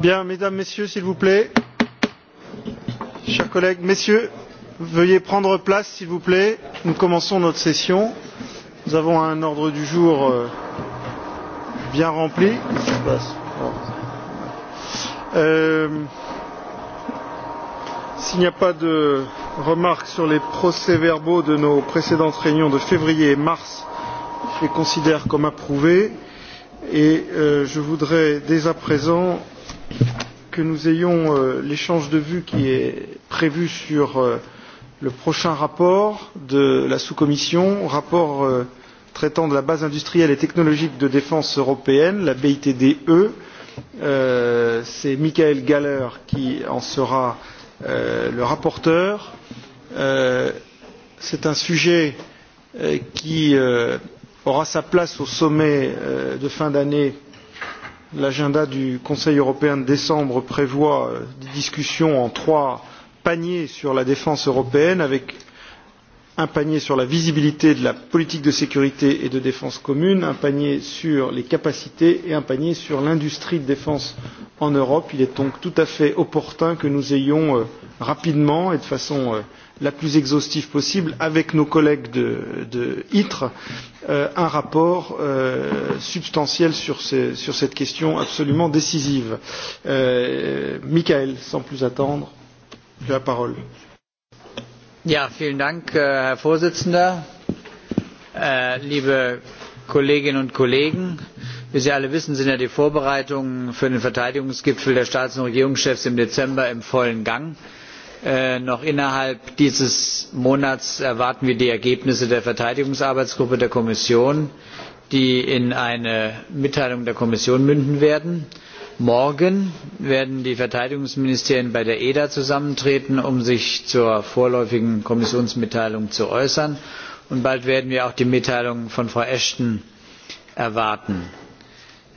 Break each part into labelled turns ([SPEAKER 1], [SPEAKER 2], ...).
[SPEAKER 1] Bien, mesdames, messieurs, s'il vous plaît. Chers collègues, messieurs, veuillez prendre place, s'il vous plaît. Nous commençons notre session. Nous avons un ordre du jour bien rempli. S'il n'y a pas de remarques sur les procès-verbaux de nos précédentes réunions de février et mars, je les considère comme approuvés. Et je voudrais dès à présent que nous ayons euh, l'échange de vues qui est prévu sur euh, le prochain rapport de la sous-commission, rapport euh, traitant de la base industrielle et technologique de défense européenne, la BITDE. Euh, C'est Michael Galler qui en sera euh, le rapporteur. Euh, C'est un sujet euh, qui euh, aura sa place au sommet euh, de fin d'année L'agenda du Conseil européen de décembre prévoit des discussions en trois paniers sur la défense européenne, avec un panier sur la visibilité de la politique de sécurité et de défense commune, un panier sur les capacités et un panier sur l'industrie de défense en Europe. Il est donc tout à fait opportun que nous ayons rapidement et de façon la plus exhaustive possible avec nos collègues de, ITRE un rapport substantiel sur, cette question absolument décisive. Michael, sans plus attendre, tu as la parole.
[SPEAKER 2] Herr Präsident, liebe Kolleginnen und Kollegen! Wie Sie alle wissen, sind ja die Vorbereitungen für den Verteidigungsgipfel der Staats- und Regierungschefs im Dezember im vollen Gang noch innerhalb dieses monats erwarten wir die ergebnisse der verteidigungsarbeitsgruppe der kommission die in eine mitteilung der kommission münden werden. morgen werden die verteidigungsministerien bei der eda zusammentreten um sich zur vorläufigen kommissionsmitteilung zu äußern und bald werden wir auch die mitteilung von frau ashton erwarten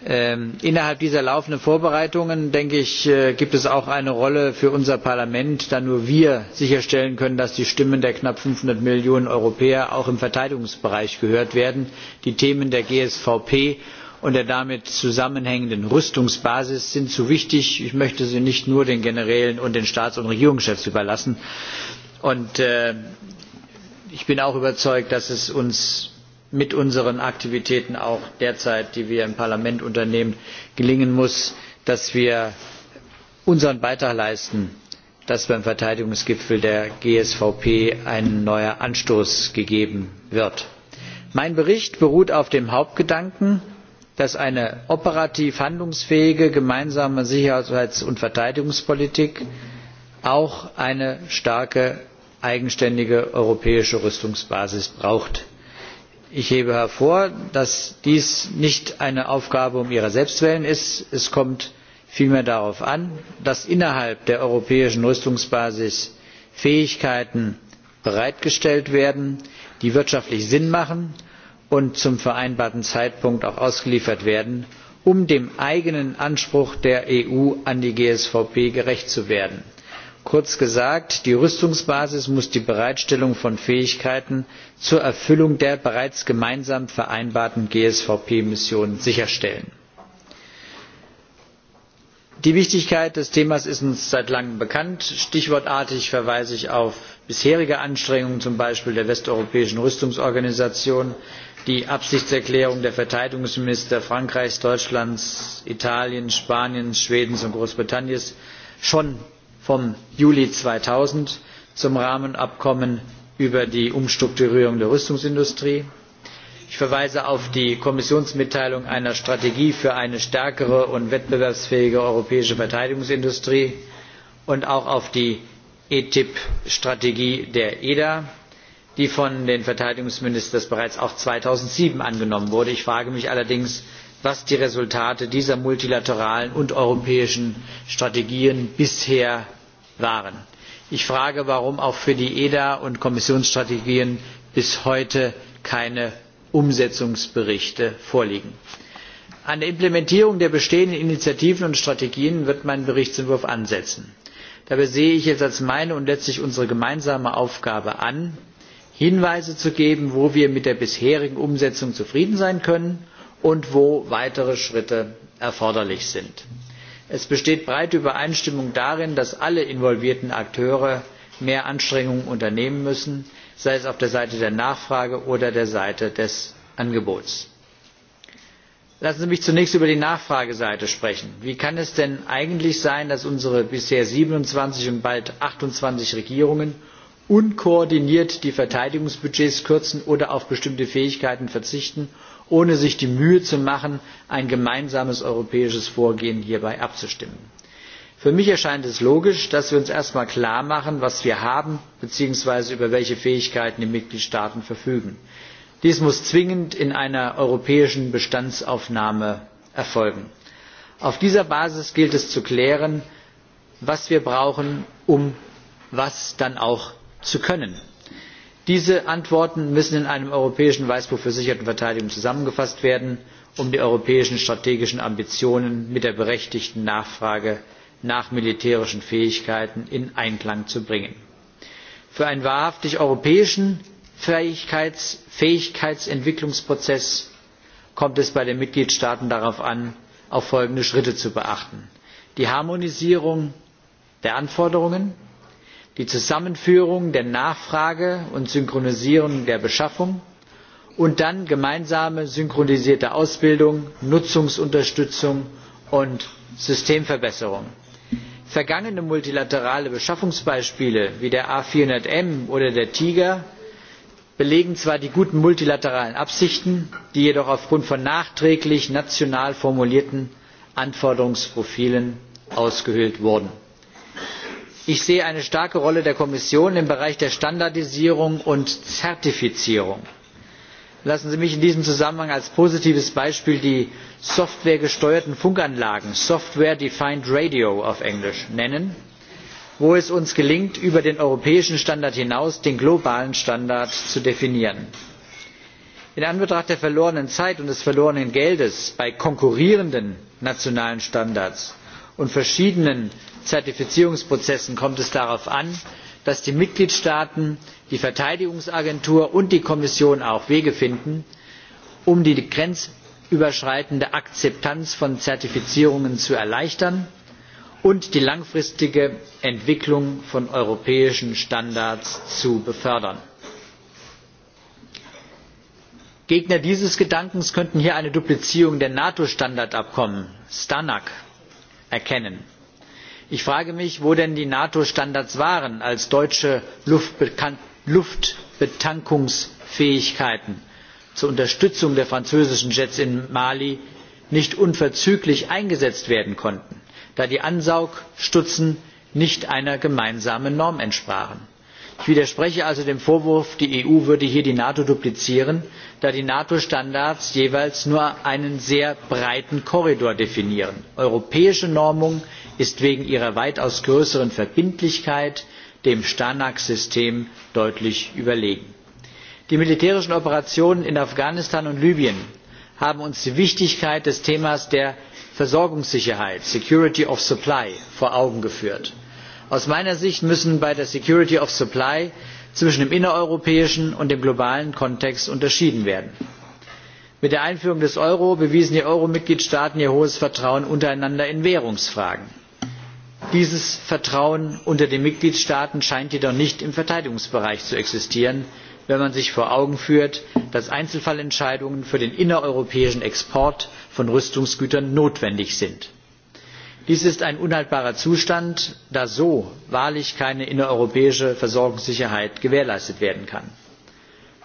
[SPEAKER 2] innerhalb dieser laufenden vorbereitungen gibt es auch eine rolle für unser parlament da nur wir sicherstellen können dass die stimmen der knapp fünfhundert millionen europäer auch im verteidigungsbereich gehört werden die themen der gsvp und der damit zusammenhängenden rüstungsbasis sind zu wichtig ich möchte sie nicht nur den generälen und den staats und regierungschefs überlassen. ich bin auch überzeugt dass es uns mit unseren Aktivitäten auch derzeit, die wir im Parlament unternehmen, gelingen muss, dass wir unseren Beitrag leisten, dass beim Verteidigungsgipfel der GSVP ein neuer Anstoß gegeben wird. Mein Bericht beruht auf dem Hauptgedanken, dass eine operativ handlungsfähige gemeinsame Sicherheits- und Verteidigungspolitik auch eine starke eigenständige europäische Rüstungsbasis braucht ich hebe hervor dass dies nicht eine aufgabe um ihrer selbst willen ist es kommt vielmehr darauf an dass innerhalb der europäischen rüstungsbasis fähigkeiten bereitgestellt werden die wirtschaftlich sinn machen und zum vereinbarten zeitpunkt auch ausgeliefert werden um dem eigenen anspruch der eu an die gsvp gerecht zu werden kurz gesagt die rüstungsbasis muss die bereitstellung von fähigkeiten zur erfüllung der bereits gemeinsam vereinbarten gsvp missionen sicherstellen. die wichtigkeit des themas ist uns seit langem bekannt. stichwortartig verweise ich auf bisherige anstrengungen zum beispiel der westeuropäischen rüstungsorganisation die absichtserklärung der verteidigungsminister frankreichs deutschlands italiens spaniens schwedens und großbritanniens schon vom Juli zweitausend zum Rahmenabkommen über die Umstrukturierung der Rüstungsindustrie. Ich verweise auf die Kommissionsmitteilung einer Strategie für eine stärkere und wettbewerbsfähige europäische Verteidigungsindustrie und auch auf die ETIP-Strategie der EDA, die von den Verteidigungsministern bereits auch zweitausendsieben angenommen wurde. Ich frage mich allerdings, was die Resultate dieser multilateralen und europäischen Strategien bisher waren. ich frage warum auch für die eda und kommissionsstrategien bis heute keine umsetzungsberichte vorliegen. an der implementierung der bestehenden initiativen und strategien wird mein berichtsentwurf ansetzen. dabei sehe ich es als meine und letztlich unsere gemeinsame aufgabe an hinweise zu geben wo wir mit der bisherigen umsetzung zufrieden sein können und wo weitere schritte erforderlich sind es besteht breite übereinstimmung darin dass alle involvierten akteure mehr anstrengungen unternehmen müssen sei es auf der seite der nachfrage oder der seite des angebots. lassen sie mich zunächst über die nachfrageseite sprechen. wie kann es denn eigentlich sein dass unsere bisher siebenundzwanzig und bald achtundzwanzig regierungen unkoordiniert die verteidigungsbudgets kürzen oder auf bestimmte fähigkeiten verzichten ohne sich die Mühe zu machen, ein gemeinsames europäisches Vorgehen hierbei abzustimmen. Für mich erscheint es logisch, dass wir uns erst einmal klar machen, was wir haben bzw. über welche Fähigkeiten die Mitgliedstaaten verfügen. Dies muss zwingend in einer europäischen Bestandsaufnahme erfolgen. Auf dieser Basis gilt es zu klären, was wir brauchen, um was dann auch zu können diese antworten müssen in einem europäischen weißbuch für sicherheit und verteidigung zusammengefasst werden um die europäischen strategischen ambitionen mit der berechtigten nachfrage nach militärischen fähigkeiten in einklang zu bringen. für einen wahrhaftig europäischen fähigkeitsentwicklungsprozess kommt es bei den mitgliedstaaten darauf an folgende schritte zu beachten die harmonisierung der anforderungen die zusammenführung der nachfrage und synchronisierung der beschaffung und dann gemeinsame synchronisierte ausbildung nutzungsunterstützung und systemverbesserung. vergangene multilaterale beschaffungsbeispiele wie der a vierhundert m oder der tiger belegen zwar die guten multilateralen absichten die jedoch aufgrund von nachträglich national formulierten anforderungsprofilen ausgehöhlt wurden ich sehe eine starke rolle der kommission im bereich der standardisierung und zertifizierung. lassen sie mich in diesem zusammenhang als positives beispiel die softwaregesteuerten funkanlagen software defined radio auf englisch nennen wo es uns gelingt über den europäischen standard hinaus den globalen standard zu definieren. in anbetracht der verlorenen zeit und des verlorenen geldes bei konkurrierenden nationalen standards und verschiedenen zertifizierungsprozessen kommt es darauf an dass die mitgliedstaaten die verteidigungsagentur und die kommission auch wege finden um die grenzüberschreitende akzeptanz von zertifizierungen zu erleichtern und die langfristige entwicklung von europäischen standards zu befördern. gegner dieses gedankens könnten hier eine duplizierung der nato standardabkommen stanag erkennen ich frage mich wo denn die nato standards waren als deutsche luftbetankungsfähigkeiten zur unterstützung der französischen jets in mali nicht unverzüglich eingesetzt werden konnten da die ansaugstutzen nicht einer gemeinsamen norm entsprachen ich widerspreche also dem vorwurf die eu würde hier die nato duplizieren da die nato standards jeweils nur einen sehr breiten korridor definieren. europäische normung ist wegen ihrer weitaus größeren verbindlichkeit dem stanag system deutlich überlegen. die militärischen operationen in afghanistan und libyen haben uns die wichtigkeit des themas der versorgungssicherheit security of supply vor augen geführt aus meiner sicht müssen bei der security of supply zwischen dem innereuropäischen und dem globalen kontext unterschieden werden. mit der einführung des euro bewiesen die euro mitgliedstaaten ihr hohes vertrauen untereinander in währungsfragen. dieses vertrauen unter den mitgliedstaaten scheint jedoch nicht im verteidigungsbereich zu existieren wenn man sich vor augen führt dass einzelfallentscheidungen für den innereuropäischen export von rüstungsgütern notwendig sind dies ist ein unhaltbarer zustand da so wahrlich keine innereuropäische versorgungssicherheit gewährleistet werden kann.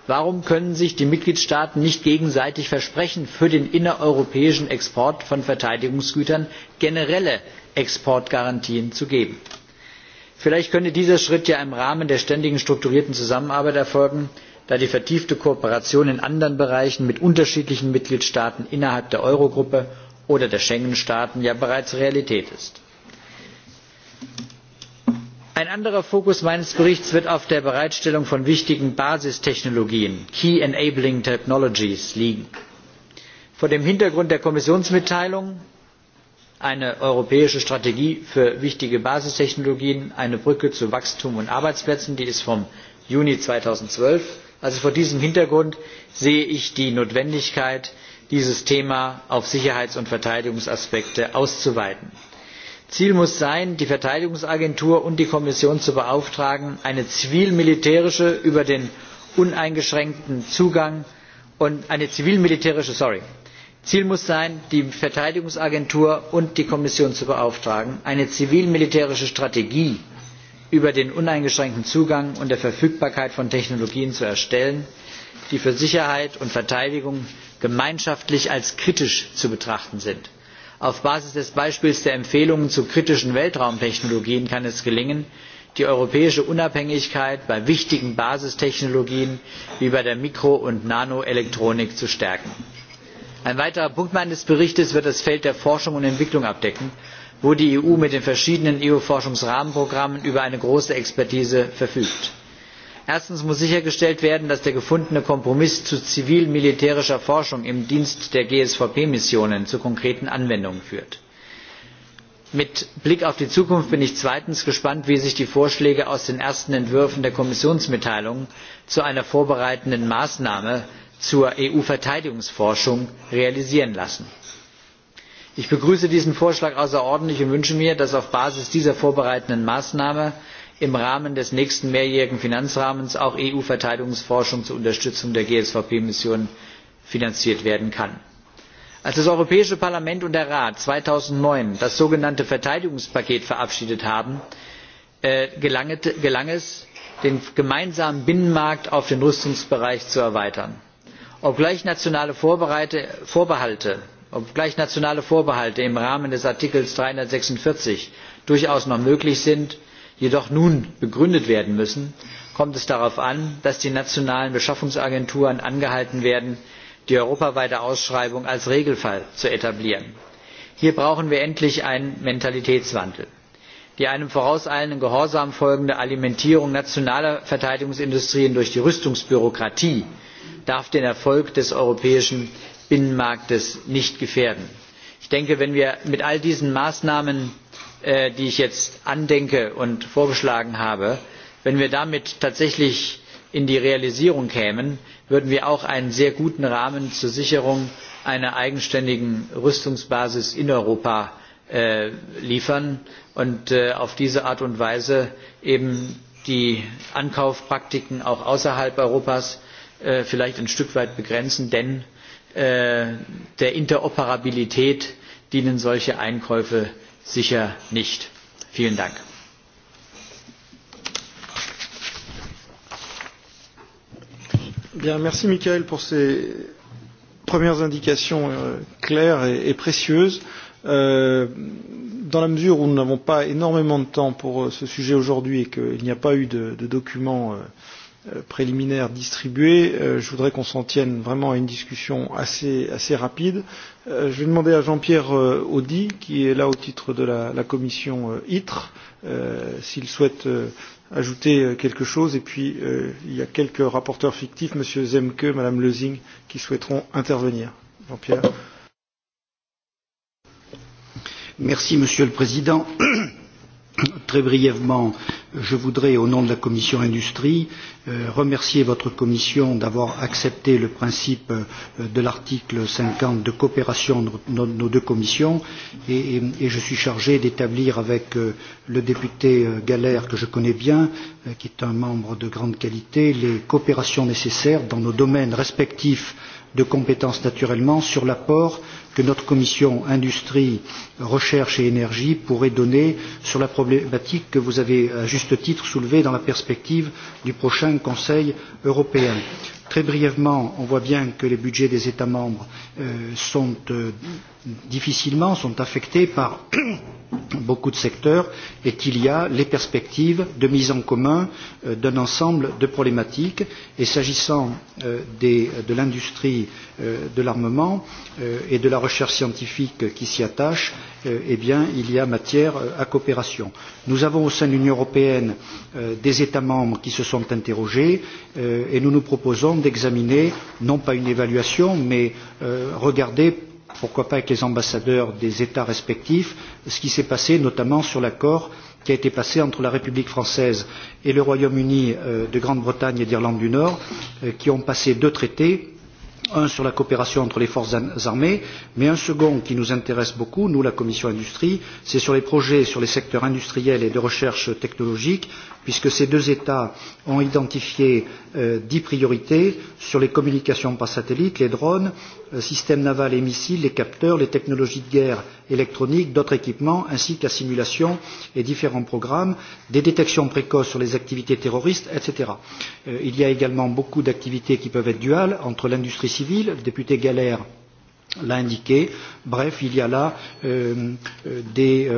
[SPEAKER 2] warum können sich die mitgliedstaaten nicht gegenseitig versprechen für den innereuropäischen export von verteidigungsgütern generelle exportgarantien zu geben? vielleicht könnte dieser schritt ja im rahmen der ständigen strukturierten zusammenarbeit erfolgen da die vertiefte kooperation in anderen bereichen mit unterschiedlichen mitgliedstaaten innerhalb der Eurogruppe oder der Schengen Staaten ja bereits Realität ist. Ein anderer Fokus meines Berichts wird auf der Bereitstellung von wichtigen Basistechnologien Key Enabling Technologies liegen. Vor dem Hintergrund der Kommissionsmitteilung eine europäische Strategie für wichtige Basistechnologien, eine Brücke zu Wachstum und Arbeitsplätzen, die ist vom Juni 2012. Also vor diesem Hintergrund sehe ich die Notwendigkeit, dieses thema auf sicherheits und verteidigungsaspekte auszuweiten. ziel muss sein die verteidigungsagentur und die kommission zu beauftragen eine zivil militärische über den uneingeschränkten zugang und eine zivil militärische sorry ziel muss sein die verteidigungsagentur und die kommission zu beauftragen eine zivil militärische strategie über den uneingeschränkten zugang und der verfügbarkeit von technologien zu erstellen die für sicherheit und verteidigung gemeinschaftlich als kritisch zu betrachten sind. auf basis des beispiels der empfehlungen zu kritischen weltraumtechnologien kann es gelingen die europäische unabhängigkeit bei wichtigen basistechnologien wie bei der mikro und nanoelektronik zu stärken. ein weiterer punkt meines berichts wird das feld der forschung und entwicklung abdecken wo die eu mit den verschiedenen eu forschungsrahmenprogrammen über eine große expertise verfügt erstens muss sichergestellt werden dass der gefundene kompromiss zu zivil militärischer forschung im dienst der gsvp missionen zu konkreten anwendungen führt. mit blick auf die zukunft bin ich zweitens gespannt wie sich die vorschläge aus den ersten entwürfen der kommissionsmitteilung zu einer vorbereitenden maßnahme zur eu verteidigungsforschung realisieren lassen. ich begrüße diesen vorschlag außerordentlich und wünsche mir dass auf basis dieser vorbereitenden maßnahme im Rahmen des nächsten mehrjährigen Finanzrahmens auch EU-Verteidigungsforschung zur Unterstützung der GSVP-Mission finanziert werden kann. Als das Europäische Parlament und der Rat zweitausendneun das sogenannte Verteidigungspaket verabschiedet haben, gelang es, den gemeinsamen Binnenmarkt auf den Rüstungsbereich zu erweitern. Obgleich nationale Vorbehalte obgleich nationale vorbehalte im rahmen des artikels dreihundertsechsundvierzig durchaus noch möglich sind jedoch nun begründet werden müssen kommt es darauf an dass die nationalen beschaffungsagenturen angehalten werden die europaweite ausschreibung als regelfall zu etablieren. hier brauchen wir endlich einen mentalitätswandel. die einem vorauseilenden gehorsam folgende alimentierung nationaler verteidigungsindustrien durch die rüstungsbürokratie darf den erfolg des europäischen binnenmarktes nicht gefährden. ich denke wenn wir mit all diesen maßnahmen die ich jetzt andenke und vorgeschlagen habe wenn wir damit tatsächlich in die realisierung kämen würden wir auch einen sehr guten rahmen zur sicherung einer eigenständigen rüstungsbasis in europa liefern und auf diese art und weise eben die ankaufpraktiken auch außerhalb europas vielleicht ein stück weit begrenzen denn der interoperabilität dienen solche einkäufe sicher nicht. Vielen Dank.
[SPEAKER 1] Bien, merci Michael pour ces premières indications euh, claires et, et précieuses. Euh, dans la mesure où nous n'avons pas énormément de temps pour euh, ce sujet aujourd'hui et qu'il n'y a pas eu de, de documents euh, préliminaires distribués. Je voudrais qu'on s'en tienne vraiment à une discussion assez, assez rapide. Je vais demander à Jean-Pierre Audy, qui est là au titre de la, la commission ITRE, s'il souhaite ajouter quelque chose. Et puis, il y a quelques rapporteurs fictifs, M. Zemke, Mme Lezing, qui souhaiteront intervenir. Jean-Pierre.
[SPEAKER 3] Merci, Monsieur le Président. Très brièvement, je voudrais, au nom de la commission Industrie, remercier votre commission d'avoir accepté le principe de l'article cinquante de coopération de nos deux commissions et, je suis chargé d'établir avec le député gahler que je connais bien, qui est un membre de grande qualité, les coopérations nécessaires dans nos domaines respectifs de compétences naturellement sur l'apport que notre commission Industrie, Recherche et Énergie pourrait donner sur la problématique que vous avez à juste titre soulevée dans la perspective du prochain Conseil européen. Très brièvement, on voit bien que les budgets des États membres sont difficilement sont affectés par beaucoup de secteurs et qu'il y a les perspectives de mise en commun d'un ensemble de problématiques. Et s'agissant de l'industrie de l'armement et de la recherche scientifique qui s'y attache, il y a matière à coopération. Nous avons au sein de l'Union européenne des États membres qui se sont interrogés et nous nous proposons d'examiner non pas une évaluation mais regarder pourquoi pas avec les ambassadeurs des États respectifs, ce qui s'est passé notamment sur l'accord qui a été passé entre la République française et le Royaume-Uni de Grande-Bretagne et d'Irlande du Nord, qui ont passé deux traités un sur la coopération entre les forces armées, mais un second qui nous intéresse beaucoup, nous, la commission industrie, c'est sur les projets sur les secteurs industriels et de recherche technologique, puisque ces deux États ont identifié dix priorités sur les communications par satellite, les drones, systèmes navals et missiles, les capteurs, les technologies de guerre électronique, d'autres équipements, ainsi que la simulation et différents programmes, des détections précoces sur les activités terroristes, etc. il y a également beaucoup d'activités qui peuvent être duales entre l'industrie civile, le député Galère l'a indiqué. Bref, il y a là des,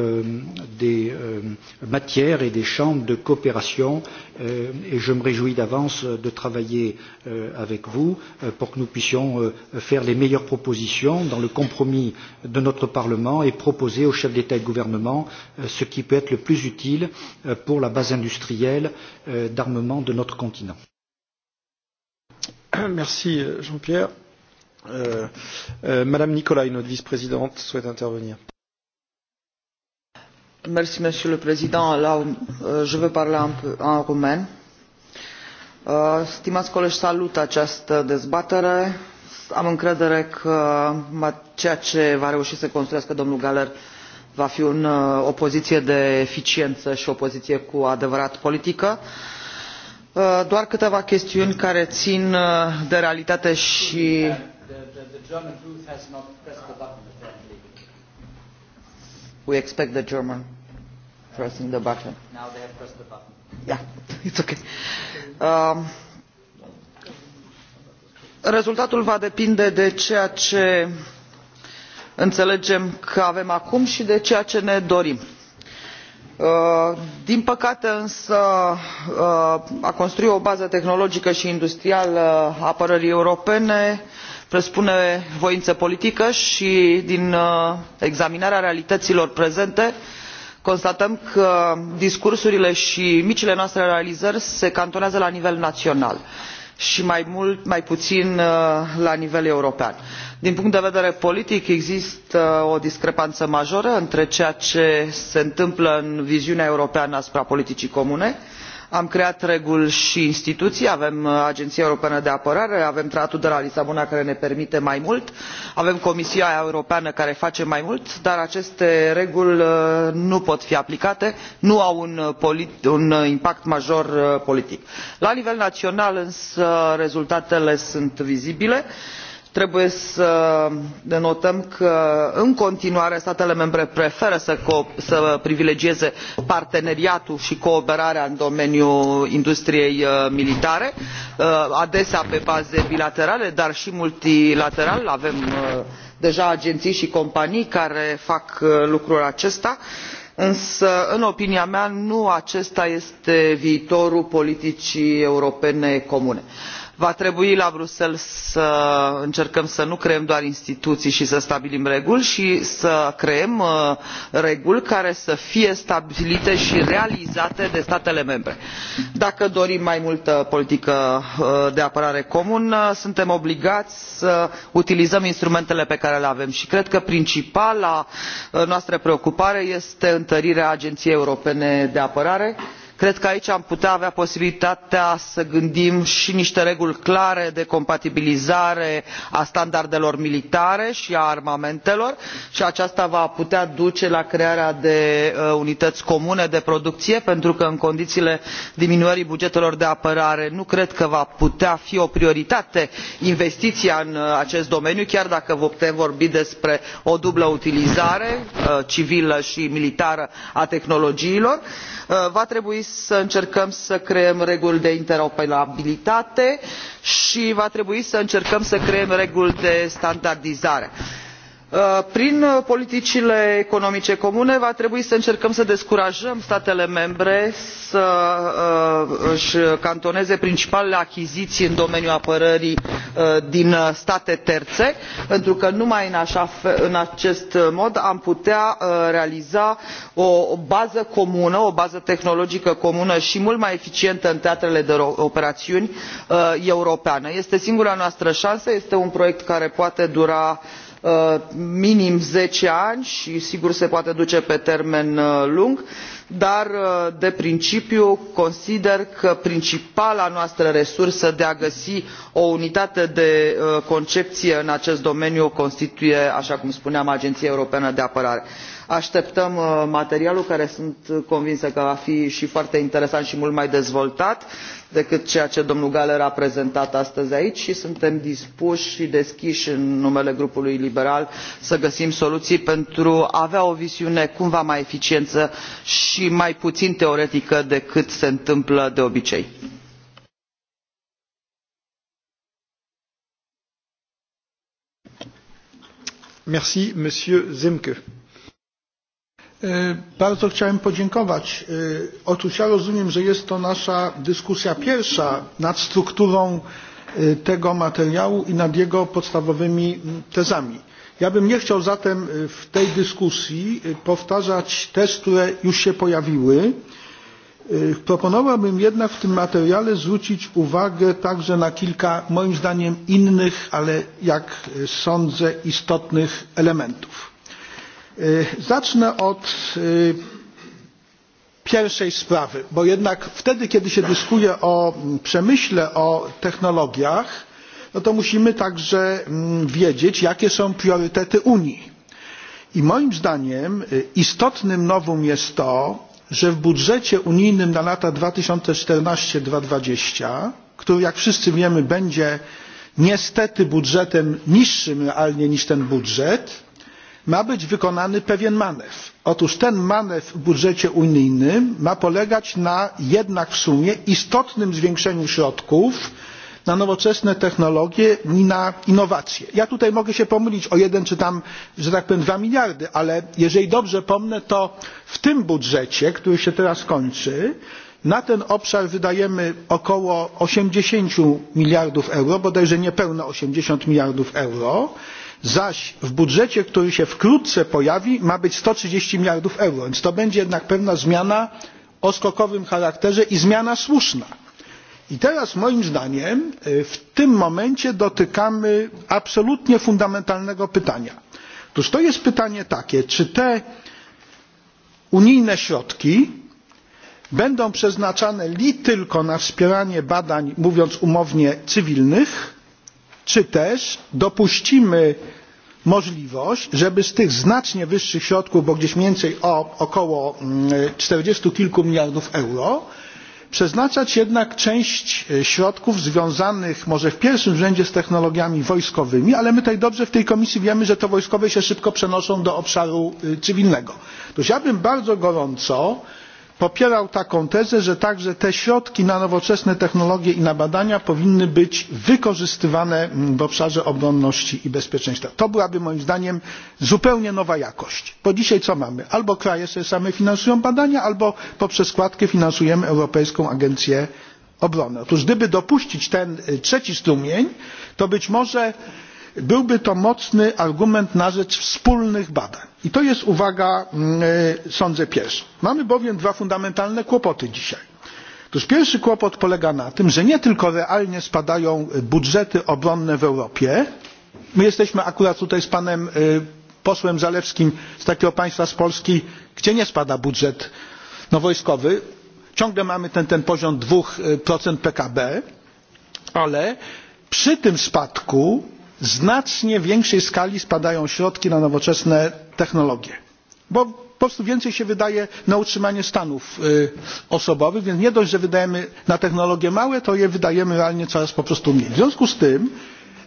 [SPEAKER 3] matières et des champs de coopération et je me réjouis d'avance de travailler avec vous pour que nous puissions faire les meilleures propositions dans le compromis de notre Parlement et proposer aux chefs d'État et de gouvernement ce qui peut être le plus utile pour la base industrielle d'armement de notre continent.
[SPEAKER 1] Merci Jean-Pierre. Madame Nicolai, notre vice-présidente, souhaite intervenir.
[SPEAKER 4] Merci, Monsieur le Président. je veux parler un peu en roumain. Stimați colegi, salut această dezbatere. Am încredere că ceea ce va reuși să construiască domnul Galer va fi un, o poziție de eficiență și o poziție cu adevărat politică. Doar câteva chestiuni care țin de realitate și
[SPEAKER 2] German booth has not pressed the button, apparently.
[SPEAKER 4] We expect the German pressing the button. Now they have pressed the button. Yeah, it's okay. Um, rezultatul va depinde de ceea ce înțelegem că avem acum și de ceea ce ne dorim din păcate însă a construi o bază tehnologică și industrială a apărării europene presupune voință politică și din examinarea realităților prezente constatăm că discursurile și micile noastre realizări se cantonează la nivel național și mai mult mai puțin la nivel european. din punct de vedere politic există o discrepanță majoră între ceea ce se întâmplă în viziunea europeană asupra politicii comune și am creat reguli și instituții avem agenția europeană de apărare avem tratatul de la lisabona care ne permite mai mult avem comisia europeană care face mai mult dar aceste reguli nu pot fi aplicate nu au un impact major politic. la nivel național însă rezultatele sunt vizibile i trebuie să denotăm că în continuare statele membre preferă să privilegieze parteneriatul și cooperarea în domeniul industriei militare adesea pe baze bilaterale dar și multilateral avem deja agenții și companii care fac lucrul acesta însă în opinia mea nu acesta este viitorul politicii europene comune va trebui la bruxelles să încercăm să nu creăm doar instituții și să stabilim reguli ci să creăm reguli care să fie stabilite și realizate de statele membre. dacă dorim mai multă politică de apărare comună suntem obligați să utilizăm instrumentele pe care le avem și cred că principala noastră preocupare este întărirea agenției europene de apărare cred că aici am putea avea posibilitatea să gândim și niște reguli clare de compatibilizare a standardelor militare și a armamentelor și aceasta va putea duce la crearea de unități comune de producție pentru că în condițiile diminuării bugetelor de apărare nu cred că va putea fi o prioritate investiția în acest domeniu chiar dacă putem vorbi despre o dublă utilizare civilă și militară a tehnologiilor va trebui să încercăm să creăm reguli de interoperabilitate și va trebui să încercăm să creăm reguli de standardizare prin politicile economice comune va trebui să încercăm să descurajăm statele membre să își cantoneze principalele achiziții în domeniul apărării din state terțe pentru că numai în acest mod am putea realiza o bază comună o bază tehnologică comună și mult mai eficientă în teatrele de operațiuni europeană. este singura noastră șansă este un proiect care poate dura minim zece ani și sigur se poate duce pe termen lung dar de principiu consider că principala noastră resursă de a găsi o unitate de concepție în acest domeniu o constituie așa cum spuneam agenția europeană de apărare așteptăm materialul care sunt convinsă că va fi și foarte interesant și mult mai dezvoltat decât ceea ce domnul gahler a prezentat astăzi aici și suntem dispuși și deschiși în numele grupului liberal să găsim soluții pentru a avea o viziune cumva mai eficientă și mai puțin teoretică decât se întâmplă de obicei.
[SPEAKER 1] Zemke.
[SPEAKER 5] Bardzo chciałem podziękować. Otóż ja rozumiem, że jest to nasza dyskusja pierwsza nad strukturą tego materiału i nad jego podstawowymi tezami. Ja bym nie chciał zatem w tej dyskusji powtarzać tez, które już się pojawiły. Proponowałbym jednak w tym materiale zwrócić uwagę także na kilka moim zdaniem innych, ale jak sądzę istotnych elementów. Zacznę od pierwszej sprawy, bo jednak wtedy, kiedy się dyskutuje o przemyśle, o technologiach, no to musimy także wiedzieć, jakie są priorytety Unii. I moim zdaniem istotnym nowum jest to, że w budżecie unijnym na lata 2014 dwadzieścia który jak wszyscy wiemy będzie niestety budżetem niższym realnie niż ten budżet, ma być wykonany pewien manewr. Otóż ten manewr w budżecie unijnym ma polegać na jednak w sumie istotnym zwiększeniu środków na nowoczesne technologie i na innowacje. Ja tutaj mogę się pomylić o jeden czy tam, że tak powiem, dwa miliardy, ale jeżeli dobrze pomnę, to w tym budżecie, który się teraz kończy, na ten obszar wydajemy około osiemdziesiąt miliardów euro, bodajże niepełna osiemdziesiąt miliardów euro zaś w budżecie który się wkrótce pojawi ma być sto trzydzieści miliardów euro więc to będzie jednak pewna zmiana o skokowym charakterze i zmiana słuszna. i teraz moim zdaniem w tym momencie dotykamy absolutnie fundamentalnego pytania. otóż to jest pytanie takie czy te unijne środki będą przeznaczane li tylko na wspieranie badań mówiąc umownie cywilnych czy też dopuścimy możliwość żeby z tych znacznie wyższych środków bo gdzieś mniej więcej o około czterdziestu kilku miliardów euro przeznaczać jednak część środków związanych może w pierwszym rzędzie z technologiami wojskowymi ale my tutaj dobrze w tej komisji wiemy że to wojskowe się szybko przenoszą do obszaru cywilnego. otóż ja bym bardzo gorąco popierał taką tezę że także te środki na nowoczesne technologie i na badania powinny być wykorzystywane w obszarze obronności i bezpieczeństwa. to byłaby moim zdaniem zupełnie nowa jakość bo dzisiaj co mamy albo kraje sobie same finansują badania albo poprzez składkę finansujemy europejską agencję obrony. otóż gdyby dopuścić ten trzeci strumień to być może byłby to mocny argument na rzecz wspólnych badań I to jest uwaga, sądzę, pierwsza. Mamy bowiem dwa fundamentalne kłopoty dzisiaj. Otóż pierwszy kłopot polega na tym, że nie tylko realnie spadają budżety obronne w Europie. My jesteśmy akurat tutaj z panem posłem Zalewskim z takiego państwa z Polski, gdzie nie spada budżet no, wojskowy. Ciągle mamy ten, ten poziom 2% PKB, ale przy tym spadku znacznie większej skali spadają środki na nowoczesne technologie bo po prostu więcej się wydaje na utrzymanie stanów osobowych więc nie dość że wydajemy na technologie małe to je wydajemy realnie coraz po prostu mniej. w związku z tym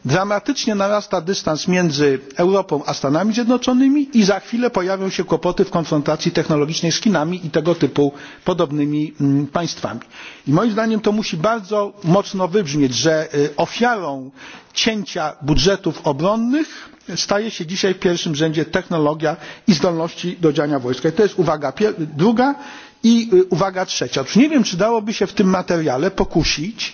[SPEAKER 5] dramatycznie narasta dystans między europą a stanami zjednoczonymi i za chwilę pojawią się kłopoty w konfrontacji technologicznej z chinami i tego typu podobnymi państwami. i moim zdaniem to musi bardzo mocno wybrzmieć że ofiarą cięcia budżetów obronnych staje się dzisiaj w pierwszym rzędzie technologia i zdolności do działania wojska. i to jest uwaga druga i uwaga trzecia. otóż nie wiem czy dałoby się w tym materiale pokusić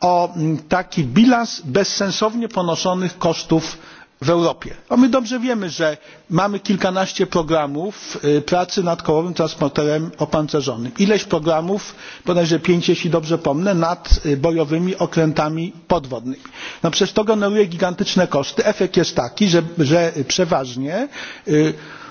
[SPEAKER 5] o taki bilans bezsensownie ponoszonych kosztów w europie. my dobrze wiemy że mamy kilkanaście programów pracy nad kołowym transporterem opancerzonym ileś programów bodajże pięć jeśli dobrze pomnę nad bojowymi okrętami podwodnymi. no przecież to generuje gigantyczne koszty. efekt jest taki że przeważnie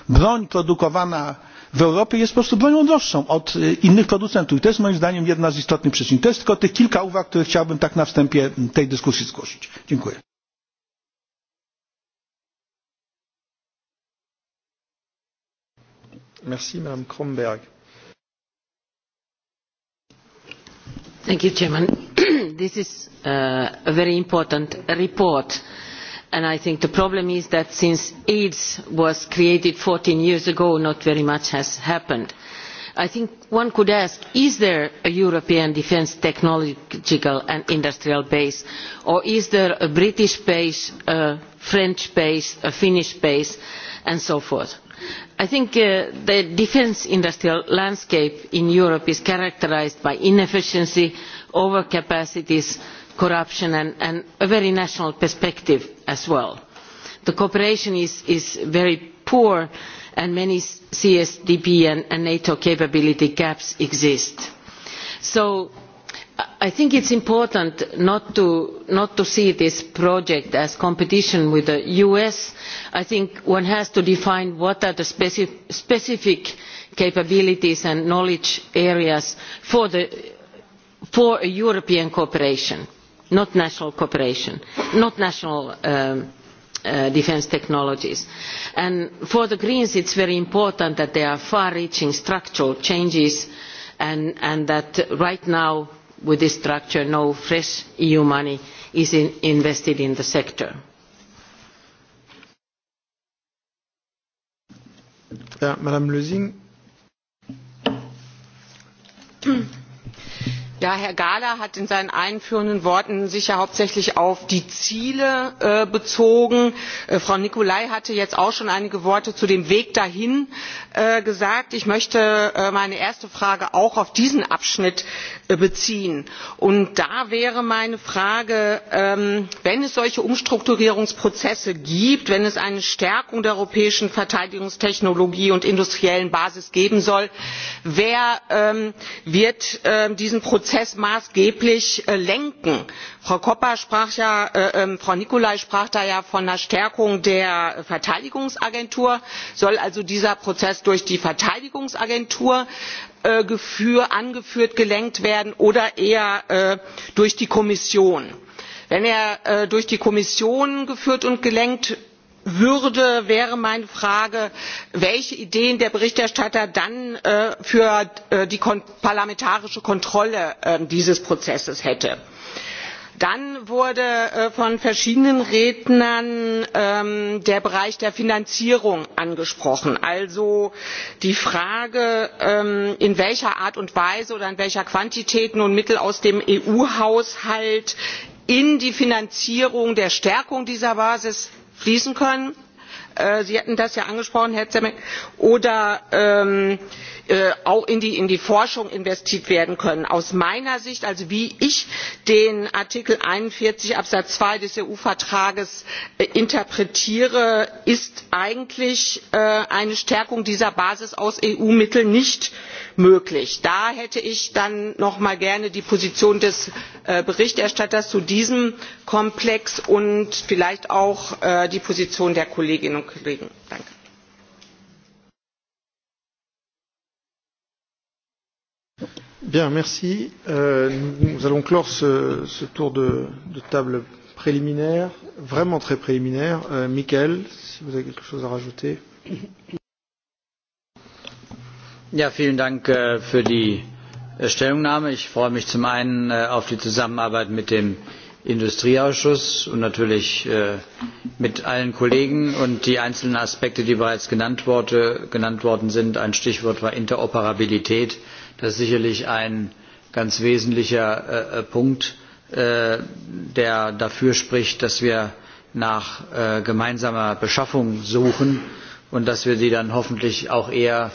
[SPEAKER 5] broń produkowana w Europie jest po prostu bronią droższą od innych producentów. I to jest moim zdaniem jedna z istotnych przyczyn. To jest tylko tych kilka uwag, które chciałbym tak na wstępie tej dyskusji zgłosić. Dziękuję.
[SPEAKER 1] Merci, Madame Kronberg.
[SPEAKER 6] Thank you, Chairman. this is uh, a very important report and i think the problem is that since aids was created fourteen years ago not very much has happened. i think one could ask is there a european defence technological and industrial base or is there a british base a french base a finnish base and so forth? i think the defence industrial landscape in europe is characterised by inefficiency over capacities corruption and a very national perspective as well. the cooperation is very poor and many csdp and nato capability gaps exist. so i think it is important not to see this project as competition with the us. i think one has to define what are the specific capabilities and knowledge areas for european cooperation not national cooperation, not national defence technologies. for the Greens it is very important that there are far-reaching structural changes and, that right now with this structure no fresh EU money is invested in the sector
[SPEAKER 7] herr gahler hat in seinen einführenden worten sich ja hauptsächlich auf die ziele bezogen frau nicolai hatte jetzt auch schon einige worte zu dem weg dahin gesagt. ich möchte meine erste frage auch auf diesen abschnitt beziehen und da wäre meine frage wenn es solche umstrukturierungsprozesse gibt wenn es eine stärkung der europäischen verteidigungstechnologie und industriellen basis geben soll wer wird diesen prozess maßgeblich lenken. frau koppa sprach ja frau nicolai sprach da ja von einer stärkung der verteidigungsagentur soll also dieser prozess durch die verteidigungsagentur angeführt gelenkt werden oder eher durch die kommission? wenn er durch die kommission geführt und gelenkt würde wäre meine frage welche ideen der berichterstatter dann für die parlamentarische kontrolle dieses prozesses hätte. dann wurde von verschiedenen rednern der bereich der finanzierung angesprochen also die frage in welcher art und weise oder in welcher quantität nun mittel aus dem eu haushalt in die finanzierung der stärkung dieser basis fließen können sie hatten das ja angesprochen herr zemek oder auch in die forschung investiert werden können. aus meiner sicht also wie ich den artikel einundvierzig absatz zwei des eu vertrags interpretiere ist eigentlich eine stärkung dieser basis aus eu mitteln nicht möglich. da hätte ich dann noch mal gerne die position des berichterstatters zu diesem komplex und vielleicht auch die position der kolleginnen und kollegen.
[SPEAKER 1] Bien, merci. Euh, nous allons clore ce, ce tour de, de table préliminaire, vraiment très préliminaire. Euh, Michael, si vous avez quelque chose à rajouter.
[SPEAKER 2] Ja, vielen Dank für die Stellungnahme. Ich freue mich zum einen auf die Zusammenarbeit mit dem Industrieausschuss und natürlich mit allen Kollegen und die einzelnen Aspekte, die bereits genannt, worden sind. Ein Stichwort war Interoperabilität Das ist sicherlich ein ganz wesentlicher Punkt, der dafür spricht, dass wir nach gemeinsamer Beschaffung suchen und dass wir sie dann hoffentlich auch eher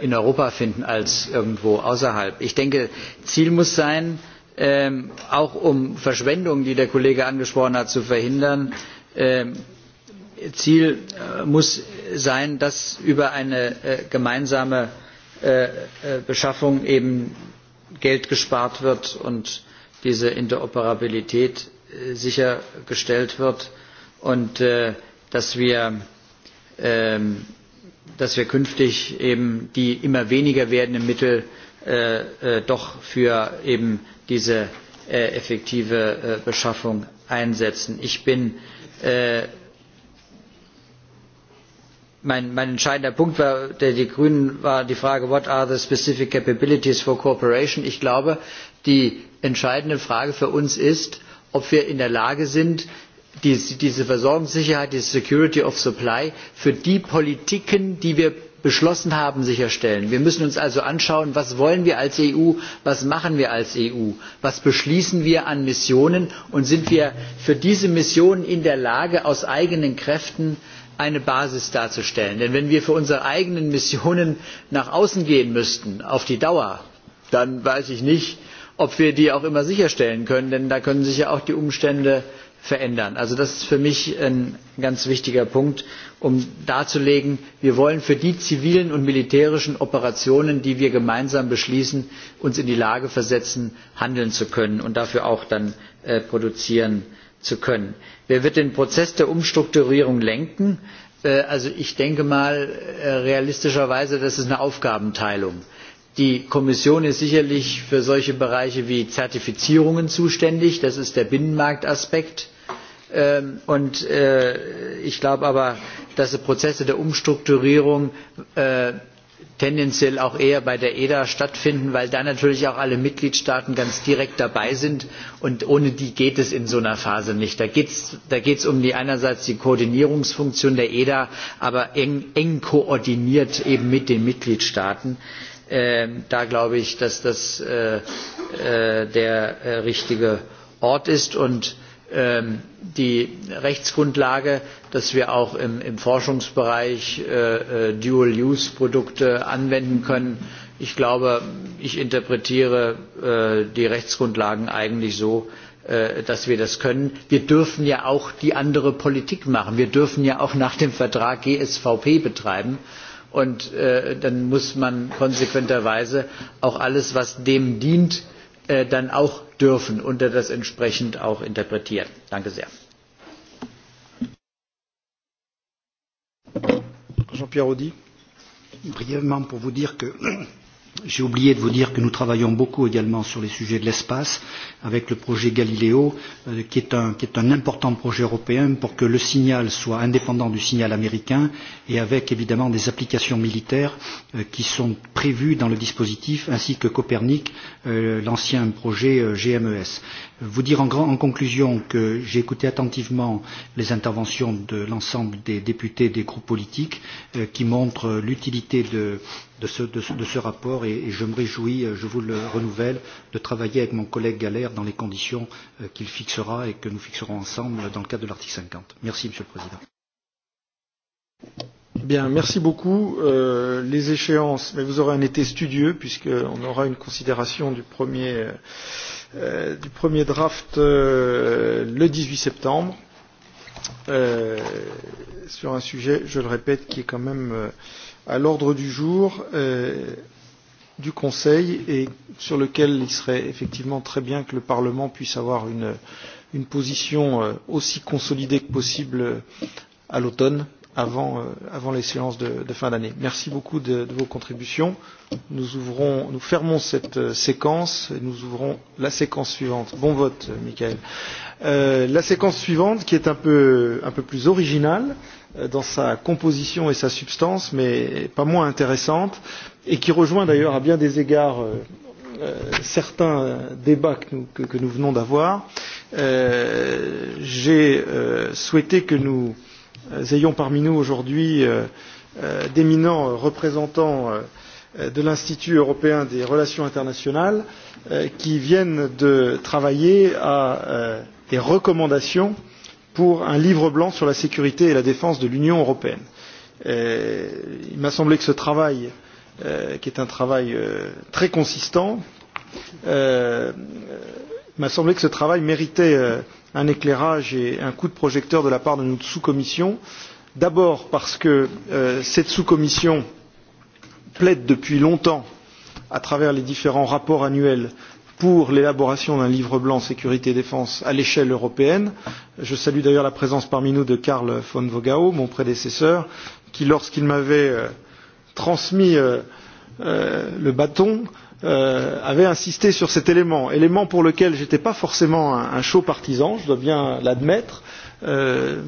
[SPEAKER 2] in Europa finden als irgendwo außerhalb. Ich denke, Ziel muss sein, auch um Verschwendung, die der Kollege angesprochen hat, zu verhindern, Ziel muss sein, dass über eine gemeinsame Beschaffung eben Geld gespart wird und diese Interoperabilität sichergestellt wird und dass wir dass wir künftig eben die immer weniger werdenden Mittel doch für eben diese effektive Beschaffung einsetzen. Ich bin mein, entscheidender Punkt war, der die Grünen war die Frage, what are the specific capabilities for cooperation? Ich glaube, die entscheidende Frage für uns ist, ob wir in der Lage sind, diese Versorgungssicherheit, diese Security of Supply für die Politiken, die wir beschlossen haben, sicherstellen. Wir müssen uns also anschauen, was wollen wir als EU, was machen wir als EU, was beschließen wir an Missionen und sind wir für diese Missionen in der Lage, aus eigenen Kräften eine Basis darzustellen. Denn wenn wir für unsere eigenen Missionen nach außen gehen müssten, auf die Dauer, dann weiß ich nicht, ob wir die auch immer sicherstellen können, denn da können sich ja auch die Umstände verändern. Also das ist für mich ein ganz wichtiger Punkt, um darzulegen, wir wollen für die zivilen und militärischen Operationen, die wir gemeinsam beschließen, uns in die Lage versetzen, handeln zu können und dafür auch dann produzieren zu können. Wer wird den Prozess der Umstrukturierung lenken? Also ich denke mal realistischerweise, das ist eine Aufgabenteilung. Die Kommission ist sicherlich für solche Bereiche wie Zertifizierungen zuständig. Das ist der Binnenmarktaspekt. Und ich glaube aber, dass die Prozesse der Umstrukturierung tendenziell auch eher bei der eda stattfinden weil da natürlich auch alle mitgliedstaaten ganz direkt dabei sind und ohne die geht es in so einer phase nicht. da geht es um einerseits die koordinierungsfunktion der eda aber eng koordiniert eben mit den mitgliedstaaten. da glaube ich dass das der richtige ort ist und die rechtsgrundlage dass wir auch im, Forschungsbereich Dual-Use-Produkte anwenden können. Ich glaube, ich interpretiere die Rechtsgrundlagen eigentlich so, dass wir das können. Wir dürfen ja auch die andere Politik machen. Wir dürfen ja auch nach dem Vertrag GSVP betreiben. Und dann muss man konsequenterweise auch alles, was dem dient, dann auch dürfen unter das entsprechend auch interpretieren. Danke sehr. Jean-Pierre Audy,
[SPEAKER 3] brièvement pour vous dire que J'ai oublié de vous dire que nous travaillons beaucoup également sur les sujets de l'espace avec le projet Galileo, qui, est un, qui est un important projet européen pour que le signal soit indépendant du signal américain et avec évidemment des applications militaires qui sont prévues dans le dispositif, ainsi que Copernic, l'ancien projet GMES. Vous dire en, en conclusion que j'ai écouté attentivement les interventions de l'ensemble des députés des groupes politiques qui montrent l'utilité de, de ce, de de ce rapport et, et je me réjouis, je vous le renouvelle, de travailler avec mon collègue Galère dans les conditions qu'il fixera et que nous fixerons ensemble dans le cadre de l'article 50. Merci Monsieur le Président.
[SPEAKER 1] Bien, merci beaucoup. Euh, les échéances, mais vous aurez un été studieux puisqu'on aura une considération du premier, euh, du premier draft euh, le 18 septembre euh, sur un sujet, je le répète, qui est quand même euh, à l'ordre du jour du Conseil et sur lequel il serait effectivement très bien que le Parlement puisse avoir une, une position aussi consolidée que possible à l'automne avant, avant les séances de, de fin d'année. Merci beaucoup de, de vos contributions. Nous, ouvrons, nous fermons cette séquence et nous ouvrons la séquence suivante. Bon vote, Michael. Euh, la séquence suivante, qui est un peu, un peu plus originale, euh, dans sa composition et sa substance, mais pas moins intéressante, et qui rejoint d'ailleurs à bien des égards certains débats que nous, que, que nous venons d'avoir. Euh, J'ai euh, souhaité que nous ayons parmi nous aujourd'hui euh, euh, d'éminents représentants euh, de l'Institut européen des relations internationales qui viennent de travailler à des recommandations pour un livre blanc sur la sécurité et la défense de l'Union européenne. il m'a semblé que ce travail, qui est un travail très consistant, m'a semblé que ce travail méritait un éclairage et un coup de projecteur de la part de notre sous-commission. D'abord parce que cette sous-commission plaide depuis longtemps, à travers les différents rapports annuels, pour l'élaboration d'un livre blanc sécurité et défense à l'échelle européenne. Je salue d'ailleurs la présence parmi nous de Karl von Vogao, mon prédécesseur, qui, lorsqu'il m'avait transmis le bâton, avait insisté sur cet élément, élément pour lequel je n'étais pas forcément un, chaud partisan, je dois bien l'admettre. Euh,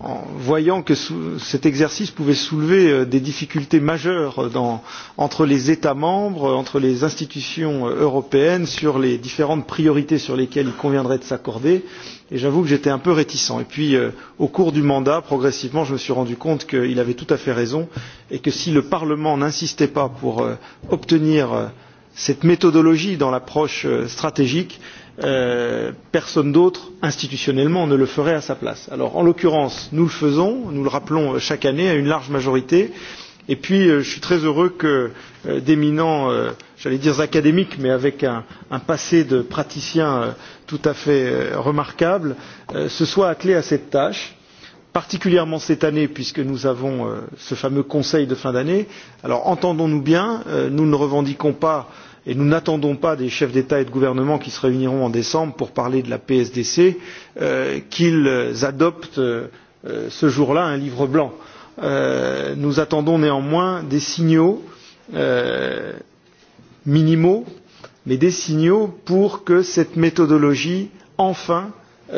[SPEAKER 1] en voyant que cet exercice pouvait soulever des difficultés majeures entre les États membres, entre les institutions européennes, sur les différentes priorités sur lesquelles il conviendrait de s'accorder. Et j'avoue que j'étais un peu réticent. Et puis, au cours du mandat, progressivement, je me suis rendu compte qu'il avait tout à fait raison et que si le Parlement n'insistait pas pour obtenir cette méthodologie dans l'approche stratégique, personne d'autre institutionnellement ne le ferait à sa place. Alors en l'occurrence, nous le faisons, nous le rappelons chaque année à une large majorité. Et puis je suis très heureux que d'éminents, j'allais dire académiques, mais avec un, passé de praticien tout à fait remarquable, se soient attelés à cette tâche particulièrement cette année puisque nous avons ce fameux conseil de fin d'année. Alors entendons-nous bien, nous ne revendiquons pas et nous n'attendons pas des chefs d'état et de gouvernement qui se réuniront en décembre pour parler de la psdc qu'ils adoptent ce jour là un livre blanc. nous attendons néanmoins des signaux minimaux mais des signaux pour que cette méthodologie enfin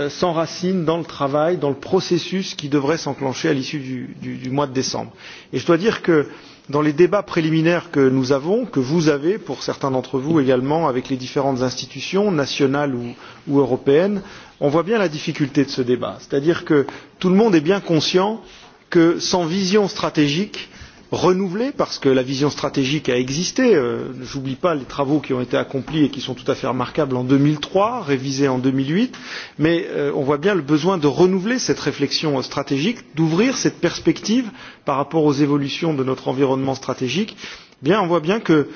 [SPEAKER 1] s'enracine dans le travail dans le processus qui devrait s'enclencher à l'issue du mois de décembre. et je dois dire que dans les débats préliminaires que nous avons, que vous avez, pour certains d'entre vous également, avec les différentes institutions nationales ou, européennes, on voit bien la difficulté de ce débat. C'est-à-dire que tout le monde est bien conscient que sans vision stratégique, renouvelée parce que la vision stratégique a existé. Je n'oublie pas les travaux qui ont été accomplis et qui sont tout à fait remarquables en deux mille trois, révisés en deux mille huit, mais on voit bien le besoin de renouveler cette réflexion stratégique, d'ouvrir cette perspective par rapport aux évolutions de notre environnement stratégique. on voit bien que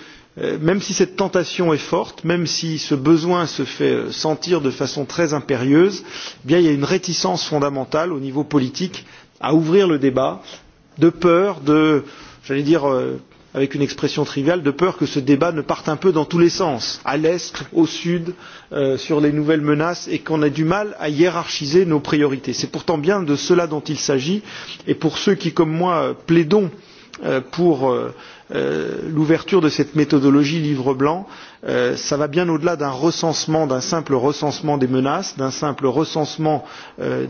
[SPEAKER 1] même si cette tentation est forte, même si ce besoin se fait sentir de façon très impérieuse, il y a une réticence fondamentale au niveau politique à ouvrir le débat de peur de j'allais dire avec une expression triviale, de peur que ce débat ne parte un peu dans tous les sens, à l'est, au sud, sur les nouvelles menaces, et qu'on ait du mal à hiérarchiser nos priorités. C'est pourtant bien de cela dont il s'agit, et pour ceux qui, comme moi, plaidons pour l'ouverture de cette méthodologie livre blanc, Cela va bien au-delà d'un recensement, d'un simple recensement des menaces, d'un simple recensement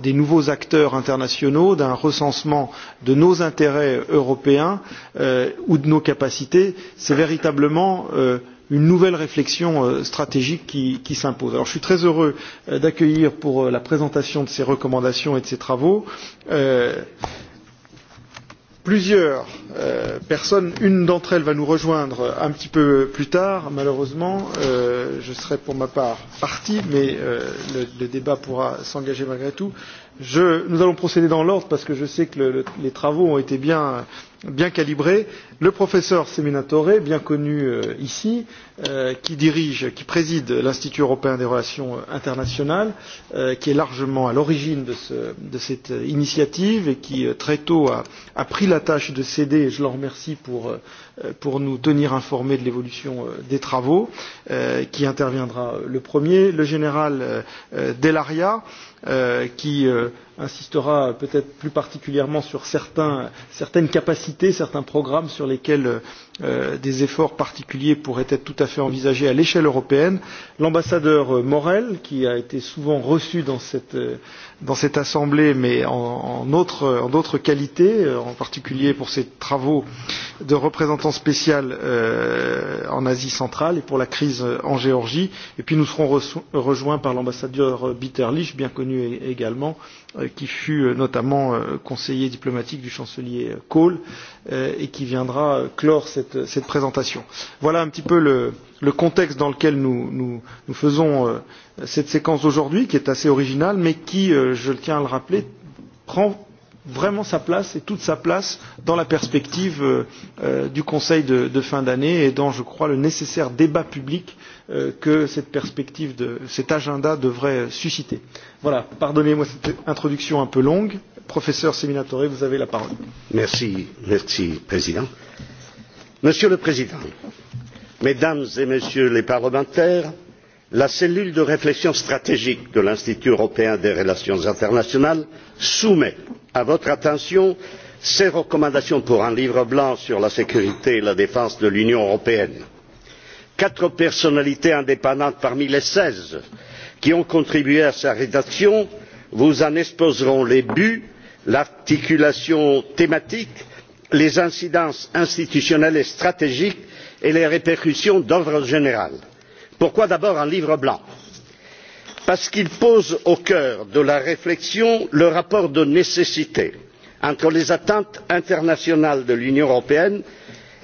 [SPEAKER 1] des nouveaux acteurs internationaux, d'un recensement de nos intérêts européens ou de nos capacités. C'est véritablement une nouvelle réflexion stratégique qui, s'impose. je suis très heureux d'accueillir pour la présentation de ces recommandations et de ces travaux plusieurs personnes une d'entre elles va nous rejoindre un petit peu plus tard malheureusement je serai pour ma part parti mais le débat pourra s'engager malgré tout nous allons procéder dans l'ordre parce que je sais que les travaux ont été bien, calibrés. Le professeur Seminatore, bien connu ici, qui dirige, qui préside l'Institut européen des relations internationales, qui est largement à l'origine de, cette initiative et qui très tôt a, pris la tâche de céder, et je l'en remercie pour, nous tenir informés de l'évolution des travaux, qui interviendra le premier, le général Delaria, qui insistera peut-être plus particulièrement sur certains, certaines capacités, certains programmes sur lesquels euh, des efforts particuliers pourraient être tout à fait envisagés à l'échelle européenne. L'ambassadeur Morel, qui a été souvent reçu dans cette, dans cette assemblée, mais en, en, autre, en d'autres qualités, en particulier pour ses travaux de représentant spécial euh, en Asie centrale et pour la crise en Géorgie. Et puis nous serons rejoints par l'ambassadeur Bitterlich, bien connu également, qui fut notamment conseiller diplomatique du chancelier Kohl et qui viendra clore cette, cette présentation. Voilà un petit peu le, le contexte dans lequel nous, nous, nous faisons cette séquence aujourd'hui, qui est assez originale, mais qui, je le tiens à le rappeler, prend vraiment sa place et toute sa place dans la perspective du Conseil de, fin d'année et dans, je crois, le nécessaire débat public que cette perspective, de, cet agenda devrait susciter. Voilà, pardonnez-moi cette introduction un peu longue. Professeur Seminatore, vous avez la parole.
[SPEAKER 8] Merci, merci, Président. Monsieur le Président, Mesdames et Messieurs les parlementaires, la cellule de réflexion stratégique de l'institut européen des relations internationales soumet à votre attention ses recommandations pour un livre blanc sur la sécurité et la défense de l'union européenne. quatre personnalités indépendantes parmi les seize qui ont contribué à sa rédaction vous en exposeront les buts l'articulation thématique les incidences institutionnelles et stratégiques et les répercussions d'ordre général pourquoi d'abord un livre blanc? parce qu'il pose au cœur de la réflexion le rapport de nécessité entre les attentes internationales de l'union européenne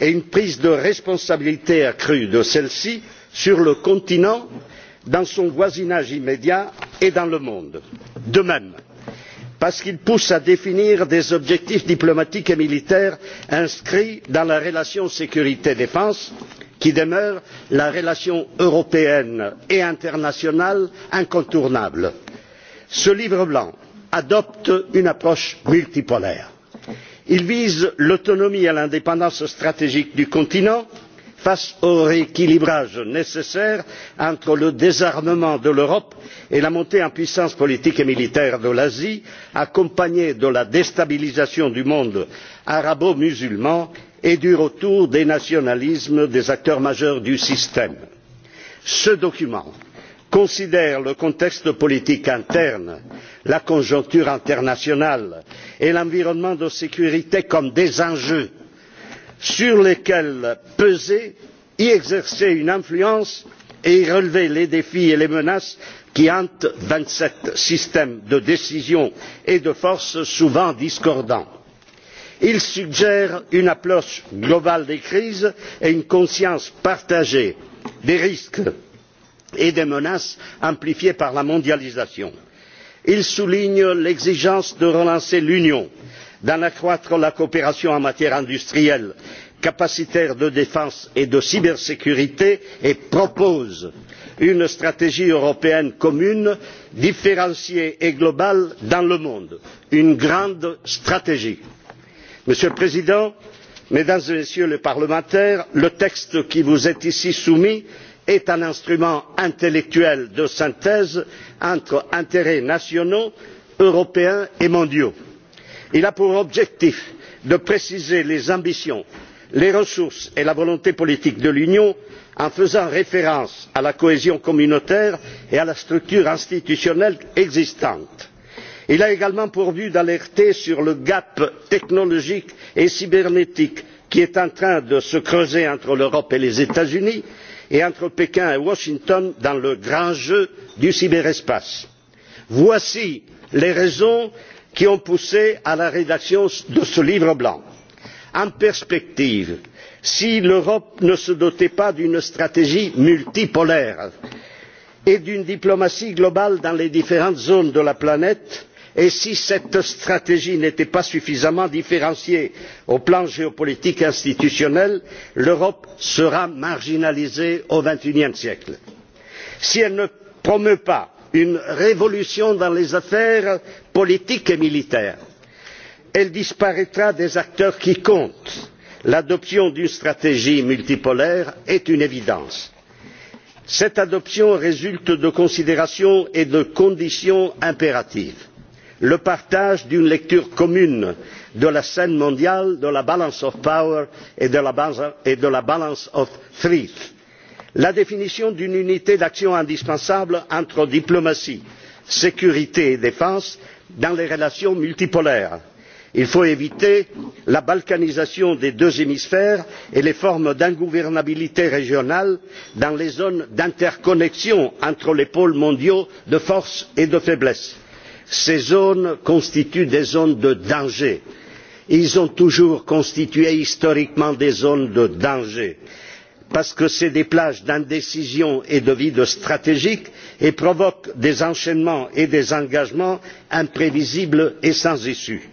[SPEAKER 8] et une prise de responsabilité accrue de celle ci sur le continent dans son voisinage immédiat et dans le monde. de même parce qu'il pousse à définir des objectifs diplomatiques et militaires inscrits dans la relation sécurité défense qui demeure la relation européenne et internationale incontournable. ce livre blanc adopte une approche multipolaire. il vise l'autonomie et l'indépendance stratégique du continent face au rééquilibrage nécessaire entre le désarmement de l'europe et la montée en puissance politique et militaire de l'asie accompagnée de la déstabilisation du monde arabo musulman et du retour des nationalismes des acteurs majeurs du système. ce document considère le contexte politique interne la conjoncture internationale et l'environnement de sécurité comme des enjeux sur lesquels peser y exercer une influence et y relever les défis et les menaces qui hantent vingt sept systèmes de décision et de force souvent discordants. il suggère une approche globale des crises et une conscience partagée des risques et des menaces amplifiés par la mondialisation. il souligne l'exigence de relancer l'union d'en accroître la coopération en matière industrielle capacitaire de défense et de cybersécurité et propose une stratégie européenne commune différenciée et globale dans le monde une grande stratégie. monsieur le président mesdames et messieurs les parlementaires le texte qui vous est ici soumis est un instrument intellectuel de synthèse entre intérêts nationaux européens et mondiaux il a pour objectif de préciser les ambitions les ressources et la volonté politique de l'union en faisant référence à la cohésion communautaire et à la structure institutionnelle existante. il a également pour but d'alerter sur le gap technologique et cybernétique qui est en train de se creuser entre l'europe et les états unis et entre pékin et washington dans le grand jeu du cyberespace. voici les raisons qui ont poussé à la rédaction de ce livre blanc. en perspective si l'europe ne se dotait pas d'une stratégie multipolaire et d'une diplomatie globale dans les différentes zones de la planète et si cette stratégie n'était pas suffisamment différenciée au plan géopolitique institutionnel l'europe sera marginalisée au xxie siècle. si elle ne promeut pas une révolution dans les affaires politique et militaire. elle disparaîtra des acteurs qui comptent. l'adoption d'une stratégie multipolaire est une évidence. cette adoption résulte de considérations et de conditions impératives le partage d'une lecture commune de la scène mondiale de la balance of power et de la balance of threat la définition d'une unité d'action indispensable entre diplomatie sécurité et défense dans les relations multipolaires. il faut éviter la balkanisation des deux hémisphères et les formes d'ingouvernabilité régionale dans les zones d'interconnexion entre les pôles mondiaux de force et de faiblesse. ces zones constituent des zones de danger. elles ont toujours constitué historiquement des zones de danger parce que des plages d'indécision et de vide stratégique et provoquent des enchaînements et des engagements imprévisibles et sans issue.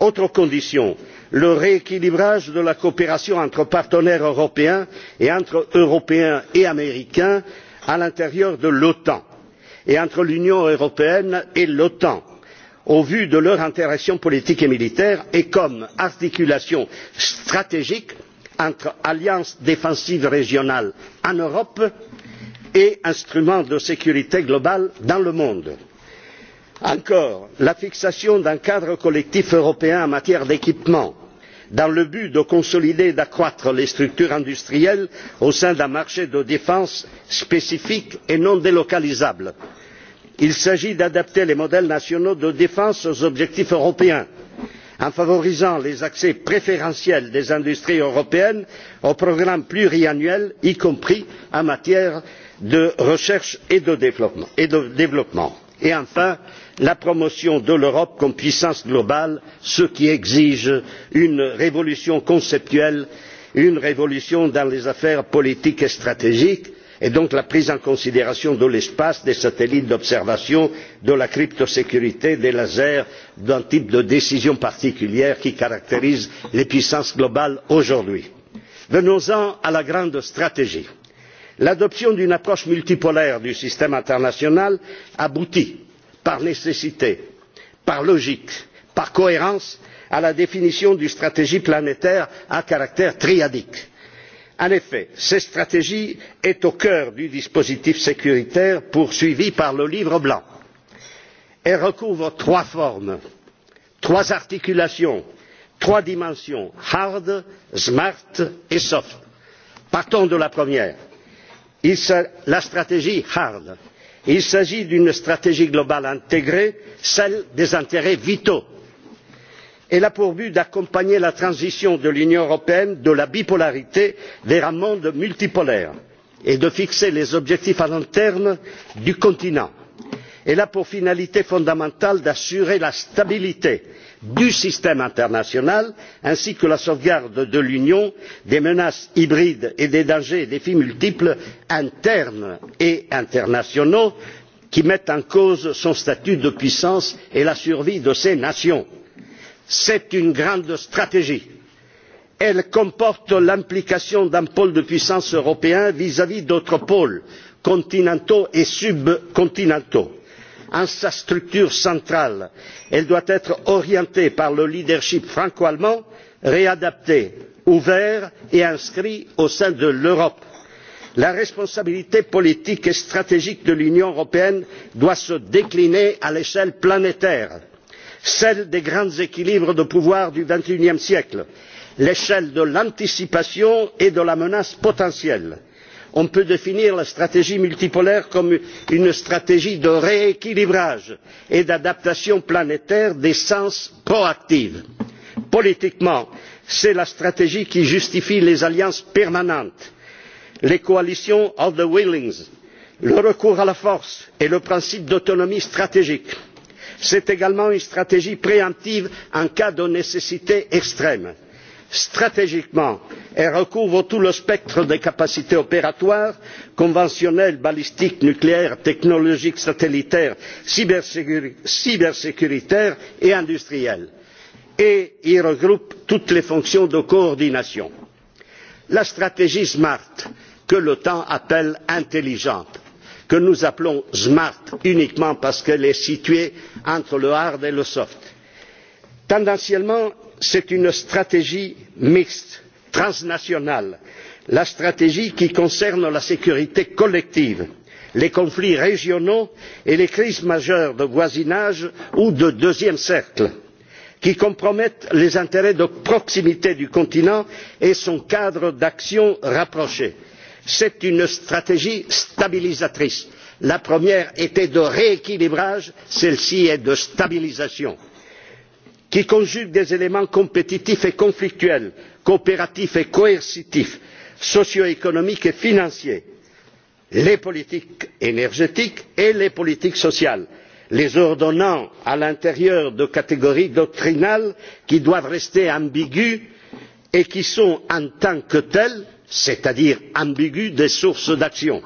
[SPEAKER 8] autre condition le rééquilibrage de la coopération entre partenaires européens et entre européens et américains à l'intérieur de l'otan et entre l'union européenne et l'otan au vu de leur interaction politique et militaire et comme articulation stratégique entre alliances défensives régionales en europe et instruments de sécurité globale dans le monde. encore la fixation d'un cadre collectif européen en matière d'équipement dans le but de consolider et d'accroître les structures industrielles au sein d'un marché de défense spécifique et non délocalisable. il s'agit d'adapter les modèles nationaux de défense aux objectifs européens en favorisant les accès préférentiels des industries européennes aux programmes pluriannuels y compris en matière de recherche et de développement et enfin la promotion de l'europe comme puissance globale ce qui exige une révolution conceptuelle une révolution dans les affaires politiques et stratégiques et donc la prise en considération de l'espace des satellites d'observation de la cryptosécurité des lasers d'un type de décision particulière qui caractérise les puissances globales aujourd'hui. venons en à la grande stratégie. l'adoption d'une approche multipolaire du système international aboutit par nécessité par logique par cohérence à la définition d'une stratégie planétaire à caractère triadique en effet cette stratégie est au cœur du dispositif sécuritaire poursuivi par le livre blanc. elle recouvre trois formes trois articulations trois dimensions hard smart et soft. partons de la première la stratégie hard. il s'agit d'une stratégie globale intégrée celle des intérêts vitaux elle a pour but d'accompagner la transition de l'union européenne de la bipolarité vers un monde multipolaire et de fixer les objectifs à long terme du continent. elle a pour finalité fondamentale d'assurer la stabilité du système international ainsi que la sauvegarde de l'union des menaces hybrides et des dangers et défis multiples internes et internationaux qui mettent en cause son statut de puissance et la survie de ses nations c'est une grande stratégie. elle comporte l'implication d'un pôle de puissance européen vis à vis d'autres pôles continentaux et subcontinentaux. en sa structure centrale elle doit être orientée par le leadership franco allemand réadapté ouvert et inscrit au sein de l'europe. la responsabilité politique et stratégique de l'union européenne doit se décliner à l'échelle planétaire celle des grands équilibres de pouvoir du xxie siècle l'échelle de l'anticipation et de la menace potentielle. on peut définir la stratégie multipolaire comme une stratégie de rééquilibrage et d'adaptation planétaire d'essence proactive. politiquement c'est la stratégie qui justifie les alliances permanentes les coalitions of the willings le recours à la force et le principe d'autonomie stratégique c'est également une stratégie préemptive en cas de nécessité extrême. stratégiquement elle recouvre tout le spectre des capacités opératoires conventionnelles balistiques nucléaires technologiques satellitaires cybersécuritaires et industrielles et y regroupe toutes les fonctions de coordination. la stratégie smart que l'otan appelle intelligente que nous appelons smart uniquement parce qu'elle est située entre le hard et le soft. tendanciellement c'est une stratégie mixte transnationale la stratégie qui concerne la sécurité collective les conflits régionaux et les crises majeures de voisinage ou de deuxième cercle qui compromettent les intérêts de proximité du continent et son cadre d'action rapproché c'est une stratégie stabilisatrice. la première était de rééquilibrage celle ci est de stabilisation qui conjugue des éléments compétitifs et conflictuels coopératifs et coercitifs socio économiques et financiers les politiques énergétiques et les politiques sociales les ordonnant à l'intérieur de catégories doctrinales qui doivent rester ambiguës et qui sont en tant que telles c'est à dire ambiguë des sources d'action.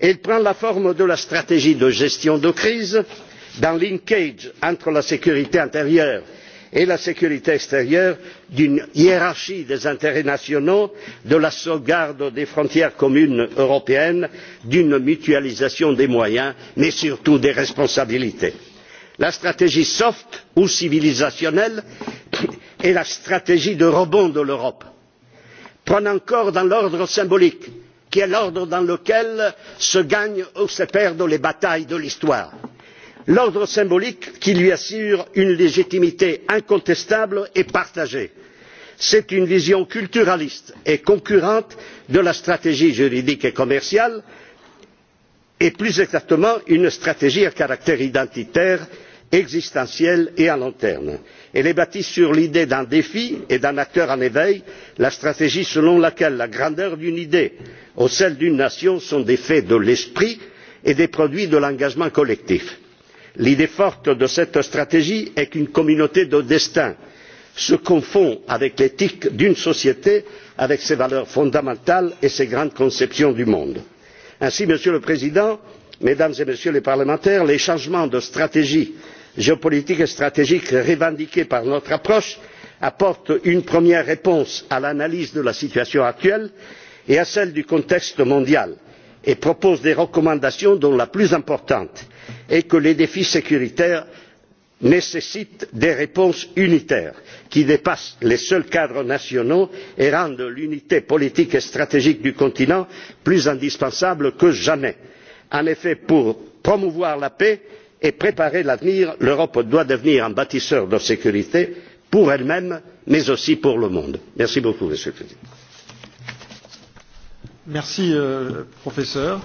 [SPEAKER 8] elle prend la forme de la stratégie de gestion de crise d'un linkage entre la sécurité intérieure et la sécurité extérieure d'une hiérarchie des intérêts nationaux de la sauvegarde des frontières communes européennes d'une mutualisation des moyens mais surtout des responsabilités. la stratégie soft ou civilisationnelle est la stratégie de rebond de l'europe prône encore dans l'ordre symbolique qui est l'ordre dans lequel se gagnent ou se perdent les batailles de l'histoire l'ordre symbolique qui lui assure une légitimité incontestable et partagée. c'est une vision culturaliste et concurrente de la stratégie juridique et commerciale et plus exactement une stratégie à caractère identitaire existentielle et à long terme elle est bâtie sur l'idée d'un défi et d'un acteur en éveil la stratégie selon laquelle la grandeur d'une idée ou celle d'une nation sont des faits de l'esprit et des produits de l'engagement collectif. l'idée forte de cette stratégie est qu'une communauté de destin se confond avec l'éthique d'une société avec ses valeurs fondamentales et ses grandes conceptions du monde. ainsi monsieur le président mesdames et messieurs les parlementaires les changements de stratégie géopolitique et stratégique revendiquée par notre approche apporte une première réponse à l'analyse de la situation actuelle et à celle du contexte mondial et propose des recommandations dont la plus importante est que les défis sécuritaires nécessitent des réponses unitaires qui dépassent les seuls cadres nationaux et rendent l'unité politique et stratégique du continent plus indispensable que jamais. en effet pour promouvoir la paix et préparer l'avenir l'europe doit devenir un bâtisseur de sécurité
[SPEAKER 1] pour elle même
[SPEAKER 8] mais aussi pour le monde. merci beaucoup monsieur le président.
[SPEAKER 9] merci professeur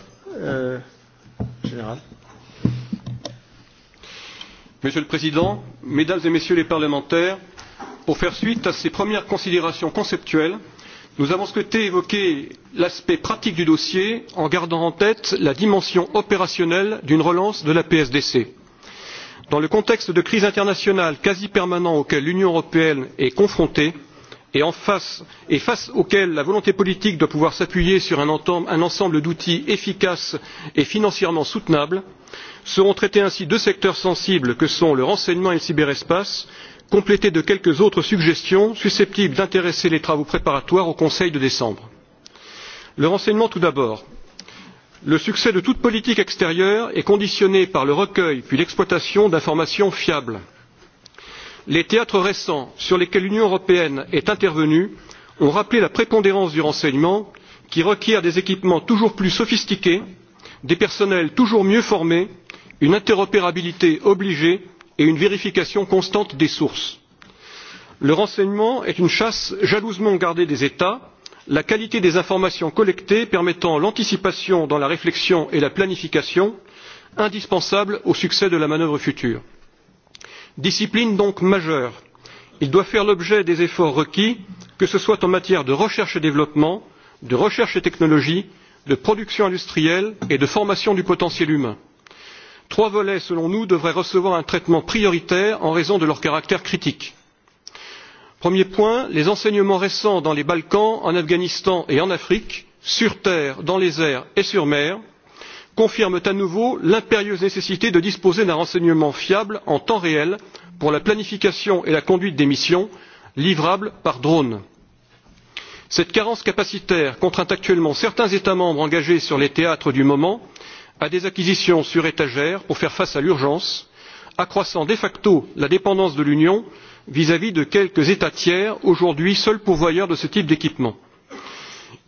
[SPEAKER 9] général. monsieur le président mesdames et messieurs les parlementaires pour faire suite à ces premières considérations conceptuelles nous avons souhaité évoquer l'aspect pratique du dossier en gardant en tête la dimension opérationnelle d'une relance de la psdc. dans le contexte de crise internationale quasi permanent auquel l'union européenne est confrontée et face auquel la volonté politique doit pouvoir s'appuyer sur un ensemble d'outils efficaces et financièrement soutenables seront traités ainsi deux secteurs sensibles que sont le renseignement et le cyberespace complétée de quelques autres suggestions susceptibles d'intéresser les travaux préparatoires au conseil de décembre. le renseignement tout d'abord le succès de toute politique extérieure est conditionné par le recueil puis l'exploitation d'informations fiables. les théâtres récents sur lesquels l'union européenne est intervenue ont rappelé la prépondérance du renseignement qui requiert des équipements toujours plus sophistiqués des personnels toujours mieux formés une interopérabilité obligée et une vérification constante des sources. le renseignement est une chasse jalousement gardée des états la qualité des informations collectées permettant l'anticipation dans la réflexion et la planification indispensable au succès de la manœuvre future. discipline donc majeure il doit faire l'objet des efforts requis que ce soit en matière de recherche et développement de recherche et technologie de production industrielle et de formation du potentiel humain trois volets selon nous devraient recevoir un traitement prioritaire en raison de leur caractère critique. premier point les enseignements récents dans les balkans en afghanistan et en afrique sur terre dans les airs et sur mer confirment à nouveau l'impérieuse nécessité de disposer d'un renseignement fiable en temps réel pour la planification et la conduite des missions livrables par drone. cette carence capacitaire contraint actuellement certains états membres engagés sur les théâtres du moment à à des acquisitions sur étagère pour faire face à l'urgence accroissant de facto la dépendance de l'union vis à vis de quelques états tiers aujourd'hui seuls pourvoyeurs de ce type d'équipements.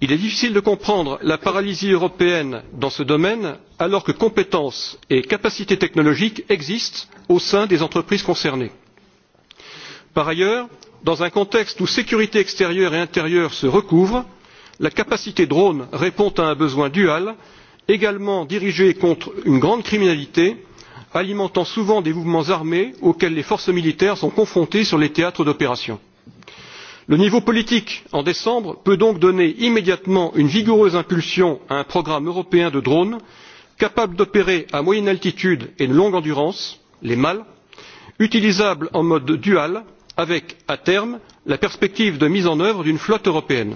[SPEAKER 9] il est difficile de comprendre la paralysie européenne dans ce domaine alors que compétences et capacités technologiques existent au sein des entreprises concernées. par ailleurs dans un contexte où sécurité extérieure et intérieure se recouvrent la capacité drone répond à un besoin dual également dirigées contre une grande criminalité alimentant souvent des mouvements armés auxquels les forces militaires sont confrontées sur les théâtres d'opérations. le niveau politique en décembre peut donc donner immédiatement une vigoureuse impulsion à un programme européen de drones capable d'opérer à moyenne altitude et de longue endurance les mal utilisables en mode dual avec à terme la perspective de mise en œuvre d'une flotte européenne.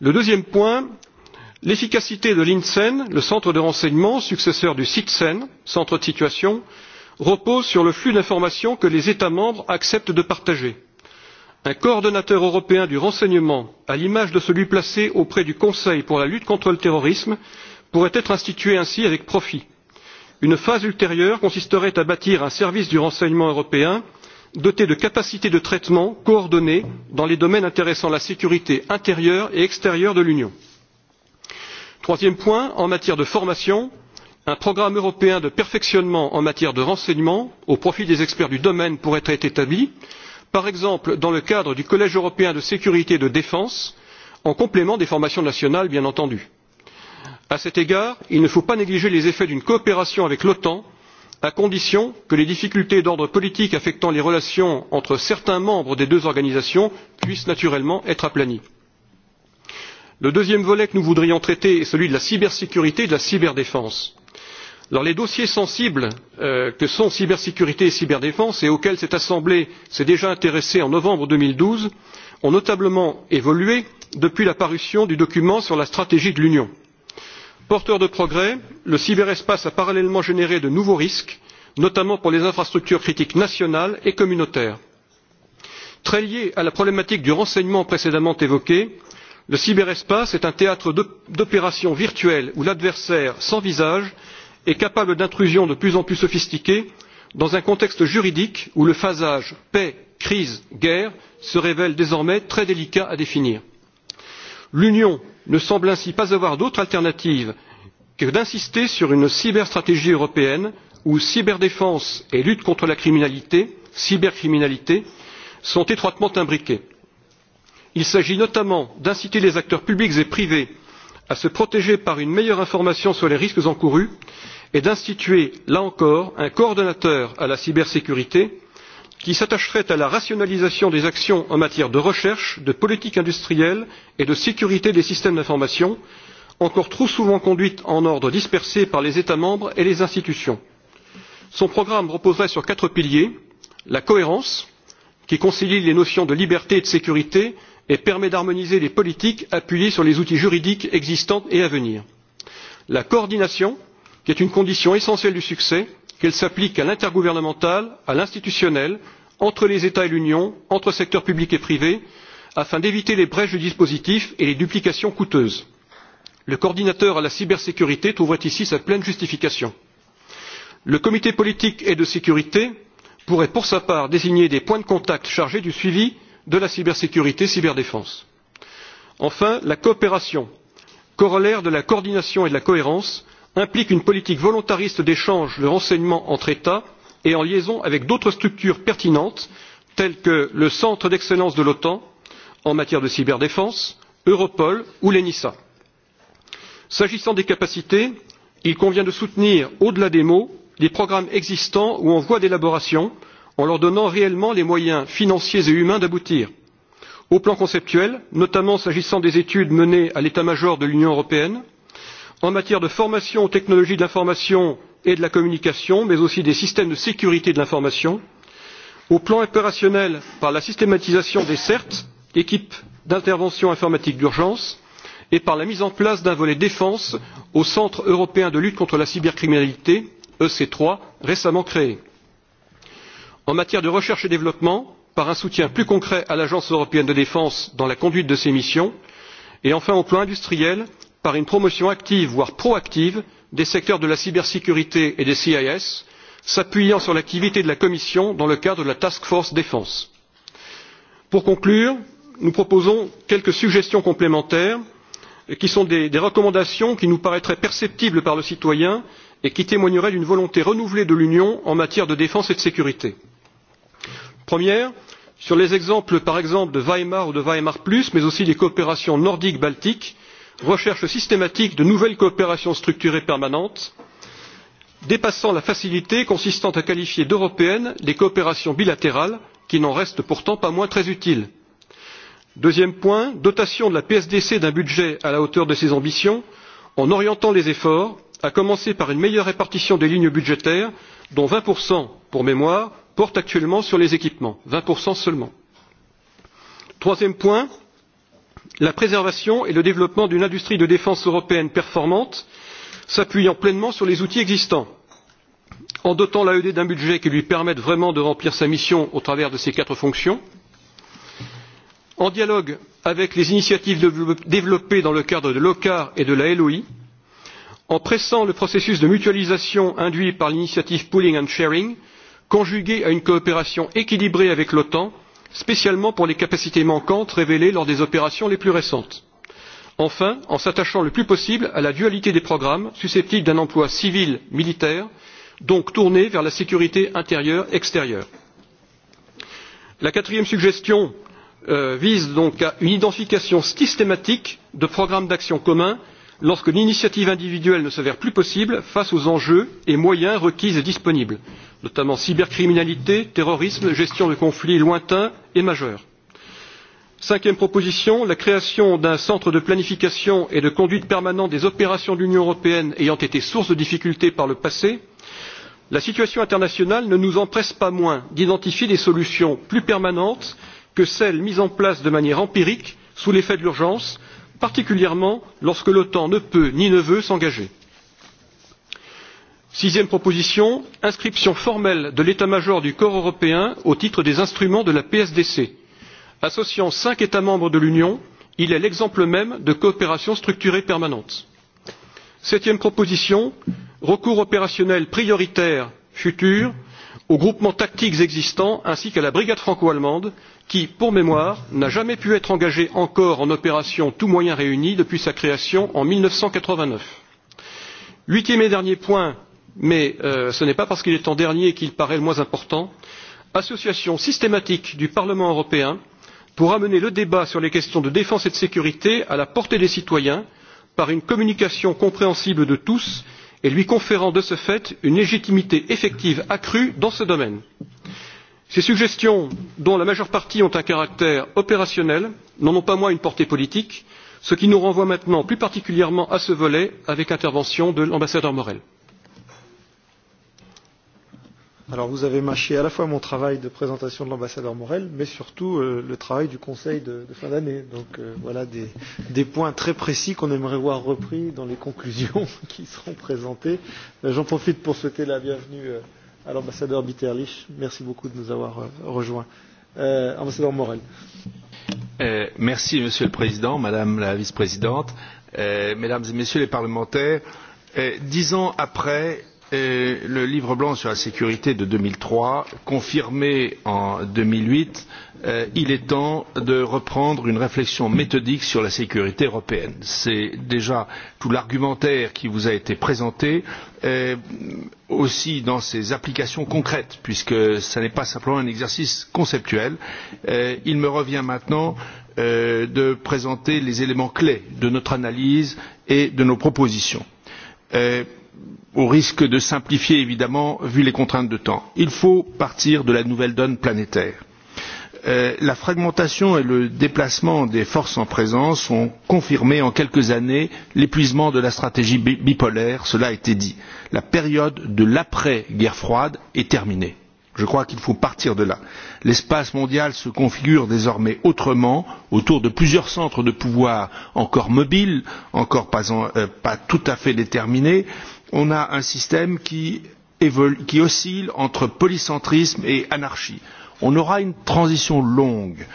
[SPEAKER 9] le deuxième point l'efficacité de l'insen le centre de renseignement successeur du citsen centre de situation repose sur le flux d'informations que les états membres acceptent de partager. un coordonnateur européen du renseignement à l'image de celui placé auprès du conseil pour la lutte contre le terrorisme pourrait être institué ainsi avec profit. une phase ultérieure consisterait à bâtir un service du renseignement européen doté de capacités de traitement coordonnées dans les domaines intéressant la sécurité intérieure et extérieure de l'union troisième point en matière de formation un programme européen de perfectionnement en matière de renseignement au profit des experts du domaine pourrait être établi par exemple dans le cadre du collège européen de sécurité et de défense en complément des formations nationales bien entendu. à cet égard il ne faut pas négliger les effets d'une coopération avec l'otan à condition que les difficultés d'ordre politique affectant les relations entre certains membres des deux organisations puissent naturellement être aplanies le deuxième volet que nous voudrions traiter est celui de la cybersécurité et de la cyberdéfense. les dossiers sensibles que sont cybersécurité et cyberdéfense et auxquels cette assemblée s'est déjà intéressée en novembre deux mille douze ont notablement évolué depuis la parution du document sur la stratégie de l'union. porteur de progrès le cyberespace a parallèlement généré de nouveaux risques notamment pour les infrastructures critiques nationales et communautaires. très liée à la problématique du renseignement précédemment évoquée le cyberespace est un théâtre d'opérations virtuelles où l'adversaire sans visage est capable d'intrusions de plus en plus sophistiquées dans un contexte juridique où le phasage paix crise guerre se révèle désormais très délicat à définir. l'union ne semble ainsi pas avoir d'autre alternative que d'insister sur une cyberstratégie européenne où cyberdéfense et lutte contre la cybercriminalité sont étroitement imbriquées il s'agit notamment d'inciter les acteurs publics et privés à se protéger par une meilleure information sur les risques encourus et d'instituer là encore un coordonnateur à la cybersécurité qui s'attacherait à la rationalisation des actions en matière de recherche de politique industrielle et de sécurité des systèmes d'information encore trop souvent conduites en ordre dispersé par les états membres et les institutions. son programme reposerait sur quatre piliers la cohérence qui concilie les notions de liberté et de sécurité et permet d'harmoniser les politiques appuyées sur les outils juridiques existants et à venir. la coordination qui est une condition essentielle du succès qu'elle s'applique à l'intergouvernemental à l'institutionnel entre les états et l'union entre secteurs public et privé afin d'éviter les brèches du dispositif et les duplications coûteuses. le coordinateur à la cybersécurité trouverait ici sa pleine justification. le comité politique et de sécurité pourrait pour sa part désigner des points de contact chargés du suivi de la cybersécurité cyberdéfense. enfin la coopération corollaire de la coordination et de la cohérence implique une politique volontariste d'échange de renseignements entre états et en liaison avec d'autres structures pertinentes telles que le centre d'excellence de l'otan en matière de cyberdéfense europol ou l'enisa. s'agissant des capacités il convient de soutenir au delà des mots les programmes existants ou en voie d'élaboration en leur donnant réellement les moyens financiers et humains d'aboutir au plan conceptuel notamment s'agissant des études menées à l'état major de l'union européenne en matière de formation aux technologies de l'information et de la communication mais aussi des systèmes de sécurité de l'information au plan opérationnel par la systématisation des cert équipes d'intervention informatique d'urgence et par la mise en place d'un volet défense au centre européen de lutte contre la cybercriminalité ec trois récemment créé en matière de recherche et développement par un soutien plus concret à l'agence européenne de défense dans la conduite de ses missions et enfin plan industriel par une promotion active voire proactive des secteurs de la cybersécurité et des sis s'appuyant sur l'activité de la commission dans le cadre de la task force défense. pour conclure nous proposons quelques suggestions complémentaires qui sont des recommandations qui nous paraîtraient perceptibles par le citoyen et qui témoigneraient d'une volonté renouvelée de l'union en matière de défense et de sécurité première sur les exemples par exemple de weimar ou de weimar plus mais aussi des coopérations nordiques baltiques recherche systématique de nouvelles coopérations structurées permanentes dépassant la facilité consistant à qualifier d'européennes les coopérations bilatérales qui n'en restent pourtant pas moins très utiles. deuxième point dotation de la psdc d'un budget à la hauteur de ses ambitions en orientant les efforts à commencer par une meilleure répartition des lignes budgétaires dont vingt pour mémoire porte actuellement sur les équipements vingt seulement. troisième point la préservation et le développement d'une industrie de défense européenne performante s'appuyant pleinement sur les outils existants en dotant l'aed d'un budget qui lui permette vraiment de remplir sa mission au travers de ses quatre fonctions en dialogue avec les initiatives développées dans le cadre de l'ocar et de la loi en pressant le processus de mutualisation induit par l'initiative pooling and sharing conjuguée à une coopération équilibrée avec l'otan spécialement pour les capacités manquantes révélées lors des opérations les plus récentes. enfin en s'attachant le plus possible à la dualité des programmes susceptibles d'un emploi civil militaire donc tournés vers la sécurité intérieure et extérieure. la quatrième suggestion vise donc à une identification systématique de programmes d'action communs lorsque l'initiative individuelle ne s'avère plus possible face aux enjeux et moyens requis et disponibles notamment cybercriminalité terrorisme gestion de conflits lointains et majeurs. cinquième proposition la création d'un centre de planification et de conduite permanent des opérations de l'union européenne ayant été source de difficultés par le passé la situation internationale ne nous empresse pas moins d'identifier des solutions plus permanentes que celles mises en place de manière empirique sous l'effet de l'urgence particulièrement lorsque l'otan ne peut ni ne veut s'engager sixième proposition inscription formelle de l'état major du corps européen au titre des instruments de la psdc. associant cinq états membres de l'union il est l'exemple même de coopération structurée permanente. septième proposition recours opérationnel prioritaire futur aux groupements tactiques existants ainsi qu'à la brigade franco allemande qui pour mémoire n'a jamais pu être engagée encore en opération tous moyens réunis depuis sa création en. mille neuf cent quatre vingt neuf huitième et dernier point mais ce n'est pas parce qu'il est en dernier qu'il paraît le moins important association systématique du parlement européen pour amener le débat sur les questions de défense et de sécurité à la portée des citoyens par une communication compréhensible de tous et lui conférant de ce fait une légitimité effective accrue dans ce domaine. ces suggestions dont la majeure partie ont un caractère opérationnel n'en ont pas moins une portée politique ce qui nous renvoie maintenant plus particulièrement à ce volet avec l'intervention de l'ambassadeur morel.
[SPEAKER 1] Alors vous avez mâché à la fois mon travail de présentation de l'ambassadeur Morel, mais surtout euh, le travail du Conseil de, de fin d'année. Donc euh, voilà des, des points très précis qu'on aimerait voir repris dans les conclusions qui seront présentées. J'en profite pour souhaiter la bienvenue à l'ambassadeur Bitterlich. Merci beaucoup de nous avoir euh, rejoints.
[SPEAKER 10] Euh, ambassadeur Morel. Euh, merci Monsieur le Président, Madame la Vice-présidente, euh, Mesdames et Messieurs les parlementaires. Euh, dix ans après le livre blanc sur la sécurité de deux mille trois confirmé en deux mille huit il est temps de reprendre une réflexion méthodique sur la sécurité européenne. c'est déjà tout l'argumentaire qui vous a été présenté aussi dans ses applications concrètes puisque ce n'est pas simplement un exercice conceptuel. il me revient maintenant de présenter les éléments clés de notre analyse et de nos propositions au risque de simplifier évidemment vu les contraintes de temps. Il faut partir de la nouvelle donne planétaire. la fragmentation et le déplacement des forces en présence ont confirmé en quelques années l'épuisement de la stratégie bipolaire, cela a été dit. La période de l'après guerre froide est terminée. Je crois qu'il faut partir de là. L'espace mondial se configure désormais autrement, autour de plusieurs centres de pouvoir encore mobiles, encore pas, tout à fait déterminés, on a un système qui, oscille entre polycentrisme et anarchie on aura une transition longue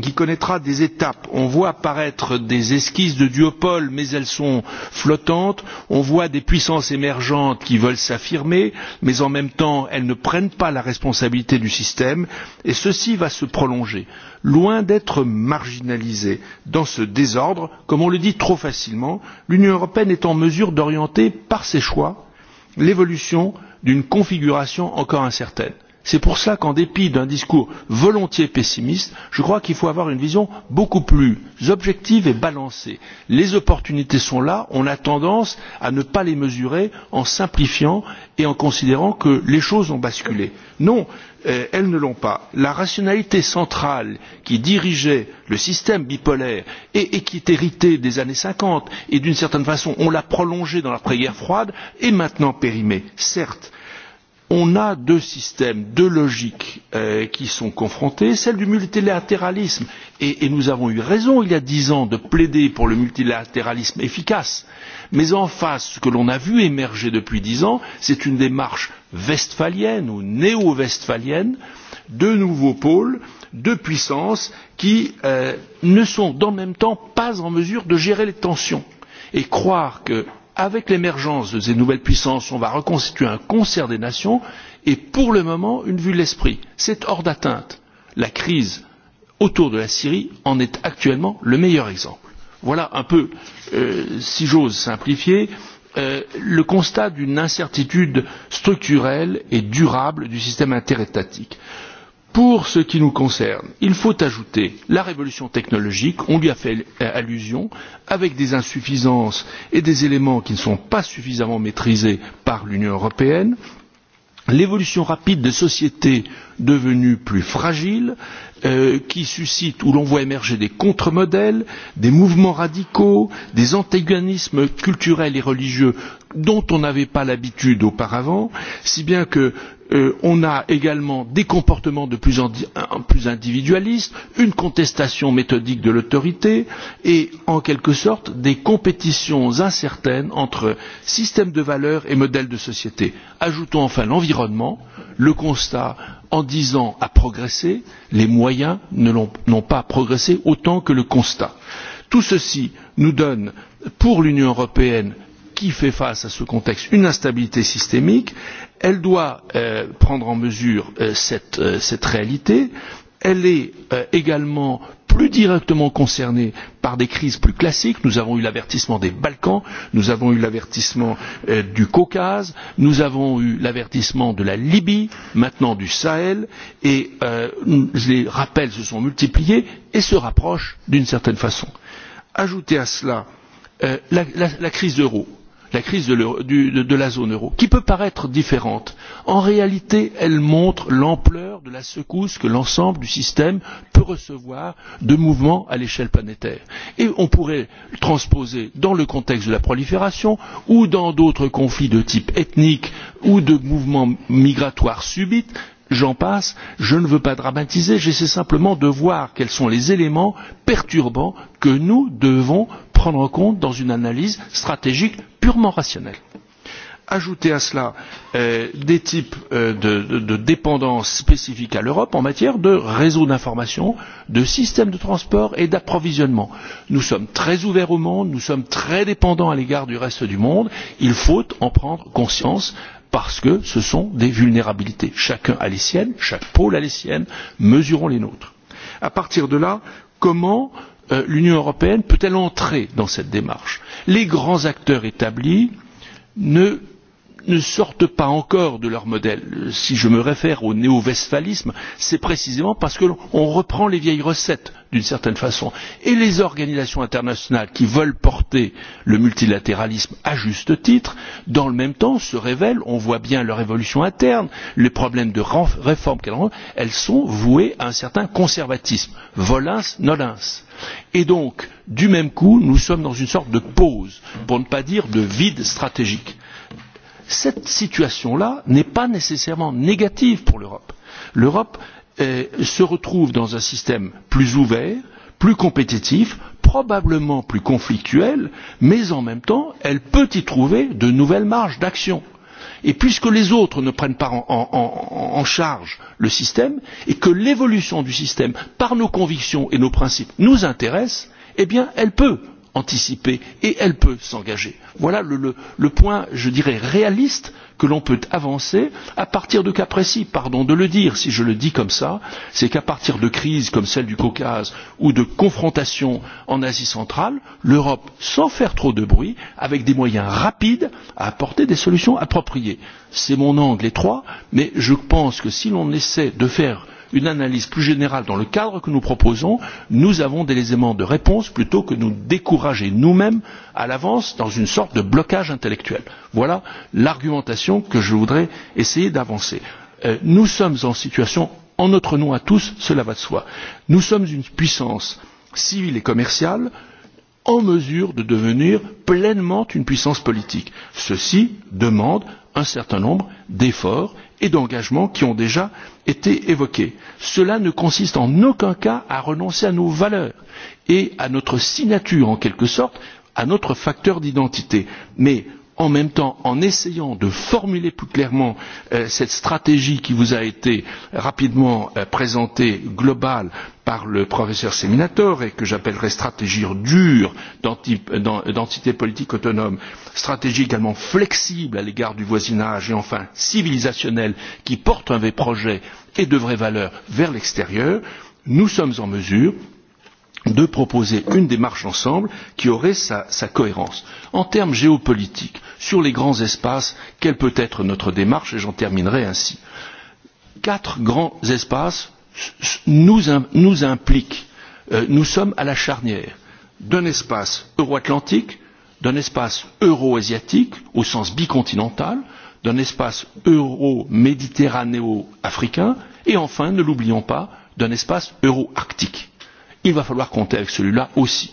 [SPEAKER 10] qui connaîtra des étapes. On voit apparaître des esquisses de duopoles, mais elles sont flottantes. On voit des puissances émergentes qui veulent s'affirmer, mais en même temps, elles ne prennent pas la responsabilité du système. Et ceci va se prolonger. Loin d'être marginalisé dans ce désordre, comme on le dit trop facilement, l'Union européenne est en mesure d'orienter par ses choix l'évolution d'une configuration encore incertaine c'est pour cela qu'en dépit d'un discours volontiers pessimiste je crois qu'il faut avoir une vision beaucoup plus objective et balancée. les opportunités sont là on a tendance à ne pas les mesurer en simplifiant et en considérant que les choses ont basculé. non elles ne l'ont pas. la rationalité centrale qui dirigeait le système bipolaire et qui est héritée des années cinquante et d'une certaine façon on l'a prolongée dans l'après guerre froide est maintenant périmée certes on a deux systèmes, deux logiques qui sont confrontés, celle du multilatéralisme. Et, nous avons eu raison il y a dix ans de plaider pour le multilatéralisme efficace. Mais en face, ce que l'on a vu émerger depuis dix ans, c'est une démarche westphalienne ou néo-westphalienne, deux nouveaux pôles, deux puissances qui ne sont dans le même temps pas en mesure de gérer les tensions. Et croire que avec l'émergence de ces nouvelles puissances on va reconstituer un concert des nations et pour le moment une vue de l'esprit c'est hors d'atteinte. la crise autour de la syrie en est actuellement le meilleur exemple. voilà un peu si j'ose simplifier le constat d'une incertitude structurelle et durable du système interétatique. Pour ce qui nous concerne, il faut ajouter la révolution technologique, on lui a fait allusion, avec des insuffisances et des éléments qui ne sont pas suffisamment maîtrisés par l'Union européenne, l'évolution rapide de sociétés devenues plus fragiles, qui suscitent où l'on voit émerger des contre modèles des mouvements radicaux des antagonismes culturels et religieux dont on n'avait pas l'habitude auparavant si bien que on a également des comportements de plus en plus individualistes une contestation méthodique de l'autorité et en quelque sorte des compétitions incertaines entre systèmes de valeurs et modèles de société. ajoutons enfin l'environnement le constat en dix ans a progressé les moyens n'ont pas progressé autant que le constat. tout ceci nous donne pour l'union européenne qui fait face à ce contexte une instabilité systémique elle doit prendre en mesure cette réalité elle est également plus directement concernée par des crises plus classiques nous avons eu l'avertissement des balkans nous avons eu l'avertissement du caucase nous avons eu l'avertissement de la libye maintenant du sahel et les rappels se sont multipliés et se rapprochent d'une certaine façon. ajoutez à cela la crise euro la crise de, la zone euro, qui peut paraître différente, en réalité, elle montre l'ampleur de la secousse que l'ensemble du système peut recevoir de mouvements à l'échelle planétaire. Et on pourrait le transposer dans le contexte de la prolifération ou dans d'autres conflits de type ethnique ou de mouvements migratoires subits j'en passe, je ne veux pas dramatiser, j'essaie simplement de voir quels sont les éléments perturbants que nous devons prendre en compte dans une analyse stratégique purement rationnelle. Ajouter à cela des types de, dépendances spécifiques à l'Europe en matière de réseaux d'information, de systèmes de transport et d'approvisionnement. Nous sommes très ouverts au monde, nous sommes très dépendants à l'égard du reste du monde, il faut en prendre conscience parce que ce sont des vulnérabilités. Chacun a les siennes, chaque pôle a les siennes, mesurons les nôtres. À partir de là, comment l'Union européenne peut-elle entrer dans cette démarche Les grands acteurs établis ne ne sortent pas encore de leur modèle. Si je me réfère au néo-westphalisme, c'est précisément parce que l'on reprend les vieilles recettes d'une certaine façon. Et les organisations internationales qui veulent porter le multilatéralisme à juste titre, dans le même temps, se révèlent, on voit bien leur évolution interne, les problèmes de réforme qu'elles ont, elles sont vouées à un certain conservatisme. Volins, nolins. Et donc, du même coup, nous sommes dans une sorte de pause, pour ne pas dire de vide stratégique cette situation là n'est pas nécessairement négative pour l'europe. l'europe se retrouve dans un système plus ouvert plus compétitif probablement plus conflictuel mais en même temps elle peut y trouver de nouvelles marges d'action. et puisque les autres ne prennent pas en charge le système et que l'évolution du système par nos convictions et nos principes nous intéresse eh bien elle peut anticiper et elle peut s'engager. Voilà le, point, je dirais, réaliste que l'on peut avancer à partir de cas précis, pardon de le dire si je le dis comme cela, c'est qu'à partir de crises comme celle du Caucase ou de confrontations en Asie centrale, l'Europe, sans faire trop de bruit, avec des moyens rapides, a apporté des solutions appropriées. C'est mon angle étroit, mais je pense que si l'on essaie de faire une analyse plus générale dans le cadre que nous proposons, nous avons des éléments de réponse plutôt que de nous décourager nous-mêmes à l'avance dans une sorte de blocage intellectuel. Voilà l'argumentation que je voudrais essayer d'avancer. nous sommes en situation, en notre nom à tous, cela va de soi. Nous sommes une puissance civile et commerciale en mesure de devenir pleinement une puissance politique. Ceci demande un certain nombre d'efforts et d'engagement qui ont déjà été évoqués. Cela ne consiste en aucun cas à renoncer à nos valeurs et à notre signature en quelque sorte, à notre facteur d'identité. Mais en même temps en essayant de formuler plus clairement cette stratégie qui vous a été rapidement présentée globale par le professeur Seminator et que j'appellerais stratégie dure d'entité politique autonome, stratégie également flexible à l'égard du voisinage et enfin civilisationnelle qui porte un vrai projet et de vraies valeurs vers l'extérieur, nous sommes en mesure de proposer une démarche ensemble qui aurait sa, cohérence. En termes géopolitiques, sur les grands espaces, quelle peut être notre démarche Et j'en terminerai ainsi. Quatre grands espaces nous, impliquent. nous sommes à la charnière d'un espace euro-atlantique, d'un espace euro-asiatique au sens bicontinental, d'un espace euro-méditerranéo-africain et enfin, ne l'oublions pas, d'un espace euro-arctique il va falloir compter avec celui là aussi.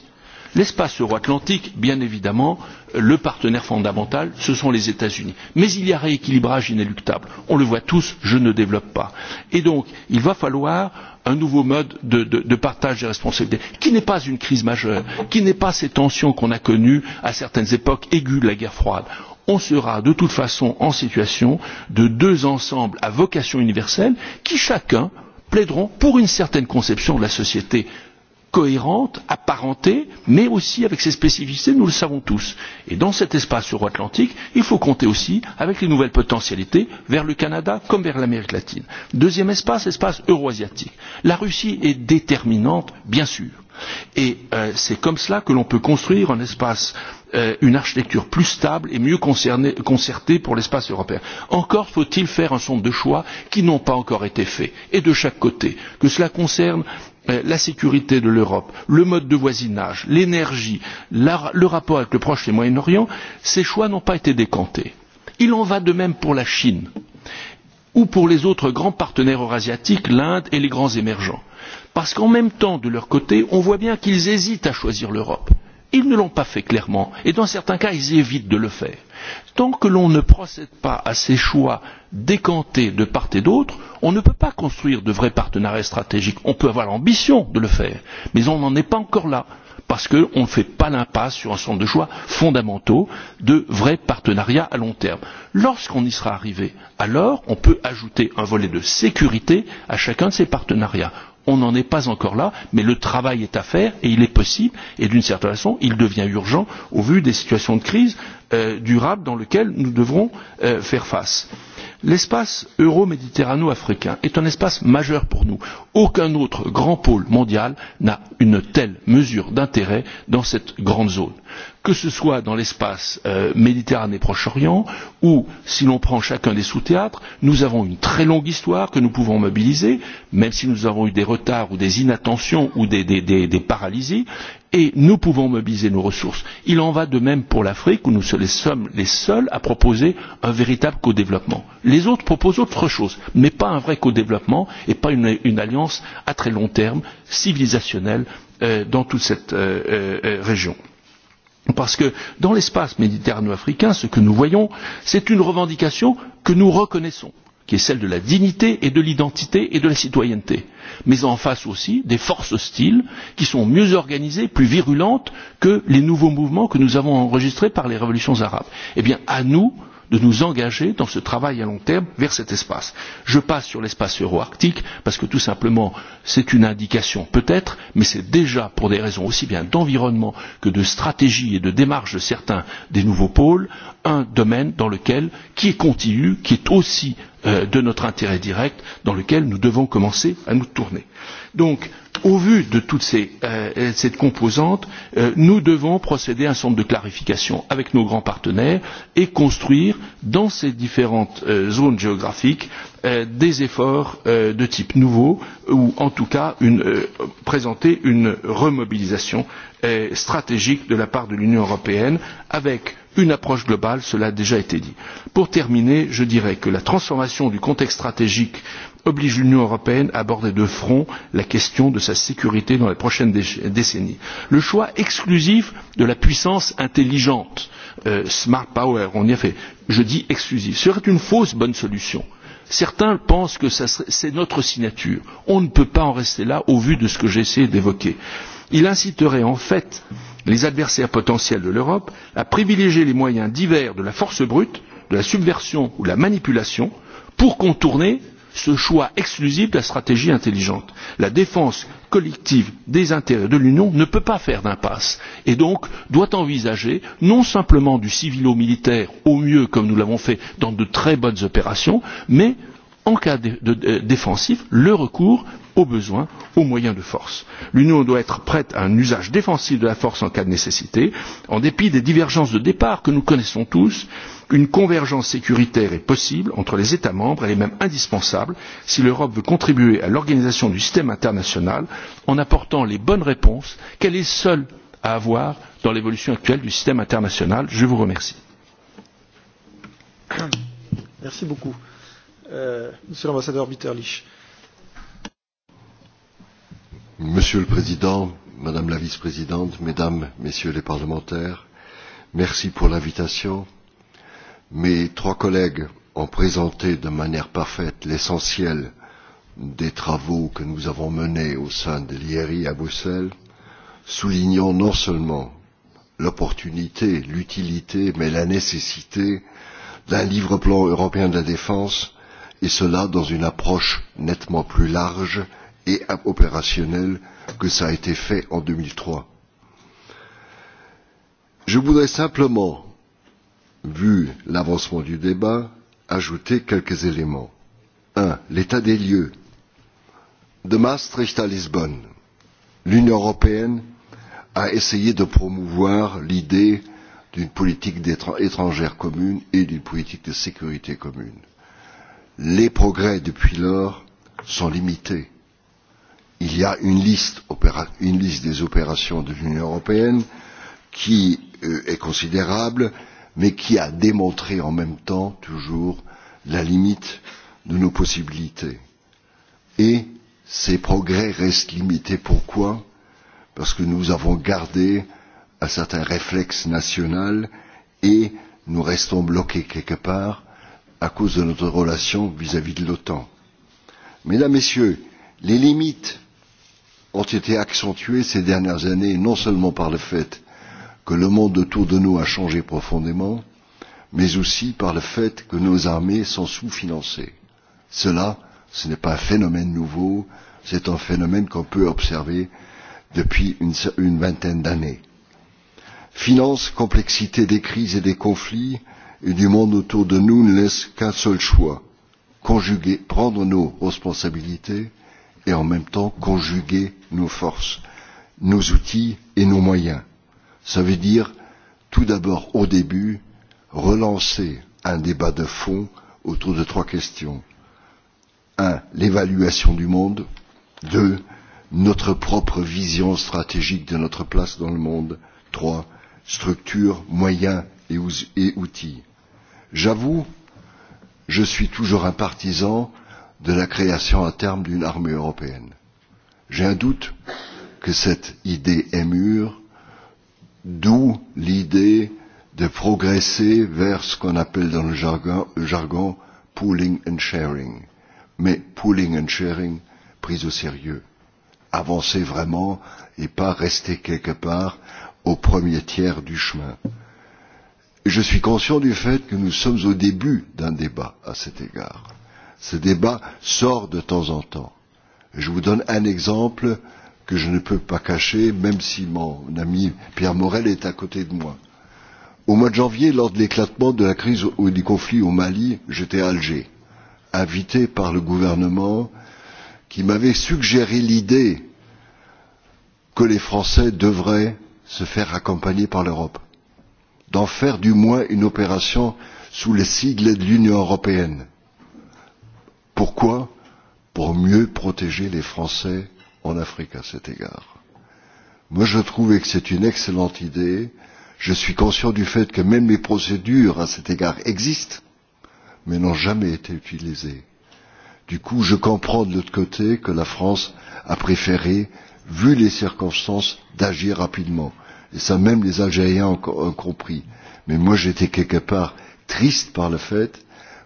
[SPEAKER 10] l'espace euro atlantique bien évidemment le partenaire fondamental ce sont les états unis mais il y a rééquilibrage inéluctable on le voit tous je ne développe pas et donc il va falloir un nouveau mode de, partage des responsabilités, qui n'est pas une crise majeure, qui n'est pas ces tensions qu'on a connues à certaines époques aiguës de la guerre froide. On sera de toute façon en situation de deux ensembles à vocation universelle qui chacun plaideront pour une certaine conception de la société cohérente, apparentée, mais aussi avec ses spécificités, nous le savons tous. Et dans cet espace euro-atlantique, il faut compter aussi avec les nouvelles potentialités vers le Canada comme vers l'Amérique latine. Deuxième espace, espace euro-asiatique. La Russie est déterminante, bien sûr. Et euh, c'est comme cela que l'on peut construire un espace, euh, une architecture plus stable et mieux concernée, concertée pour l'espace européen. Encore faut-il faire un centre de choix qui n'ont pas encore été faits, et de chaque côté, que cela concerne la sécurité de l'Europe, le mode de voisinage, l'énergie, le rapport avec le Proche et le Moyen-Orient, ces choix n'ont pas été décantés. Il en va de même pour la Chine ou pour les autres grands partenaires eurasiatiques, l'Inde et les grands émergents. Parce qu'en même temps, de leur côté, on voit bien qu'ils hésitent à choisir l'Europe Ils ne l'ont pas fait clairement et dans certains cas, ils évitent de le faire. Tant que l'on ne procède pas à ces choix décantés de part et d'autre, on ne peut pas construire de vrais partenariats stratégiques. On peut avoir l'ambition de le faire, mais on n'en est pas encore là parce qu'on ne fait pas l'impasse sur un certain nombre de choix fondamentaux de vrais partenariats à long terme. Lorsqu'on y sera arrivé, alors on peut ajouter un volet de sécurité à chacun de ces partenariats on n'en est pas encore là, mais le travail est à faire et il est possible et d'une certaine façon il devient urgent au vu des situations de crise durables dans lesquelles nous devrons faire face. L'espace euro méditerrano africain est un espace majeur pour nous. Aucun autre grand pôle mondial n'a une telle mesure d'intérêt dans cette grande zone que ce soit dans l'espace méditerranée proche orient ou si l'on prend chacun des sous théâtres nous avons une très longue histoire que nous pouvons mobiliser même si nous avons eu des retards ou des inattentions ou des paralysies et nous pouvons mobiliser nos ressources. il en va de même pour l'afrique où nous sommes les seuls à proposer un véritable codéveloppement. les autres proposent autre chose mais pas un vrai codéveloppement et pas une alliance à très long terme civilisationnelle dans toute cette région parce que dans l'espace méditerrano africain ce que nous voyons c'est une revendication que nous reconnaissons qui est celle de la dignité et de l'identité et de la citoyenneté mais en face aussi des forces hostiles qui sont mieux organisées plus virulentes que les nouveaux mouvements que nous avons enregistrés par les révolutions arabes. eh bien à nous de nous engager dans ce travail à long terme vers cet espace. Je passe sur l'espace euro-arctique parce que tout simplement c'est une indication peut-être, mais c'est déjà pour des raisons aussi bien d'environnement que de stratégie et de démarche de certains des nouveaux pôles, un domaine dans lequel, qui est continu, qui est aussi de notre intérêt direct, dans lequel nous devons commencer à nous tourner. Donc, au vu de toute cette composante, nous devons procéder à un certain nombre de clarifications avec nos grands partenaires et construire dans ces différentes zones géographiques des efforts de type nouveau ou en tout cas présenter une remobilisation stratégique de la part de l'Union européenne avec une approche globale, cela a déjà été dit. Pour terminer, je dirais que la transformation du contexte stratégique oblige l'Union européenne à aborder de front la question de sa sécurité dans les prochaines décennies. Le choix exclusif de la puissance intelligente, smart power, on y a fait, je dis exclusif, serait une fausse bonne solution. Certains pensent que c'est notre signature. On ne peut pas en rester là au vu de ce que j'ai essayé d'évoquer. Il inciterait en fait les adversaires potentiels de l'Europe à privilégier les moyens divers de la force brute, de la subversion ou de la manipulation pour contourner ce choix exclusif de la stratégie intelligente. La défense collective des intérêts de l'Union ne peut pas faire d'impasse et donc doit envisager non simplement du civilo militaire au mieux comme nous l'avons fait dans de très bonnes opérations, mais en cas de défensif, le recours au besoin aux moyens de force. l'union doit être prête à un usage défensif de la force en cas de nécessité. en dépit des divergences de départ que nous connaissons tous une convergence sécuritaire est possible entre les états membres elle est même indispensable si l'europe veut contribuer à l'organisation du système international en apportant les bonnes réponses qu'elle est seule à avoir dans l'évolution actuelle du système international. je vous remercie.
[SPEAKER 1] Merci beaucoup, euh, Monsieur l'ambassadeur Bitterlich.
[SPEAKER 11] Monsieur le Président, Madame la Vice-présidente, Mesdames, Messieurs les parlementaires, merci pour l'invitation. Mes trois collègues ont présenté de manière parfaite l'essentiel des travaux que nous avons menés au sein de l'IRI à Bruxelles, soulignant non seulement l'opportunité, l'utilité, mais la nécessité d'un livre plan européen de la défense, et cela dans une approche nettement plus large et opérationnel que cela a été fait en deux mille trois. Je voudrais simplement, vu l'avancement du débat, ajouter quelques éléments. Un, l'état des lieux. De Maastricht à Lisbonne, l'Union européenne a essayé de promouvoir l'idée d'une politique étrangère commune et d'une politique de sécurité commune. Les progrès depuis lors sont limités il y a une liste, opéra, une liste des opérations de l'Union européenne qui euh, est considérable, mais qui a démontré en même temps toujours la limite de nos possibilités. Et ces progrès restent limités. Pourquoi Parce que nous avons gardé un certain réflexe national et nous restons bloqués quelque part à cause de notre relation vis-à-vis de l'OTAN. Mesdames, Messieurs, les limites ont été accentuées ces dernières années, non seulement par le fait que le monde autour de nous a changé profondément, mais aussi par le fait que nos armées sont sous-financées. Cela, ce n'est pas un phénomène nouveau, c'est un phénomène qu'on peut observer depuis une, une vingtaine d'années. Finance, complexité des crises et des conflits et du monde autour de nous ne laisse qu'un seul choix, conjuguer, prendre nos responsabilités et en même temps conjuguer nos forces, nos outils et nos moyens. Ça veut dire, tout d'abord au début, relancer un débat de fond autour de trois questions. Un, l'évaluation du monde. Deux, notre propre vision stratégique de notre place dans le monde. Trois, structure, moyens et outils. J'avoue, je suis toujours un partisan de la création à terme d'une armée européenne. J'ai un doute que cette idée est mûre, d'où l'idée de progresser vers ce qu'on appelle dans le jargon, le jargon pooling and sharing. Mais pooling and sharing pris au sérieux. Avancer vraiment et pas rester quelque part au premier tiers du chemin. Je suis conscient du fait que nous sommes au début d'un débat à cet égard ce débat sort de temps en temps. Je vous donne un exemple que je ne peux pas cacher, même si mon ami Pierre Morel est à côté de moi. Au mois de janvier, lors de l'éclatement de la crise ou du conflit au Mali, j'étais à Alger, invité par le gouvernement qui m'avait suggéré l'idée que les Français devraient se faire accompagner par l'Europe, d'en faire du moins une opération sous les sigles de l'Union européenne Pourquoi Pour mieux protéger les Français en Afrique à cet égard. Moi, je trouvais que c'est une excellente idée. Je suis conscient du fait que même les procédures à cet égard existent, mais n'ont jamais été utilisées. Du coup, je comprends de l'autre côté que la France a préféré, vu les circonstances, d'agir rapidement. Et ça, même les Algériens ont compris. Mais moi, j'étais quelque part triste par le fait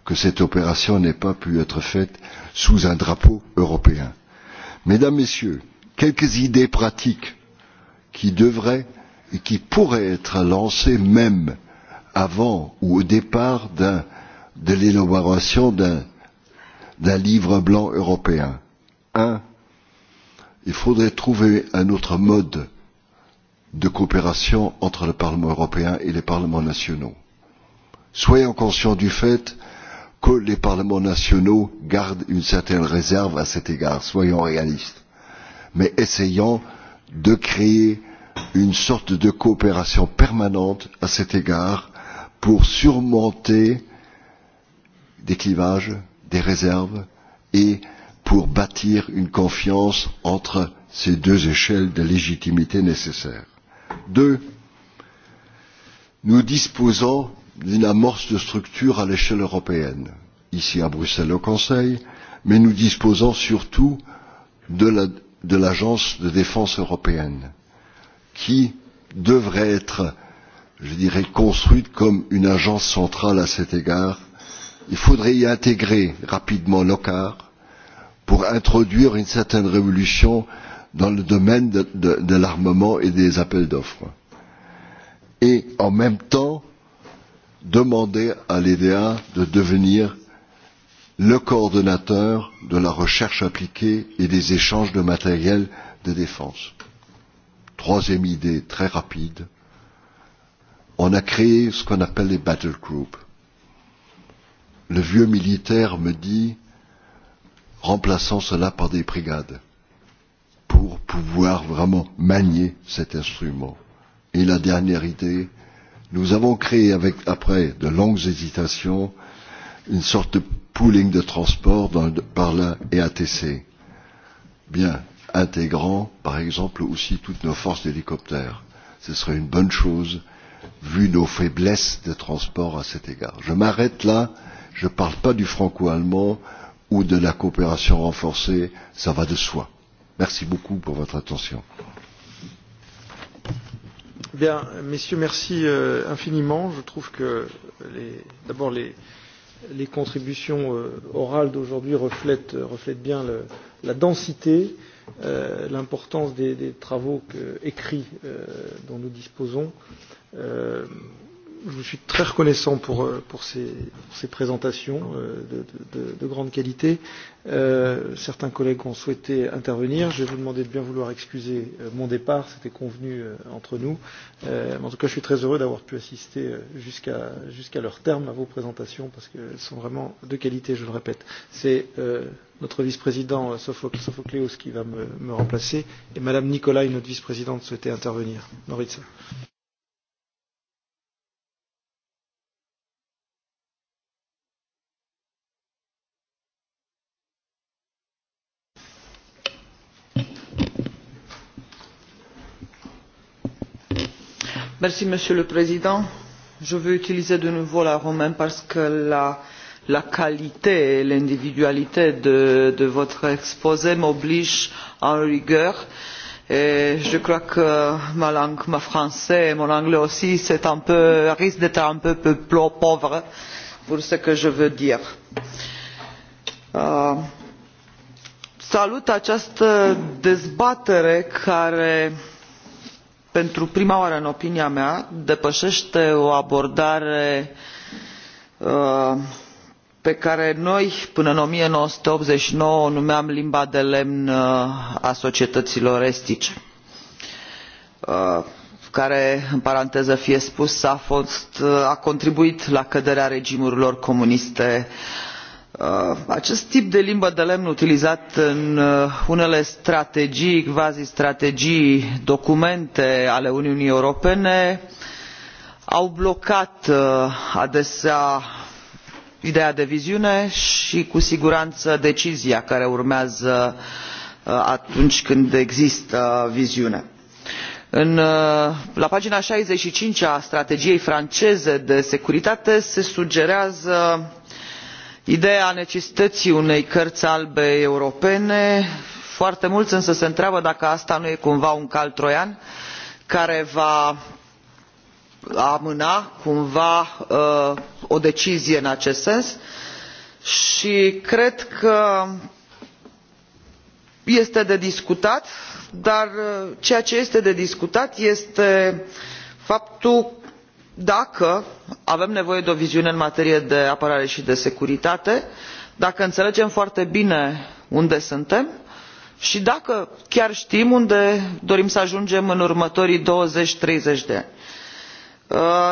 [SPEAKER 11] que cette opération n'ait pas pu être faite sous un drapeau européen. Mesdames, Messieurs, quelques idées pratiques qui devraient et qui pourraient être lancées même avant ou au départ de l'élaboration d'un livre blanc européen. Un, il faudrait trouver un autre mode de coopération entre le Parlement européen et les parlements nationaux. Soyons conscients du fait que les parlements nationaux gardent une certaine réserve à cet égard, soyons réalistes, mais essayons de créer une sorte de coopération permanente à cet égard pour surmonter des clivages, des réserves et pour bâtir une confiance entre ces deux échelles de légitimité nécessaires. Deux, nous disposons d'une amorce de structure à l'échelle européenne, ici à Bruxelles au Conseil, mais nous disposons surtout de l'Agence de défense européenne, qui devrait être, je dirais, construite comme une agence centrale à cet égard. Il faudrait y intégrer rapidement l'OCAR pour introduire une certaine révolution dans le domaine de, de, de l'armement et des appels d'offres. Et en même temps, demander à l'EDA de devenir le coordonnateur de la recherche appliquée et des échanges de matériel de défense. Troisième idée très rapide, on a créé ce qu'on appelle les battle groups. Le vieux militaire me dit, remplaçons cela par des brigades pour pouvoir vraiment manier cet instrument. Et la dernière idée, Nous avons créé, avec, après de longues hésitations, une sorte de pooling de transport dans, par la EATC. Bien, intégrant, par exemple, aussi toutes nos forces d'hélicoptères. Ce serait une bonne chose, vu nos faiblesses de transport à cet égard. Je m'arrête là. Je ne parle pas du franco-allemand ou de la coopération renforcée. Ça va de soi. Merci beaucoup pour votre attention.
[SPEAKER 1] Bien, messieurs, merci euh, infiniment. Je trouve que d'abord les, les contributions euh, orales d'aujourd'hui reflètent, reflètent bien le, la densité, euh, l'importance des, des travaux que, écrits euh, dont nous disposons. Euh, je vous suis très reconnaissant pour, pour ces, ces présentations euh, de, de, de grande qualité. Euh, certains collègues ont souhaité intervenir. Je vais vous demander de bien vouloir excuser mon départ, c'était convenu entre nous. en tout cas, je suis très heureux d'avoir pu assister jusqu'à leur terme à vos présentations parce qu'elles sont vraiment de qualité, je le répète. C'est notre vice-président Sophocléos qui va me, me remplacer et Madame Nicolai, notre vice-présidente, souhaitait intervenir. Maurice.
[SPEAKER 4] monsieur le président je veux utiliser de nouveau la romaine parce que la qualité et l'individualité de votre exposé m'obligent à rigueur et je crois que ma langue mon français et mon anglais aussi risquent d'être un peu pauvres pour ce que je veux dire. salut această dezbatere care pentru prima oară în opinia mea depășește o abordare pe care noi până în o mie nouă sute optzeci și nouă o numeam limba de lemn a societăților estice care în paranteză fie spus a contribuit la căderea regimurilor comuniste ale acest tip de limbă de lemn utilizat în unele strategii cvazi strategii documente ale uniunii europene a blocat adesea ideea de viziune și cu siguranță decizia care urmează atunci când există viziune. la pagina șaizeci și cinci a strategiei franceze de securitate se sugerează ideea necesității unei cărți albe europene foarte mulți însă se întreabă dacă asta nu e cumva un cal troian care va amâna cumva o decizie în acest sens și cred că este de discutat dar ceea ce este de discutat este faptul dacă avem nevoie de o viziune în materie de apărare și de securitate dacă înțelegem foarte bine unde suntem și dacă chiar știm unde dorim să ajungem în următorii douăzeci treizeci de ani.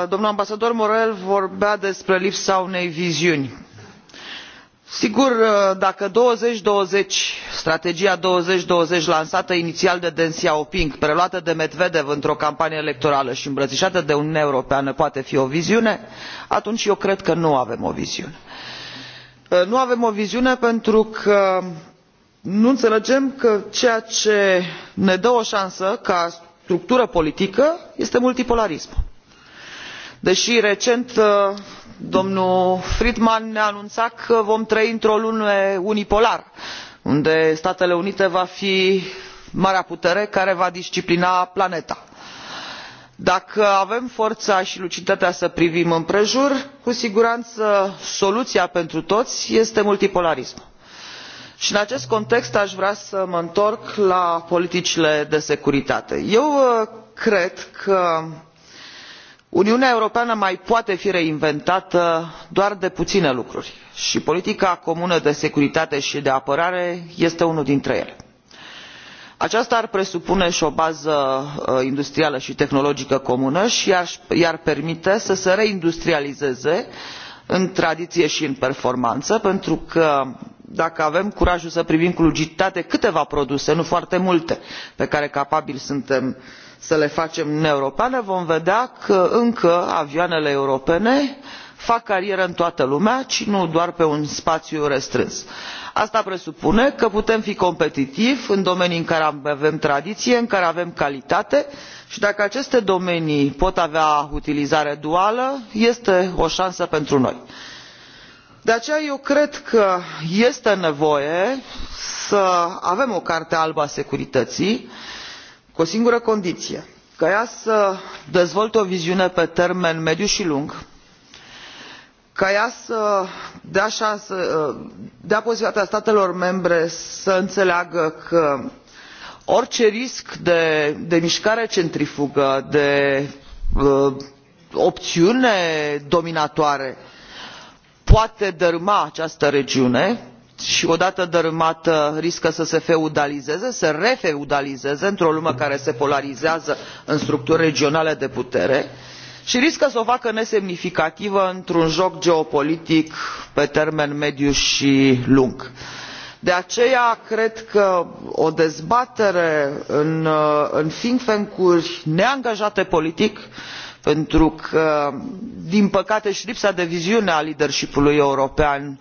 [SPEAKER 4] domnul ambasador borrell vorbea despre lipsa unei viziuni sigur dacă douăzeci douăzeci strategia două mii douăzeci lansată inițial de deng xiaoping preluată de medvedev într o campanie electorală și îmbrățișată de uniunea europeană poate fi o viziune atunci eu cred că nu avem o viziune. nu avem o viziune pentru că nu înțelegem că ceea ce ne dă o șansă ca structură politică este multipolarismul. deși recent domnul friedman ne anunța că vom trăi într o lume unipolară unde statele unite va fi marea putere care va disciplina planeta. dacă avem forța și luciditatea să privim împrejur cu siguranță soluția pentru toți este multipolarismul și în acest context aș vrea să mă întorc la politicile de securitate. eu cred că uniunea europeană mai poate fi reinventată doar de puține lucruri și politica comună de securitate și de apărare este unul dintre ele. aceasta ar presupune și o bază industrială și tehnologică comună și i ar permite să se reindustrializeze în tradiție și în performanță pentru că dacă avem curajul să privim cu luciditate câteva produse nu foarte multe pe care capabili suntem să le facem în uniunea europeană vom vedea că încă avioanele europene fac carieră în toată lumea și nu doar pe un spațiu restrâns. asta presupune că putem fi competitivi în domenii în care avem tradiție în care avem calitate și dacă aceste domenii pot avea utilizare duală este o șansă pentru noi. de aceea eu cred că este nevoie să avem o carte albă a securității cu o singură condiție ca ea să dezvolte o viziune pe termen mediu și lung ca ea să dea, posibilitatea statelor membre să înțeleagă că orice risc de, mișcare centrifugă de opțiune dominatoare poate dărâma această regiune și odată dărâmată riscă să se feudalizeze să refeudalizeze într o lume care se polarizează în structuri regionale de putere și riscă să o facă nesemnificativă într un joc geopolitic pe termen mediu și lung. de aceea cred că o dezbatere în think tank uri neangajate politic pentru că din păcate și lipsa de viziune a leadership ului european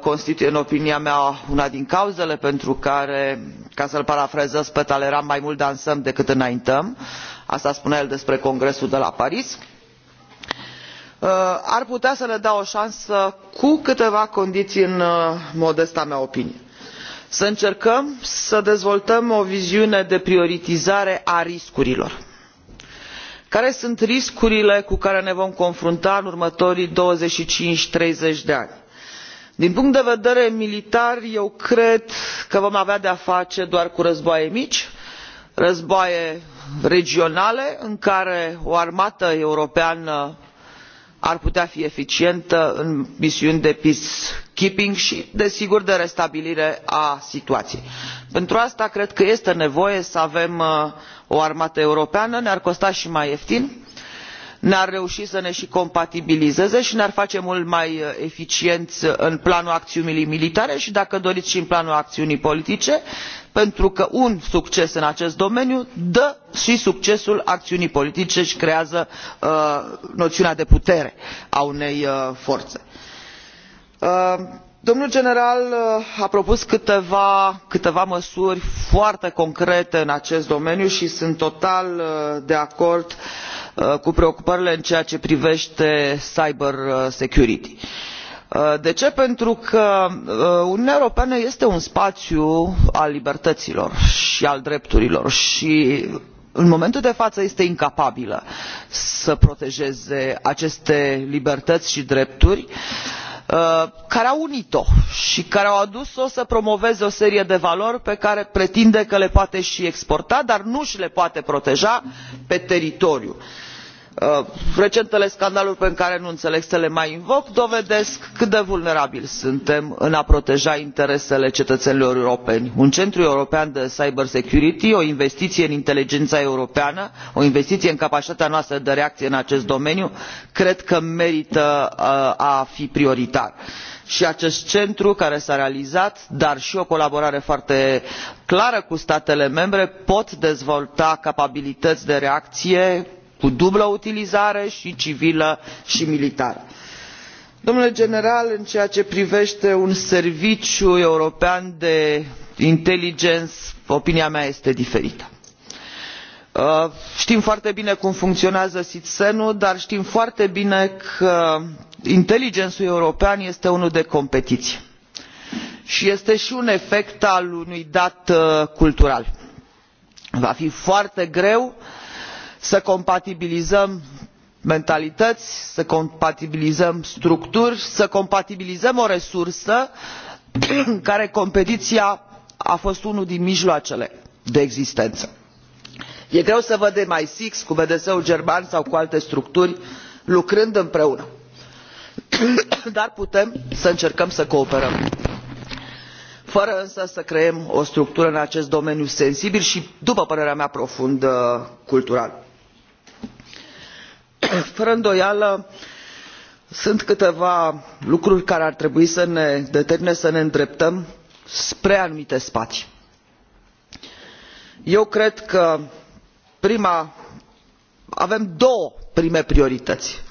[SPEAKER 4] constituie în opinia mea una din cauzele pentru care ca să l parafrazez pe talleyrand mai mult dansăm decât înaintăm asta spunea el despre congresul de la paris ar putea să le dea o șansă cu câteva condiții în modesta mea opinie să încercăm să dezvoltăm o viziune de prioritizare a riscurilor care sunt riscurile cu care ne vom confrunta în următorii douăzeci și cinci treizeci de ani? din punct de vedere militar eu cred că vom avea de a face doar cu războaie mici războaie regionale în care o armată europeană ar putea fi eficientă în misiuni de peacekeeping și desigur de restabilire a situației. pentru asta cred că este nevoie să avem o armată europeană ne ar costa și mai ieftin ne ar reuși să ne și compatibilizeze și ne ar face mult mai eficienți în planul acțiunii militare și dacă doriți și în planul acțiunii politice pentru că un succes în acest domeniu dă și succesul acțiunii politice și creează noțiunea de putere a unei forțe domnul general a propus câteva măsuri foarte concrete în acest domeniu și sunt total de acord cu cu preocupările în ceea ce privește cyber security. de ce? pentru că uniunea europeană este un spațiu al libertăților și al drepturilor și în momentul de față este incapabilă să protejeze aceste libertăți și drepturi care au unit o și care au adus o să promoveze o serie de valori pe care pretinde că le poate și exporta dar nu și le poate proteja pe teritoriul său recentele scandaluri pe care nu înțeleg să le mai invoc dovedesc cât de vulnerabili suntem în a proteja interesele cetățenilor europeni. un centru european de cybersecurity o investiție în inteligența europeană o investiție în capacitatea noastră de reacție în acest domeniu cred că merită a fi prioritar și acest centru care s a realizat dar și o colaborare foarte clară cu statele membre pot dezvolta capabilități de reacție cu dublă utilizare și civilă și militară. domnule general în ceea ce privește un serviciu european de inteligență opinia mea este diferită știm foarte bine cum funcționează sitsen dar știm foarte bine că inteligențul european este unul de competiție și este și un efect al unui dat cultural. va fi foarte greu să compatibilizăm mentalități să compatibilizăm structuri să compatibilizăm o resursă în care competiția a fost unul din mijloacele de existență. e greu să văd mi cu bds ul german sau cu alte structuri lucrând împreună dar putem să încercăm să cooperăm fără însă să creăm o structură în acest domeniu sensibil și după părerea mea profund cultural fără îndoială sunt câteva lucruri care ar trebui să ne determine să ne îndreptăm spre anumite spații. eu cred că prima avem două prime priorități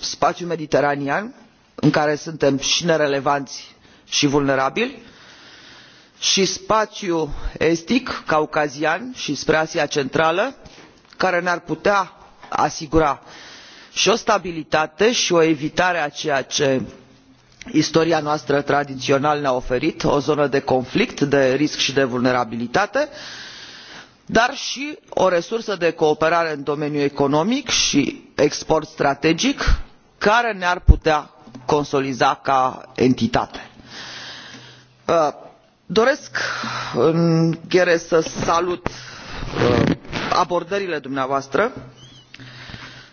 [SPEAKER 4] spațiul mediteranean în care suntem și nerelevanți și vulnerabili și spațiul estic caucazian și spre asia centrală care ne ar putea asigura și o stabilitate și o evitare a ceea ce istoria noastră tradițional ne a oferit o zonă de conflict de risc și de vulnerabilitate dar și o resursă de cooperare în domeniul economic și export strategic care ne ar putea consolida ca entitate. doresc în încheiere să salut abordările dumneavoastră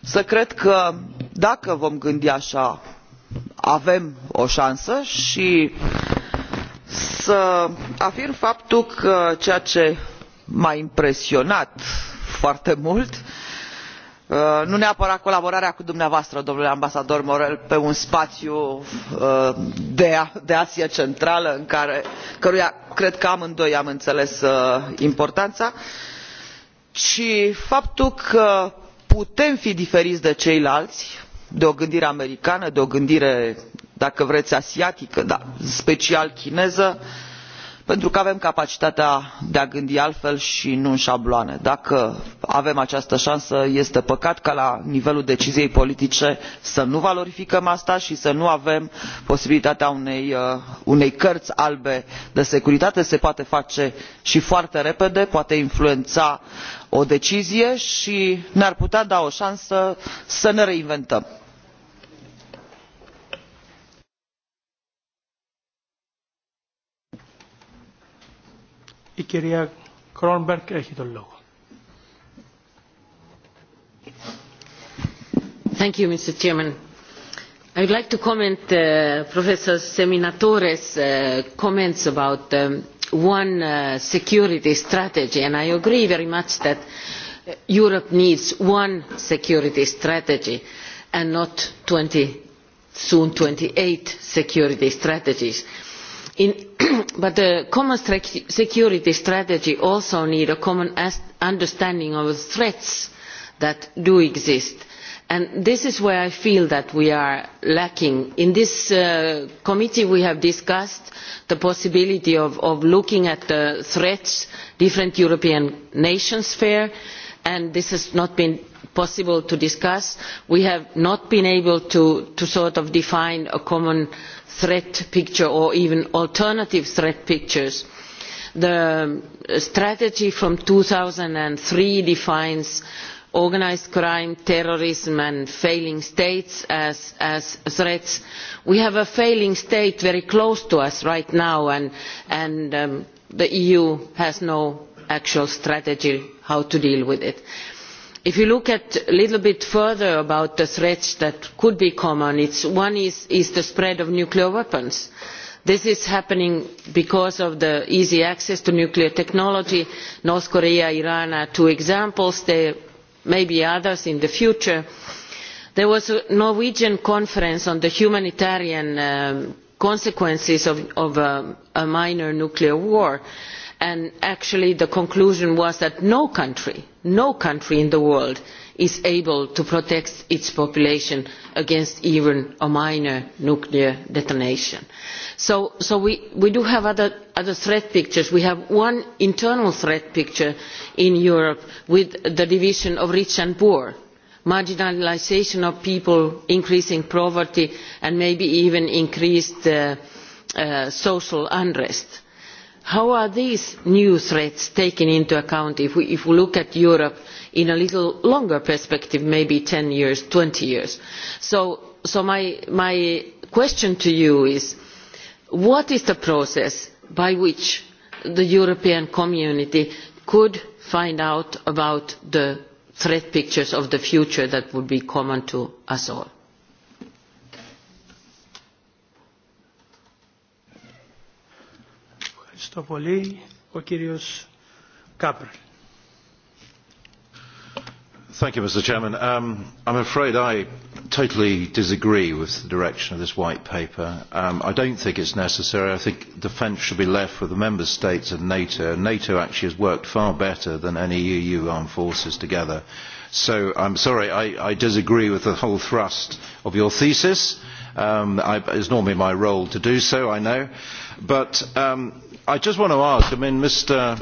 [SPEAKER 4] să cred că dacă vom gândi așa avem o șansă și să afirm faptul că ceea ce m a impresionat foarte mult nu neapărat colaborarea cu dumneavoastră domnule ambasador Morel pe un spațiu de asia centrală în care căruia cred că amândoi am înțeles importanța ci faptul că putem fi diferiți de ceilalți de o gândire americană de o gândire dacă vreți asiatică dar special chineză pentru că avem capacitatea de a gândi altfel și nu în șabloane. dacă avem această șansă este păcat ca la nivelul deciziei politice să nu valorificăm asta și să nu avem posibilitatea unei, unei cărți albe de securitate. se poate face și foarte repede poate influența o decizie și ne ar putea da o șansă să ne reinventăm.
[SPEAKER 12] I
[SPEAKER 6] would like to comment on Professor Seminatore's comments about one security strategy and i agree very much that europe needs one security strategy and not twenty soon twenty eight security strategies but the common security strategy also needs a common understanding of the threats that do exist this is where i feel that we are lacking. in this committee we have discussed the possibility of looking at the threats different european nations face and this has not been possible to discuss. we have not been able to define a common threat picture or even alternative threat pictures. the strategy from two thousand and three defines organised crime terrorism and failing states as threats. we have a failing state very close to us right now and the eu has no actual strategy on how to deal with it. if you look a little bit further about the threats that could be common one is the spread of nuclear weapons this is happening because of the easy access to nuclear technology north korea and iran are two examples. they maybe others in the future there was a norwegian conference on the humanitarian consequences of a minor nuclear war and actually the conclusion was that no country no country in the world is able to protect its population against even a minor nuclear detonation. So, we, do have other, threat pictures. We have one internal threat picture in Europe with the division of rich and poor, marginalisation of people, increasing poverty, and maybe even increased social unrest. How are these new threats taken into account if we look at Europe in a little longer perspective maybe ten years twenty years. so my question to you is what is the process by which the european community could find out about the threat pictures of the future that would be common to us all?
[SPEAKER 12] Ευχαριστώ πολύ. Ο κύριος Κάπρελ
[SPEAKER 13] mr president i am afraid i totally disagree with the direction of this white paper. i do not think it is necessary. i think defence should be left with the member states and nato. nato actually has worked far better than any eu armed forces together. so i am sorry i disagree with the whole thrust of your thesis. it is normally my role to do so i know. but i just want to ask mr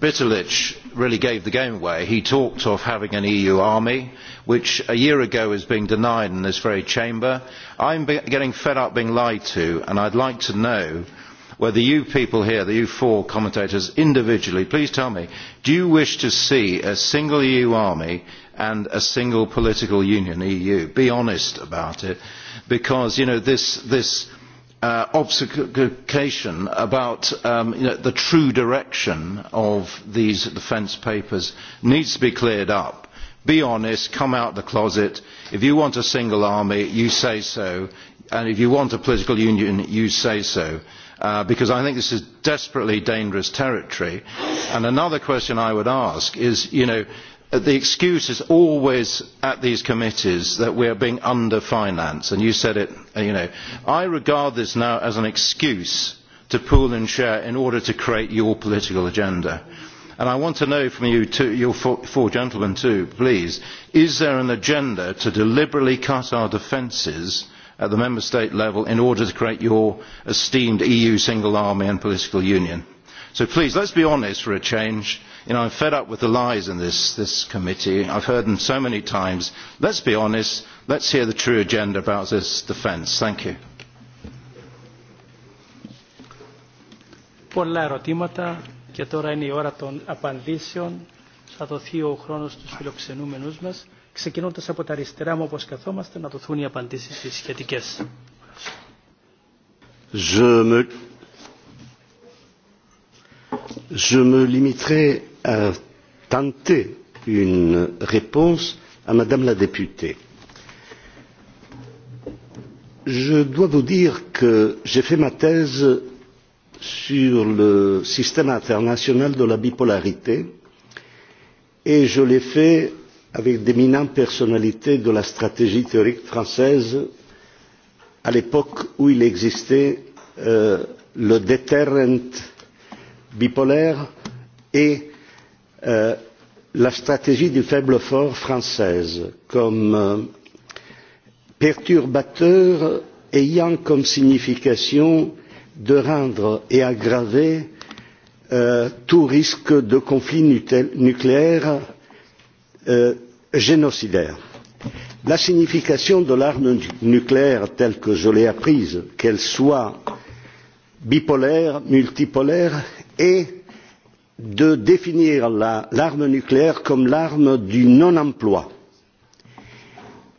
[SPEAKER 13] bitterlich really gave the game away. he talked of having an eu army which a year ago was being denied in this very chamber. i am getting fed up being lied to and i would like to know whether you people here the you four commentators individually please tell me do you wish to see a single eu army and a single political union eu? be honest about it because this obfuscation about the true direction of these defence papers needs to be cleared up. Be honest, come out of the closet. If you want a single army, you say so. And if you want a political union, you say so. because I think this is desperately dangerous territory. another question I would ask is, you know, the excuse is always at these committees that we are being under financed and you said it you know i regard this now as an excuse to pool and share in order to create your political agenda and i want to know from you two your four gentlemen too please is there an agenda to deliberately cut our defences at the member state level in order to create your esteemed eu single army and political union so please let us be honest for a change i am fed up with the lies in this committee i have heard them so many times. let us be honest let us hear the true agenda about this defence. thank
[SPEAKER 12] you. ξεκινώντας από τα αριστερά μου όπως καθόμαστε, να δοθούν οι απαντήσεις σχετικές.
[SPEAKER 8] Je me, je me limiterai tenter une réponse à Madame la députée. Je dois vous dire que j'ai fait ma thèse sur le système international de la bipolarité et je l'ai fait avec d'éminentes personnalités de la stratégie théorique française à l'époque où il existait le deterrent bipolaire et la stratégie du faible fort française comme perturbateur ayant comme signification de rendre et aggraver tout risque de conflit nucléaire génocidaire. La signification de l'arme nucléaire telle que je l'ai apprise, qu'elle soit bipolaire, multipolaire, est de définir l'arme nucléaire comme l'arme du non emploi.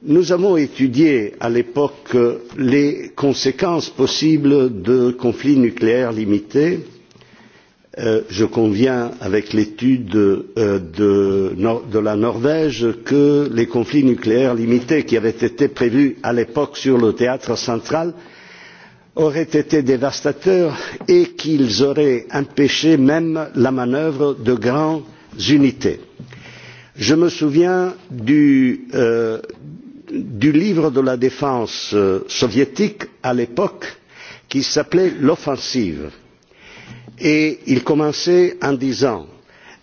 [SPEAKER 8] Nous avons étudié à l'époque les conséquences possibles de conflits nucléaires limités. je conviens avec l'étude de, la Norvège que les conflits nucléaires limités qui avaient été prévus à l'époque sur le théâtre central euh, auraient été dévastateurs et qu'ils auraient empêché même la manœuvre de grandes unités. Je me souviens du, livre de la défense soviétique à l'époque qui s'appelait L'offensive et il commençait en disant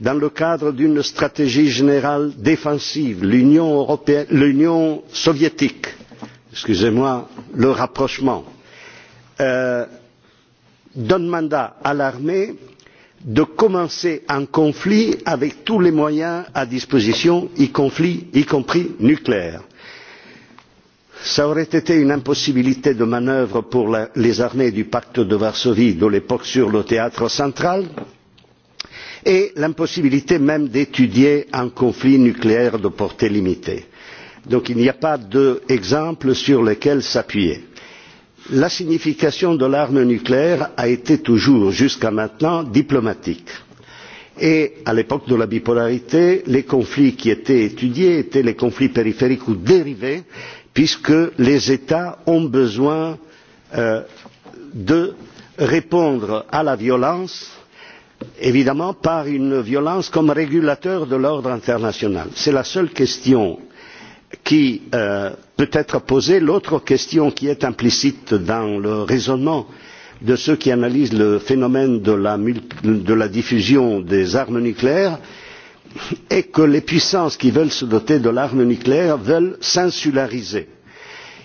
[SPEAKER 8] dans le cadre d'une stratégie générale défensive l'union soviétique excusez moi le rapprochement donne mandat à l'armée de commencer un conflit avec tous les moyens à disposition y compris nucléaires. cela aurait été une impossibilité de manœuvre pour les armées du pacte de varsovie de l'époque sur le théâtre central et l'impossibilité même d'étudier un conflit nucléaire de portée limitée. il n'y a pas d'exemple sur lequel s'appuyer la signification de l'arme nucléaire a été toujours jusqu'à maintenant diplomatique et à l'époque de la bipolarité les conflits qui étaient étudiés étaient les conflits périphériques ou dérivés puisque les états ont besoin de répondre à la violence évidemment par une violence comme régulateur de l'ordre international. c'est la seule question qui peut être posée l'autre question qui est implicite dans le raisonnement de ceux qui analysent le phénomène de la, diffusion des armes nucléaires est que les puissances qui veulent se doter de l'arme nucléaire veulent s'insulariser.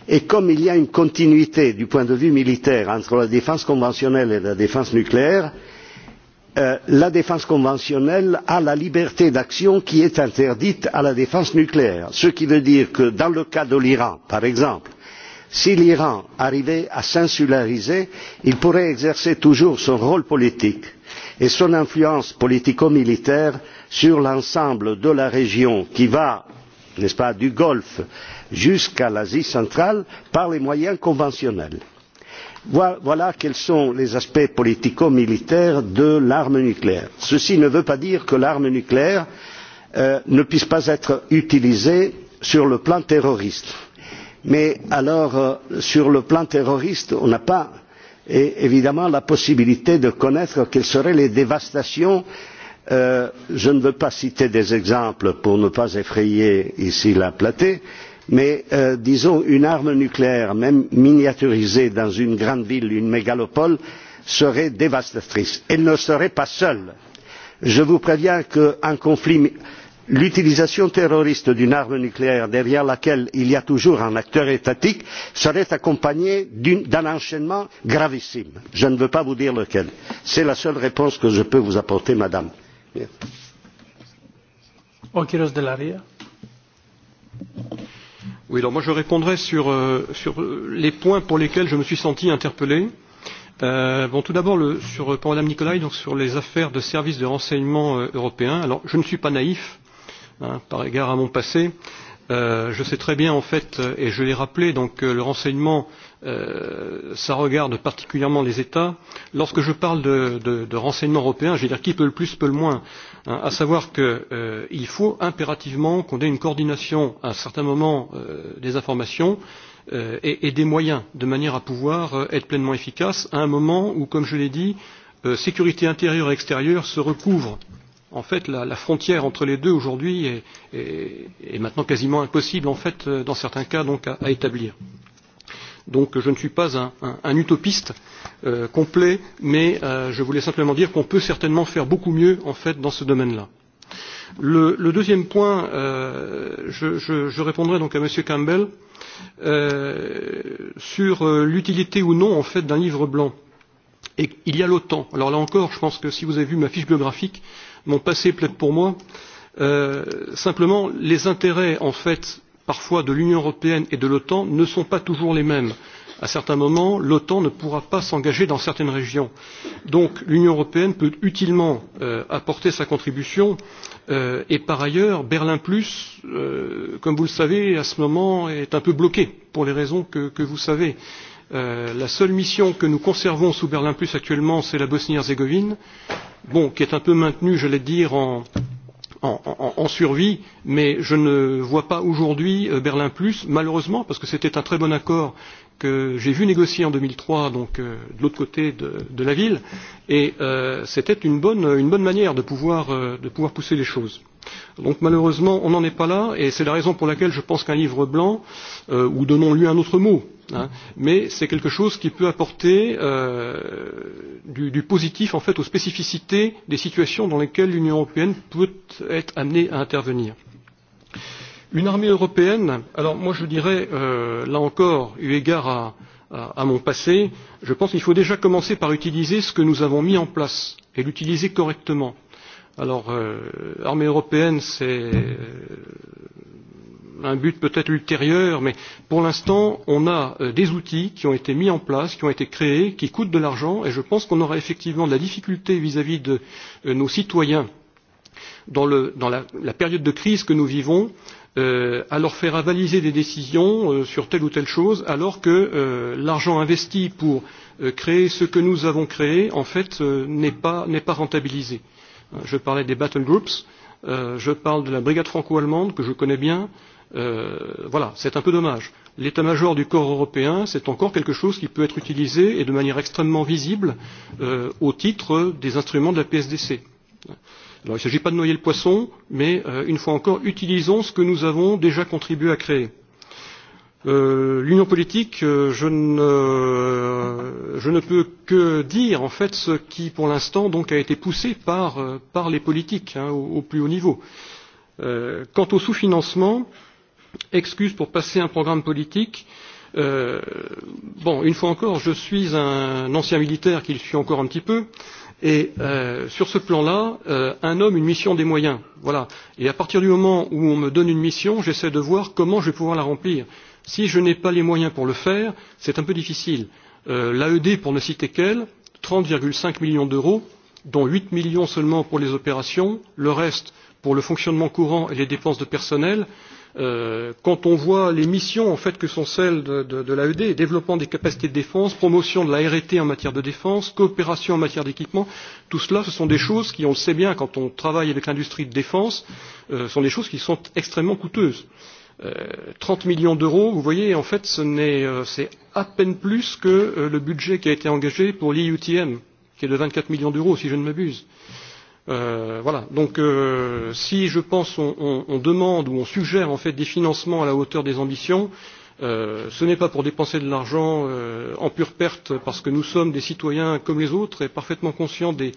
[SPEAKER 8] Et comme il y a une continuité du point de vue militaire entre la défense conventionnelle et la défense nucléaire, la défense conventionnelle a la liberté d'action qui est interdite à la défense nucléaire ce qui veut dire que dans le cas de l'iran par exemple si l'iran arrivait à s'insulariser il pourrait exercer toujours son rôle politique et son influence politico militaire sur l'ensemble de la région qui va n'est ce pas du golfe jusqu'à l'asie centrale par les moyens conventionnels. Voilà quels sont les aspects politico militaires de l'arme nucléaire. Ceci ne veut pas dire que l'arme nucléaire ne puisse pas être utilisée sur le plan terroriste. Mais alors, sur le plan terroriste, on n'a pas évidemment la possibilité de connaître quelles seraient les dévastations. je ne veux pas citer des exemples pour ne pas effrayer ici la platée, mais disons une arme nucléaire même miniaturisée dans une grande ville une mégalopole serait dévastatrice. elle ne serait pas seule. je vous préviens qu'un conflit l'utilisation terroriste d'une arme nucléaire derrière laquelle il y a toujours un acteur étatique serait accompagnée d'un enchaînement gravissime. je ne veux pas vous dire lequel. c'est la seule réponse que je peux vous apporter madame.
[SPEAKER 9] Oui, alors moi je répondrai sur, euh, sur les points pour lesquels je me suis senti interpellé. Euh, bon, tout d'abord, sur, pour Madame Nicolai, donc sur les affaires de services de renseignement euh, européens. Alors, je ne suis pas naïf, hein, par égard à mon passé. Euh, je sais très bien, en fait, et je l'ai rappelé, donc euh, le renseignement, euh, ça regarde particulièrement les États. Lorsque je parle de, de, de renseignement européen, je veux dire qui peut le plus, peut le moins à savoir qu'il faut impérativement qu'on ait une coordination à un certain moment des informations et, des moyens de manière à pouvoir être pleinement efficace à un moment où, comme je l'ai dit, sécurité intérieure et extérieure se recouvrent. En fait, la, la frontière entre les deux aujourd'hui est, est, est maintenant quasiment impossible, en fait, dans certains cas, donc à, à établir. Donc je ne suis pas un, un, un utopiste euh, complet, mais euh, je voulais simplement dire qu'on peut certainement faire beaucoup mieux en fait dans ce domaine-là. Le, le deuxième point, euh, je, je, je répondrai donc à M. Campbell euh, sur euh, l'utilité ou non en fait d'un livre blanc. Et il y a l'OTAN. Alors là encore, je pense que si vous avez vu ma fiche biographique, mon passé plaide pour moi. Euh, simplement, les intérêts en fait parfois de l'Union européenne et de l'OTAN ne sont pas toujours les mêmes. À certains moments, l'OTAN ne pourra pas s'engager dans certaines régions. Donc l'Union européenne peut utilement apporter sa contribution. et par ailleurs, Berlin Plus, comme vous le savez, à ce moment est un peu bloqué pour les raisons que, vous savez. la seule mission que nous conservons sous Berlin Plus actuellement, c'est la Bosnie-Herzégovine, qui est un peu maintenue, j'allais dire, en, en, survie, mais je ne vois pas aujourd'hui Berlin Plus, malheureusement, parce que c'était un très bon accord que j'ai vu négocier en deux mille trois, donc euh, de l'autre côté de, de la ville, et euh, c'était une bonne, une bonne manière de pouvoir, euh, de pouvoir pousser les choses. Donc malheureusement, on n'en est pas là, et c'est la raison pour laquelle je pense qu'un livre blanc, euh, ou donnons-lui un autre mot, hein, mais c'est quelque chose qui peut apporter euh, du, du positif en fait aux spécificités des situations dans lesquelles l'Union européenne peut être amenée à intervenir. Une armée européenne, alors moi je dirais euh, là encore, eu égard à, à, à mon passé, je pense qu'il faut déjà commencer par utiliser ce que nous avons mis en place et l'utiliser correctement. Alors, euh, armée européenne, c'est un but peut-être ultérieur, mais pour l'instant, on a des outils qui ont été mis en place, qui ont été créés, qui coûtent de l'argent, et je pense qu'on aura effectivement de la difficulté vis-à-vis de nos citoyens dans, la, période de crise que nous vivons à leur faire avaliser des décisions sur telle ou telle chose, alors que l'argent investi pour créer ce que nous avons créé, en fait, n'est pas, pas rentabilisé. Je parlais des battle groups, je parle de la brigade franco-allemande que je connais bien, voilà, c'est un peu dommage. L'état major du corps européen, c'est encore quelque chose qui peut être utilisé et de manière extrêmement visible euh, au titre des instruments de la PSDC. Alors il ne s'agit pas de noyer le poisson, mais euh, une fois encore, utilisons ce que nous avons déjà contribué à créer. Euh, L'union politique, euh, je, ne, je ne peux que dire en fait ce qui, pour l'instant, donc a été poussé par, par les politiques hein, au, au plus haut niveau. Euh, quant au sous-financement, euh, excuse pour passer un programme politique. bon, une fois encore, je suis un ancien militaire qui le suis encore un petit peu. Et euh, sur ce plan-là, euh, un homme, une mission, des moyens. Voilà. Et à partir du moment où on me donne une mission, j'essaie de voir comment je vais pouvoir la remplir. Si je n'ai pas les moyens pour le faire, c'est un peu difficile. Euh, L'AED, pour ne citer qu'elle, 30,5 millions d'euros, dont 8 millions seulement pour les opérations, le reste pour le fonctionnement courant et les dépenses de personnel. Euh, quand on voit les missions en fait que sont celles de, de, de l'AED, développement des capacités de défense, promotion de la R&T en matière de défense, coopération en matière d'équipement, tout cela, ce sont des choses qui, on le sait bien, quand on travaille avec l'industrie de défense, euh, sont des choses qui sont extrêmement coûteuses. Euh, 30 millions d'euros, vous voyez, en fait, ce euh, c'est à peine plus que euh, le budget qui a été engagé pour l'IUTM, qui est de 24 millions d'euros, si je ne m'abuse. Euh, voilà. Donc, euh, si je pense on, on, on demande ou on suggère en fait des financements à la hauteur des ambitions, euh, ce n'est pas pour dépenser de l'argent euh, en pure perte, parce que nous sommes des citoyens comme les autres et parfaitement conscients des,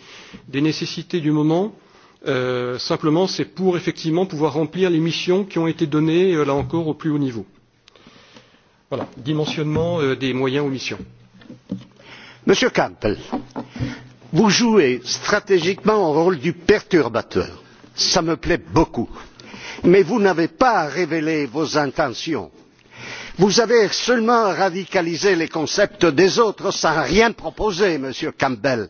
[SPEAKER 9] des nécessités du moment. Euh, simplement, c'est pour effectivement pouvoir remplir les missions qui ont été données là encore au plus haut niveau. Voilà, dimensionnement euh, des moyens aux missions.
[SPEAKER 8] Monsieur Campbell, vous jouez stratégiquement le rôle du perturbateur cela me plaît beaucoup mais vous n'avez pas à révéler vos intentions vous avez seulement radicalisé les concepts des autres sans rien proposer monsieur campbell.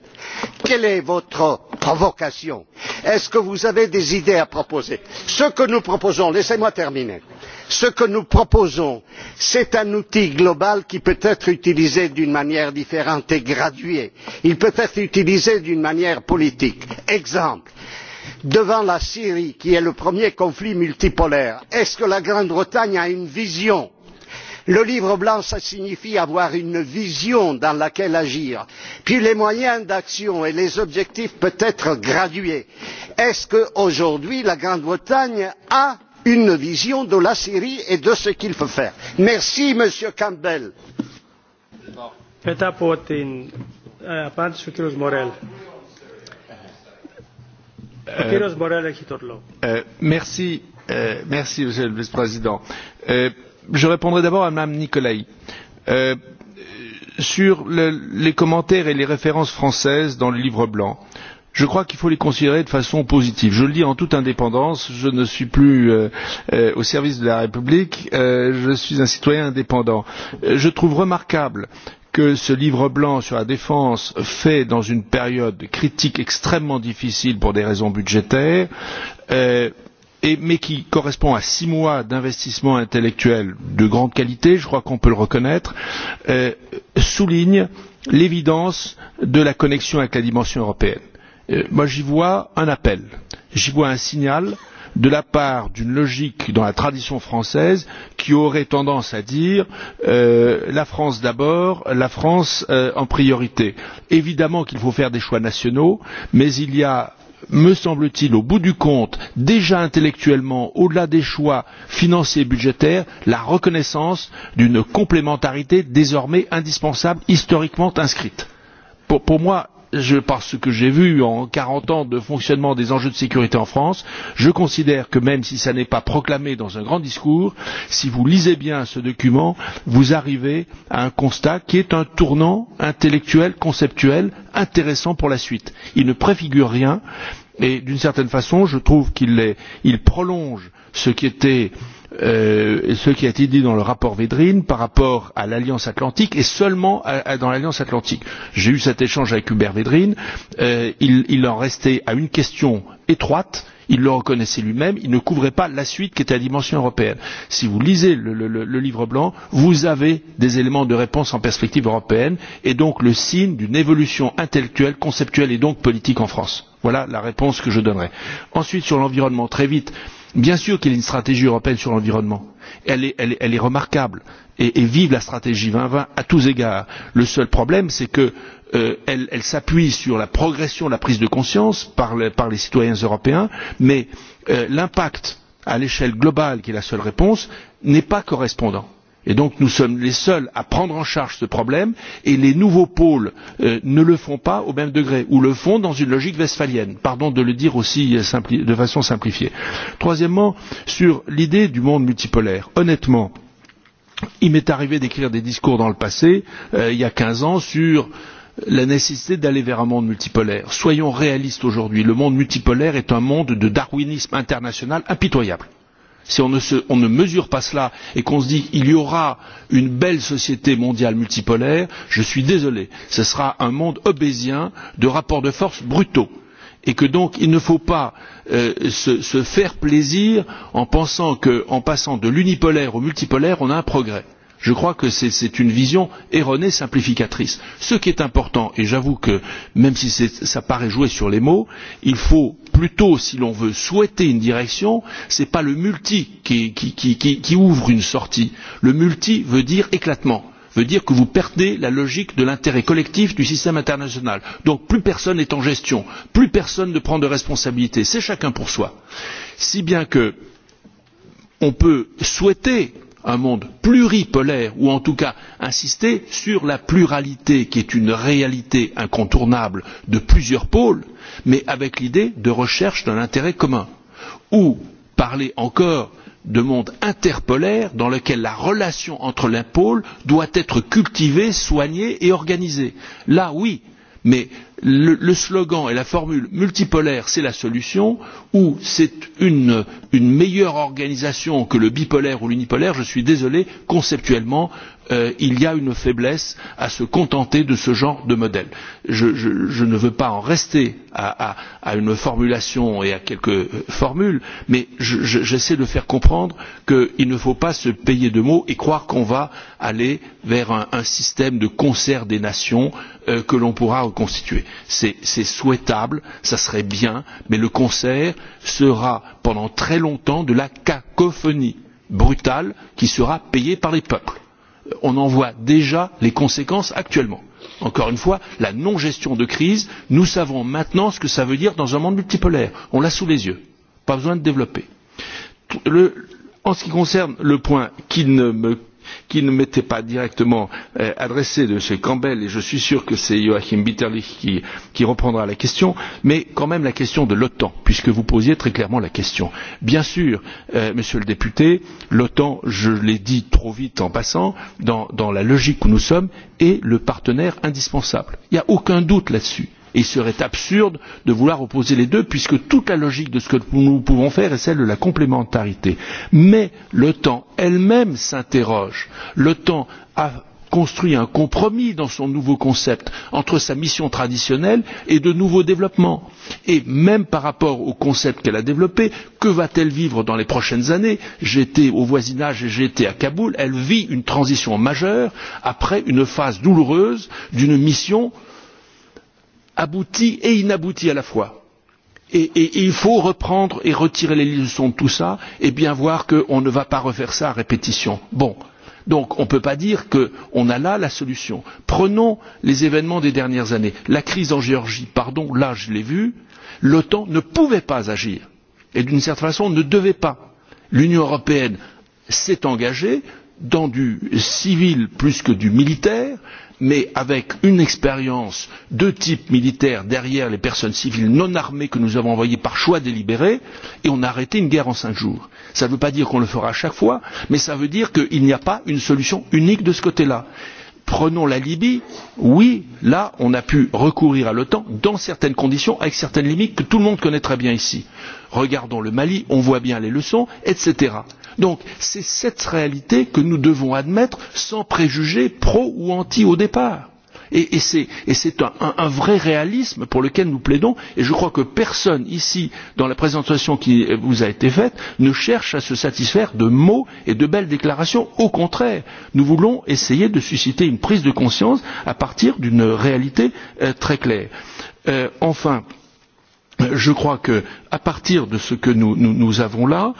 [SPEAKER 8] quelle est votre provocation? est ce que vous avez des idées à proposer? ce que nous proposons laissez moi terminer ce que nous proposons c'est un outil global qui peut être utilisé d'une manière différente et graduée. il peut être utilisé d'une manière politique. exemple devant la syrie qui est le premier conflit multipolaire est ce que la grande bretagne a une vision? le livre blanc signifie avoir une vision dans laquelle agir puis les moyens d'action et les objectifs peuvent être gradués. est ce qu'aujourd'hui la grande bretagne a une vision de la syrie et de ce qu'il faut faire?
[SPEAKER 12] merci monsieur campbell. merci
[SPEAKER 10] monsieur le vice président je répondrai d'abord à mme nicolai sur les commentaires et les références françaises dans le livre blanc je crois qu'il faut les considérer de façon positive. je le dis en toute indépendance je ne suis plus au service de la république je suis un citoyen indépendant. je trouve remarquable que ce livre blanc sur la défense fait dans une période critique extrêmement difficile pour des raisons budgétaires mais qui correspond à six mois d'investissement intellectuel de grande qualité je crois qu'on peut le reconnaître souligne l'évidence de la connexion avec la dimension européenne. j'y vois un appel j'y vois un signal de la part d'une logique dans la tradition française qui aurait tendance à dire la France d'abord, la France en priorité. Évidemment qu'il faut faire des choix nationaux, mais il y a me semble t il au bout du compte déjà intellectuellement au delà des choix financiers et budgétaires la reconnaissance d'une complémentarité désormais indispensable historiquement inscrite. pour moi par ce que j'ai vu en quarante ans de fonctionnement des enjeux de sécurité en france je considère que même si ce n'est pas proclamé dans un grand discours si vous lisez bien ce document vous arrivez à un constat qui est un tournant intellectuel conceptuel intéressant pour la suite. il ne préfigure rien et d'une certaine façon je trouve qu'il prolonge ce qui était ce qui a été dit dans le rapport Védrine par rapport à l'Alliance Atlantique et seulement dans l'Alliance Atlantique. J'ai eu cet échange avec Hubert Védrine. il, en restait à une question étroite. Il le reconnaissait lui-même, il ne couvrait pas la suite qui était la dimension européenne. Si vous lisez le, livre blanc, vous avez des éléments de réponse en perspective européenne et donc le signe d'une évolution intellectuelle, conceptuelle et donc politique en France. Voilà la réponse que je donnerai. Ensuite, sur l'environnement, très vite, euh, Bien sûr qu'il y a une stratégie européenne sur l'environnement. Elle est, elle, elle est remarquable et, et vive la stratégie 2020 à tous égards. Le seul problème, c'est qu'elle euh, elle s'appuie sur la progression de la prise de conscience par, le, par les citoyens européens, mais euh, l'impact à l'échelle globale, qui est la seule réponse, n'est pas correspondant et donc nous sommes les seuls à prendre en charge ce problème et les nouveaux pôles ne le font pas au même degré ou le font dans une logique westphalienne pardon de le dire aussi de façon simplifiée. troisièmement sur l'idée du monde multipolaire honnêtement il m'est arrivé d'écrire des discours dans le passé il y a quinze ans sur la nécessité d'aller vers un monde multipolaire. soyons réalistes aujourd'hui le monde multipolaire est un monde de darwinisme international impitoyable si on ne, mesure pas cela et qu'on se dit qu'il y aura une belle société mondiale multipolaire, je suis désolé, ce sera un monde obésien de rapports de force brutaux et que donc il ne faut pas se, faire plaisir en pensant qu'en passant de l'unipolaire au multipolaire on a un progrès je crois que c'est une vision erronée simplificatrice. ce qui est important et j'avoue que même si cela paraît jouer sur les mots il faut plutôt si l'on veut souhaiter une direction ce n'est pas le multi qui ouvre une sortie le multi veut dire éclatement veut dire que vous perdez la logique de l'intérêt collectif du système international. donc plus personne n'est en gestion plus personne ne prend de responsabilités c'est chacun pour soi. si bien que on peut souhaiter un monde pluripolaire ou en tout cas insister sur la pluralité qui est une réalité incontournable de plusieurs pôles mais avec l'idée de recherche d'un intérêt commun ou parler encore de monde interpolaire dans lequel la relation entre les pôles doit être cultivée soignée et organisée. là oui mais le slogan et la formule multipolaire c'est la solution ou c'est une meilleure organisation que le bipolaire ou l'unipolaire je suis désolé conceptuellement il y a une faiblesse à se contenter de ce genre de modèle. Je, ne veux pas en rester à, une formulation et à quelques formules, mais j'essaie de faire comprendre qu'il ne faut pas se payer de mots et croire qu'on va aller vers un, système de concert des nations que l'on pourra reconstituer. C'est souhaitable, ce serait bien, mais le concert sera pendant très longtemps de la cacophonie brutale qui sera payée par les peuples on en voit déjà les conséquences actuellement. Encore une fois, la non gestion de crise, nous savons maintenant ce que cela veut dire dans un monde multipolaire. On l'a sous les yeux. Pas besoin de développer. en ce qui concerne le point qui ne me qui ne m'était pas directement euh, adressé de M. Campbell, et je suis sûr que c'est Joachim Bitterlich qui, qui reprendra la question, mais quand même la question de l'OTAN, puisque vous posiez très clairement la question. Bien sûr, euh, Monsieur le député, l'OTAN, je l'ai dit trop vite en passant, dans, dans la logique où nous sommes, est le partenaire indispensable. Il n'y a aucun doute là-dessus il serait absurde de vouloir opposer les deux puisque toute la logique de ce que nous pouvons faire est celle de la complémentarité. mais l'otan elle même s'interroge l'otan a construit un compromis dans son nouveau concept entre sa mission traditionnelle et de nouveaux développements. Et même par rapport au concept qu'elle a développé, que va-t-elle vivre dans les prochaines années J'étais au voisinage et j'étais à Kaboul. Elle vit une transition majeure après une phase douloureuse d'une mission qui abouti et inabouti à la fois. Et, il faut reprendre et retirer les leçons de tout cela et bien voir qu'on ne va pas refaire ça à répétition. Bon, donc on ne peut pas dire qu'on a là la solution. Prenons les événements des dernières années. La crise en Géorgie, pardon, là je l'ai vu, l'OTAN ne pouvait pas agir et d'une certaine façon ne devait pas. L'Union européenne s'est engagée dans du civil plus que du militaire, mais avec une expérience de type militaire derrière les personnes civiles non armées que nous avons envoyées par choix délibéré et on a arrêté une guerre en cinq jours. cela ne veut pas dire qu'on le fera à chaque fois mais cela veut dire qu'il n'y a pas une solution unique de ce côté là. Prenons la Libye. Oui, là, on a pu recourir à l'OTAN dans certaines conditions, avec certaines limites que tout le monde connaît très bien ici. Regardons le Mali, on voit bien les leçons, etc. Donc, c'est cette réalité que nous devons admettre sans préjugés pro ou anti au départ Et, c'est un, vrai réalisme pour lequel nous plaidons. Et je crois que personne ici, dans la présentation qui vous a été faite, ne cherche à se satisfaire de mots et de belles déclarations. Au contraire, nous voulons essayer de susciter une prise de conscience à partir d'une réalité très claire. enfin, euh, je crois que à partir de ce que nous, avons là,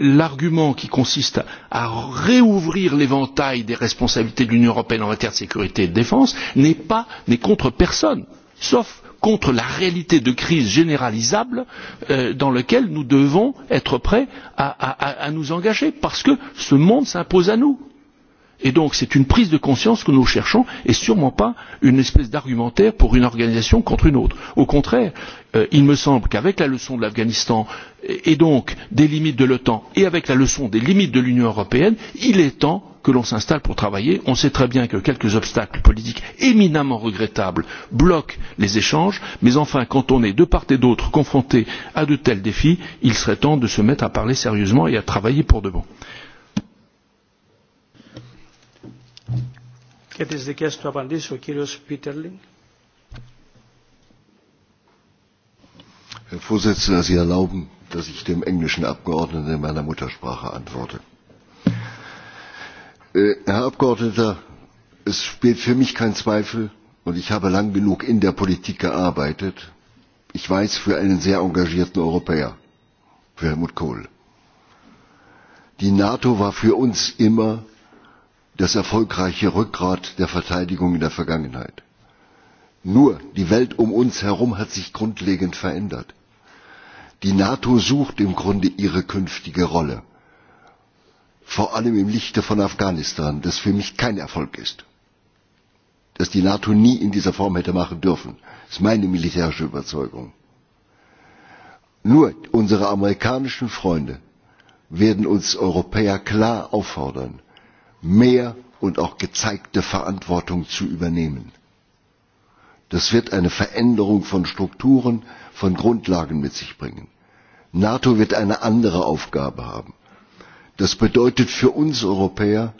[SPEAKER 10] l'argument qui consiste à, réouvrir l'éventail des responsabilités de l'Union européenne en matière de sécurité et de défense n'est pas n'est contre personne, sauf contre la réalité de crise généralisable dans laquelle nous devons être prêts à, nous engager, parce que ce monde s'impose à nous Et donc c'est une prise de conscience que nous cherchons et sûrement pas une espèce d'argumentaire pour une organisation contre une autre. Au contraire, il me semble qu'avec la leçon de l'Afghanistan et donc des limites de l'OTAN et avec la leçon des limites de l'Union européenne, il est temps que l'on s'installe pour travailler. On sait très bien que quelques obstacles politiques éminemment regrettables bloquent les échanges, mais enfin, quand on est de part et d'autre confronté à de tels défis, il serait temps de se mettre à parler sérieusement et à travailler pour de bon.
[SPEAKER 12] και τις δικές του απαντήσεις ο κύριος Πίτερλινγκ.
[SPEAKER 11] Herr Vorsitzender, Sie erlauben, dass ich dem englischen Abgeordneten in meiner Muttersprache antworte. Herr Abgeordneter, es spielt für mich kein Zweifel, und ich habe lang genug in der Politik gearbeitet, ich weiß für einen sehr engagierten Europäer, für Helmut Kohl. Die NATO war für uns immer das erfolgreiche Rückgrat der Verteidigung in der Vergangenheit. Nur die Welt um uns herum hat sich grundlegend verändert. Die NATO sucht im Grunde ihre künftige Rolle. Vor allem im Lichte von Afghanistan, das für mich kein Erfolg ist. Das die NATO nie in dieser Form hätte machen dürfen, das ist meine militärische Überzeugung. Nur unsere amerikanischen Freunde werden uns Europäer klar auffordern, mehr und auch gezeigte Verantwortung zu übernehmen. Das wird eine Veränderung von Strukturen, von Grundlagen mit sich bringen. NATO wird eine andere Aufgabe haben. Das bedeutet für uns Europäer,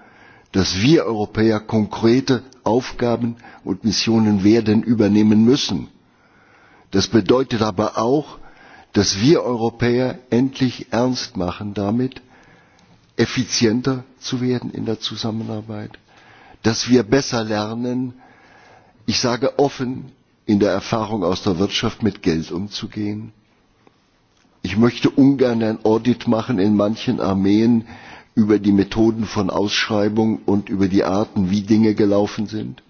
[SPEAKER 11] dass wir Europäer konkrete Aufgaben und Missionen werden übernehmen müssen. Das bedeutet aber auch, dass wir Europäer endlich ernst machen damit, effizienter zu werden in der Zusammenarbeit, dass wir besser lernen, ich sage offen, in der Erfahrung aus der Wirtschaft mit Geld umzugehen. Ich möchte ungern ein Audit machen in manchen Armeen über die Methoden von Ausschreibung und über die Arten, wie Dinge gelaufen sind.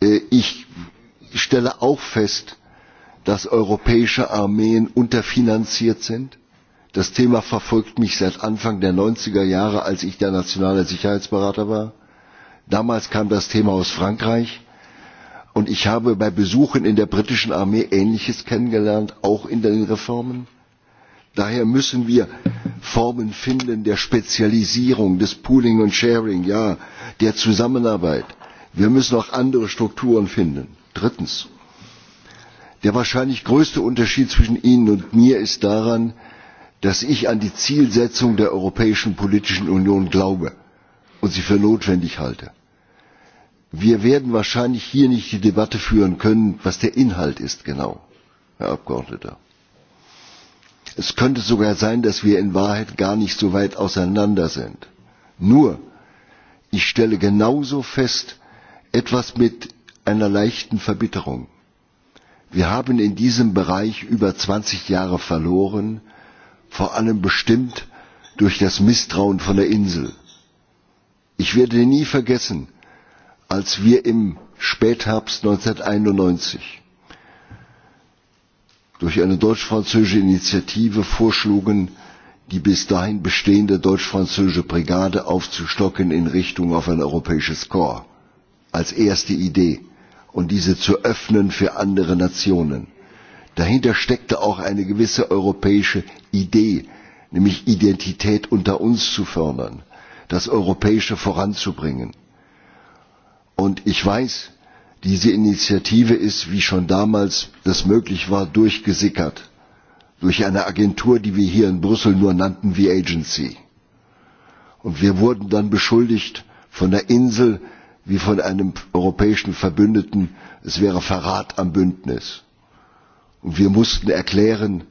[SPEAKER 11] Ich stelle auch fest, dass europäische Armeen unterfinanziert sind Das Thema verfolgt mich seit Anfang der 90er Jahre, als ich der nationale Sicherheitsberater war. Damals kam das Thema aus Frankreich. Und ich habe bei Besuchen in der britischen Armee Ähnliches kennengelernt, auch in den Reformen. Daher müssen wir Formen finden der Spezialisierung, des Pooling und Sharing, ja, der Zusammenarbeit. Wir müssen auch andere Strukturen finden. Drittens. Der wahrscheinlich größte Unterschied zwischen Ihnen und mir ist daran, dass ich an die Zielsetzung der Europäischen Politischen Union glaube und sie für notwendig halte. Wir werden wahrscheinlich hier nicht die Debatte führen können, was der Inhalt ist genau, Herr Abgeordneter. Es könnte sogar sein, dass wir in Wahrheit gar nicht so weit auseinander sind. Nur, ich stelle genauso fest, etwas mit einer leichten Verbitterung. Wir haben in diesem Bereich über 20 Jahre verloren, vor allem bestimmt durch das Misstrauen von der Insel. Ich werde nie vergessen, als wir im Spätherbst 1991 durch eine deutsch-französische Initiative vorschlugen, die bis dahin bestehende deutsch-französische Brigade aufzustocken in Richtung auf ein europäisches Korps als erste Idee und diese zu öffnen für andere Nationen. Dahinter steckte auch eine gewisse europäische Idee, nämlich Identität unter uns zu fördern, das Europäische voranzubringen. Und ich weiß, diese Initiative ist, wie schon damals das möglich war, durchgesickert durch eine Agentur, die wir hier in Brüssel nur nannten wie Agency. Und wir wurden dann beschuldigt von der Insel wie von einem europäischen Verbündeten, es wäre Verrat am Bündnis wir mussten erklären,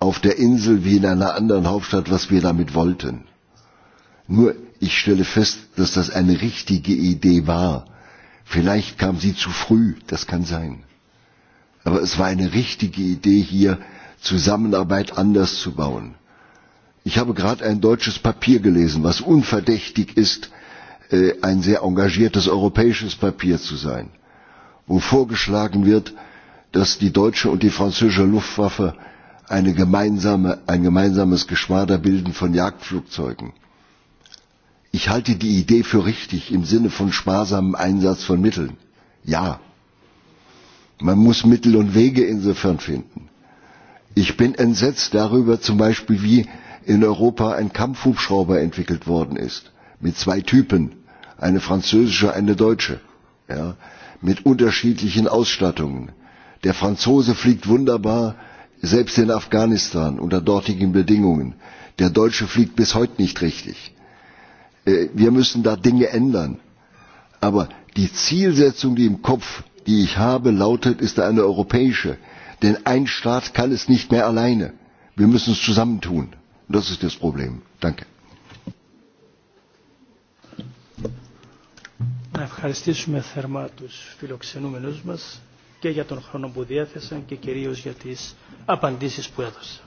[SPEAKER 11] auf der Insel wie in einer anderen Hauptstadt, was wir damit wollten. Nur ich stelle fest, dass das eine richtige Idee war. Vielleicht kam sie zu früh, das kann sein. Aber es war eine richtige Idee hier, Zusammenarbeit anders zu bauen. Ich habe gerade ein deutsches Papier gelesen, was unverdächtig ist, ein sehr engagiertes europäisches Papier zu sein, wo vorgeschlagen wird, dass die deutsche und die französische Luftwaffe eine gemeinsame, ein gemeinsames Geschwader bilden von Jagdflugzeugen. Ich halte die Idee für richtig im Sinne von sparsamem Einsatz von Mitteln. Ja. Man muss Mittel und Wege insofern finden. Ich bin entsetzt darüber zum Beispiel, wie in Europa ein Kampfhubschrauber entwickelt worden ist. Mit zwei Typen. Eine französische, eine deutsche. Ja. Mit unterschiedlichen Ausstattungen Der Franzose fliegt wunderbar, selbst in Afghanistan unter dortigen Bedingungen. Der Deutsche fliegt bis heute nicht richtig. Wir müssen da Dinge ändern. Aber die Zielsetzung, die im Kopf, die ich habe, lautet, ist eine europäische. Denn ein Staat kann es nicht mehr alleine. Wir müssen es zusammentun. Und das ist das Problem. Danke.
[SPEAKER 12] ευχαριστήσουμε θερμά τους φιλοξενούμενους μας και για τον χρόνο που διέθεσαν και κυρίως για τις απαντήσεις που έδωσαν.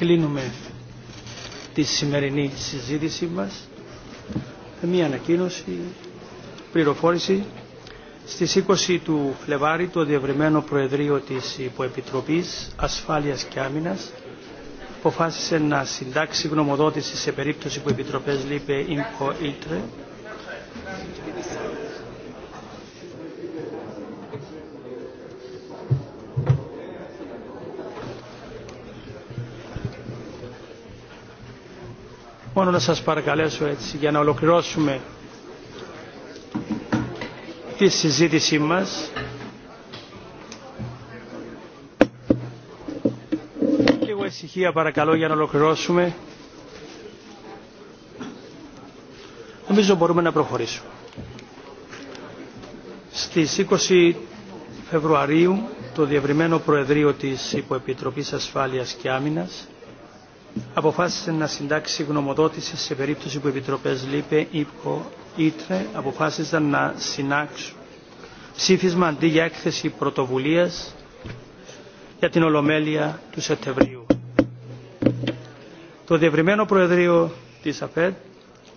[SPEAKER 12] κλείνουμε τη σημερινή συζήτησή μας με μια ανακοίνωση, πληροφόρηση. Στις 20 του Φλεβάρι το Διευρυμένο Προεδρείο της Υποεπιτροπής Ασφάλειας και Άμυνας αποφάσισε να συντάξει γνωμοδότηση σε περίπτωση που η επιτροπές ΛΥΠΕ, ΙΜΚΟ, ΙΤΡΕ σας παρακαλέσω έτσι για να ολοκληρώσουμε τη συζήτησή μας λίγο ησυχία παρακαλώ για να ολοκληρώσουμε νομίζω μπορούμε να προχωρήσουμε στις 20 Φεβρουαρίου το διευρυμένο Προεδρείο της Υποεπιτροπής Ασφάλειας και Άμυνας αποφάσισε να συντάξει γνωμοδότηση σε περίπτωση που οι επιτροπέ ΛΥΠΕ, ΥΠΚΟ, ΙΤΡΕ αποφάσισαν να συνάξουν ψήφισμα αντί για έκθεση πρωτοβουλία για την Ολομέλεια του Σεπτεμβρίου. Το διευρυμένο Προεδρείο της ΑΠΕΤ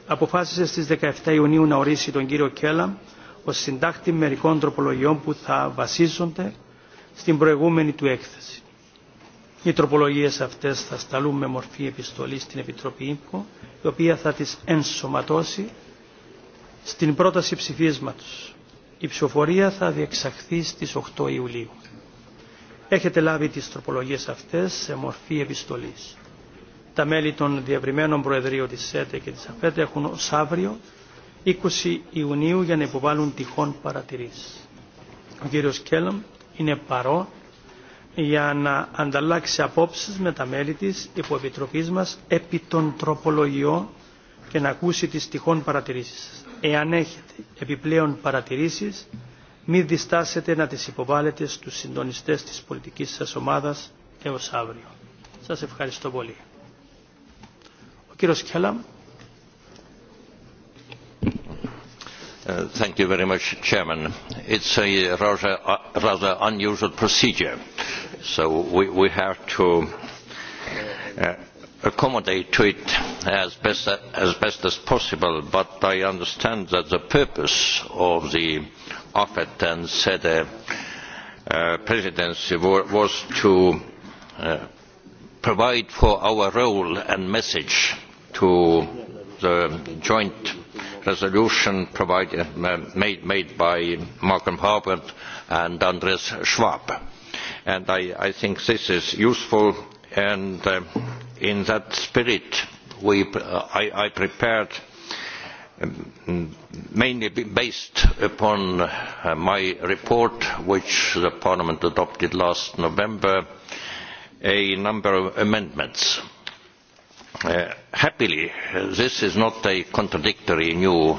[SPEAKER 12] αποφάσισε στις 17 Ιουνίου να ορίσει τον κύριο Κέλαμ ως συντάκτη μερικών τροπολογιών που θα βασίζονται στην προηγούμενη του έκθεση. Οι τροπολογίε αυτέ θα σταλούν με μορφή επιστολή στην Επιτροπή ΙΜΚΟ, η οποία θα τι ενσωματώσει στην πρόταση ψηφίσματο. Η ψηφοφορία θα διεξαχθεί στι 8 Ιουλίου. Έχετε λάβει τι τροπολογίε αυτέ σε μορφή επιστολή. Τα μέλη των διευρυμένων Προεδρείων τη ΣΕΤΕ και τη ΑΦΕΤΕ έχουν ω αύριο 20 Ιουνίου για να υποβάλουν τυχόν παρατηρήσει. Ο κύριος Κέλλαμ είναι παρόν για να ανταλλάξει απόψεις με τα μέλη της υποεπιτροπής μας επί των τροπολογιών και να ακούσει τις τυχόν παρατηρήσεις σας. Εάν έχετε επιπλέον παρατηρήσεις, μη διστάσετε να τις υποβάλλετε στους συντονιστές της πολιτικής σας ομάδας έως αύριο. Σας ευχαριστώ πολύ. Ο κύριος
[SPEAKER 14] Uh, Thank you very much, Chairman. It's a rather, uh, rather unusual procedure So we, we have to uh, accommodate to it as best, as best as possible, but I understand that the purpose of the AFET and SEDE uh, presidency was to uh, provide for our role and message to the joint resolution provided, made, made by Malcolm Harbert and Andres Schwab and I, think this is useful and in that spirit I prepared mainly based upon my report which parliament adopted last november a number of amendments. happily this is not a contradictory new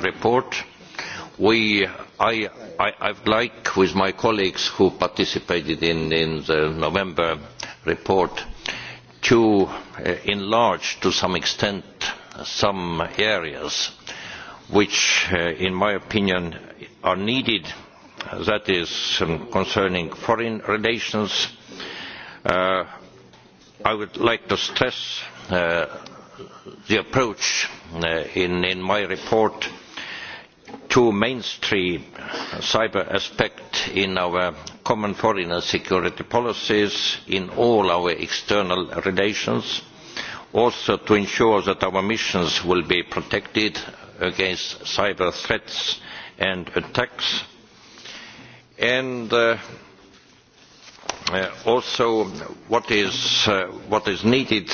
[SPEAKER 14] report we, I, I, I'd like with my colleagues who participated in, in the November report to enlarge to some extent some areas which, in my opinion, are needed. That is concerning foreign relations. I would like to stress the approach in, my report to mainstream cyber aspect in our common foreign and security policies in all our external relations, also to ensure that our missions will be protected against cyber threats and attacks, and also what is needed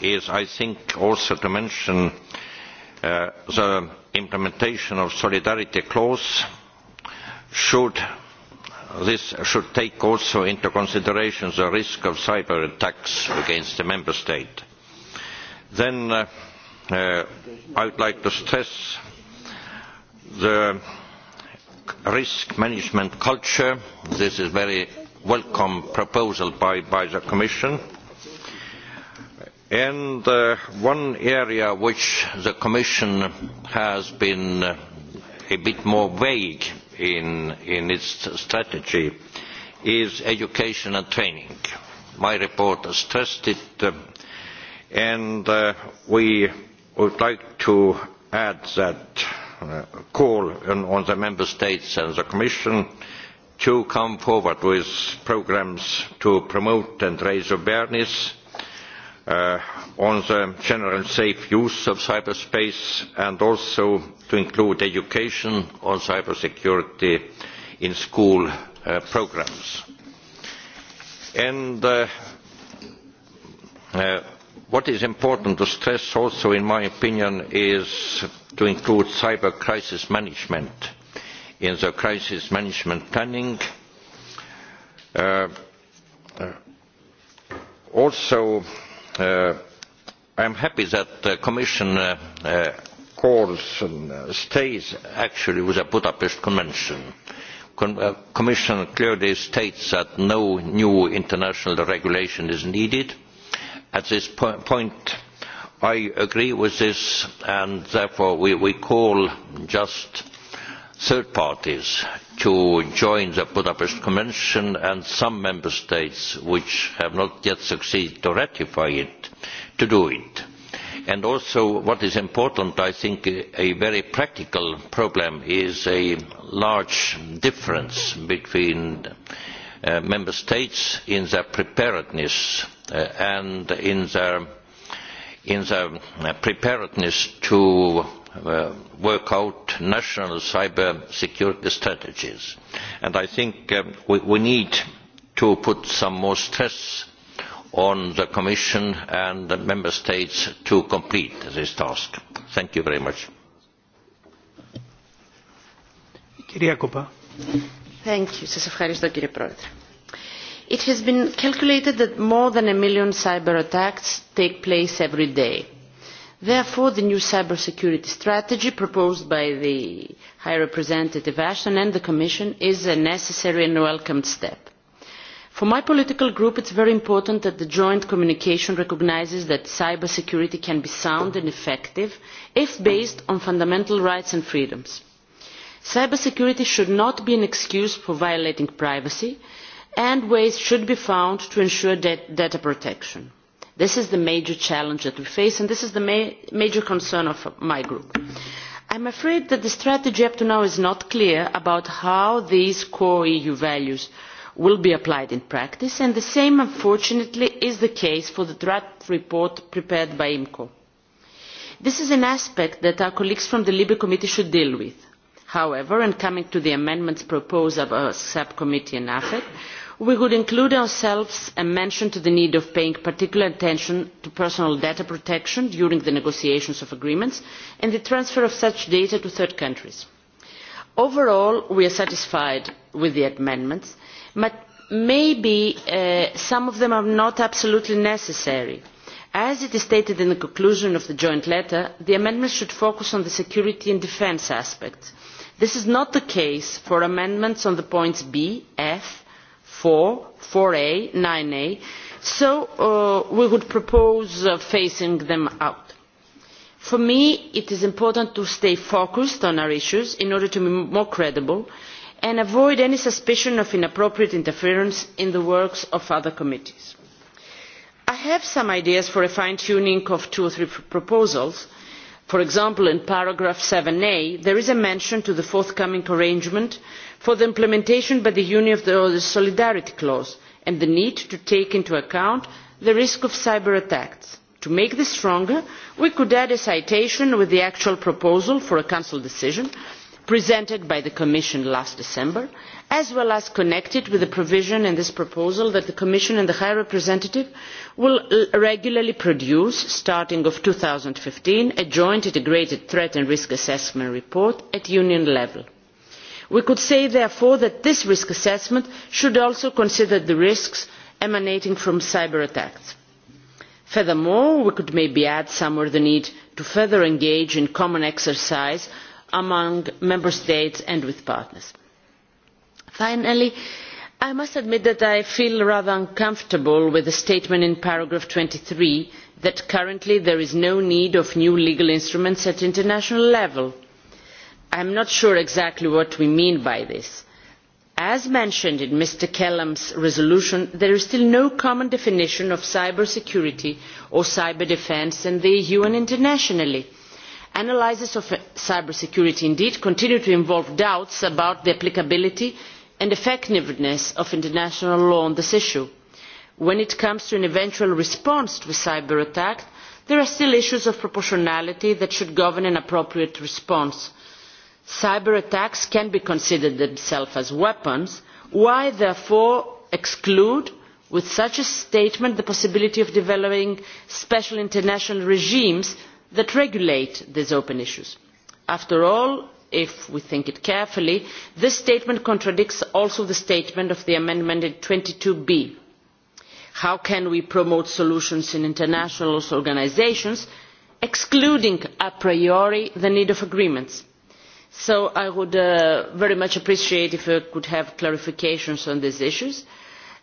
[SPEAKER 14] is, I think, also to mention the implementation of the solidarity clause should this should take also into consideration the risk of cyber attacks against the member state. Then I would like to stress the risk management culture. This is a very welcome proposal by, the Commission And one area which the Commission has been a bit more vague in, in its strategy is education and training. My report has stressed it, and we would like to add that call on the Member States and the Commission to come forward with programmes to promote and raise awareness on the general safe use of cyberspace and also to include education on cybersecurity in school programmes. what is important to stress also in my opinion is to include cyber crisis management in the crisis management planning. also i am happy that the commission calls stays actually with the budapest convention. the commission clearly states that no new international regulation is needed. at this point i agree with this and therefore we call just third parties to join the Budapest Convention and some member states which have not yet succeeded to ratify it to do it. And also what is important, I think a very practical problem is a large difference between member states in their preparedness and in their, preparedness to work out national cyber security strategies. And I think we, we need to put some more stress on the Commission and the Member States to complete this task. Thank you very much.
[SPEAKER 12] Thank
[SPEAKER 15] you. It has been calculated that more than a million cyber attacks take place every day Therefore, the new cybersecurity strategy proposed by the High Representative Ashton and the Commission is a necessary and welcome step. For my political group, it is very important that the joint communication recognises that cybersecurity can be sound and effective if based on fundamental rights and freedoms. Cybersecurity should not be an excuse for violating privacy, and ways should be found to ensure data protection. This is the major challenge that we face, and this is the major concern of my group. I am afraid that the strategy up to now is not clear about how these core EU values will be applied in practice, and the same, unfortunately, is the case for the draft report prepared by IMCO. This is an aspect that our colleagues from the LIBE Committee should deal with. However, and coming to the amendments proposed by our subcommittee in AFET, we could include ourselves a mention of the need to paying particular attention to personal data protection during the negotiations of agreements and the transfer of such data to third countries. overall we are satisfied with the amendments but maybe some of them are not absolutely necessary. as is stated in the conclusion of the joint letter the amendments should focus on the security and defence aspects. this is not the case for amendments on the points b f four four a nine a so we would propose phasing them out. for me it is important to stay focused on our issues in order to be more credible and avoid any suspicion of inappropriate interference in the work of other committees. i have some ideas for a fine tuning of two or three proposals. for example in paragraph seven a there is a mention of the forthcoming arrangement for the implementation by the union of the solidarity clause and the need to take into account the risk of cyber attacks. to make this stronger we could add a citation with the actual proposal for a council decision presented by the commission last december as well as connect it with the provision in this proposal that the commission and the high representative will regularly produce starting in two thousand and fifteen a joint integrated threat and risk assessment report at union level we could say therefore that this risk assessment should also consider the risks emanating from cyber attacks. furthermore we could maybe add somewhere the need to further engage in common exercise among member states and with partners. finally i must admit that i feel rather uncomfortable with the statement in paragraph twenty three that currently there is no need for new legal instruments at international level i am not sure exactly what we mean by this. as mentioned in mr kelam's resolution there is still no common definition of cyber security or cyber defence in the eu and internationally. analyses of cyber security indeed continue to involve doubts about the applicability and effectiveness of international law on this issue. when it comes to an eventual response to a cyber attack there are still issues of proportionality that should govern an appropriate response cyber attacks can be considered themselves as weapons why therefore exclude with such a statement the possibility of developing special international regimes that regulate these open issues? after all if we think it carefully this statement contradicts also the statement of the amendment in twenty two b how can we promote solutions in international organisations excluding a priori the need for agreements? so i would very much appreciate if we could have clarifications on these issues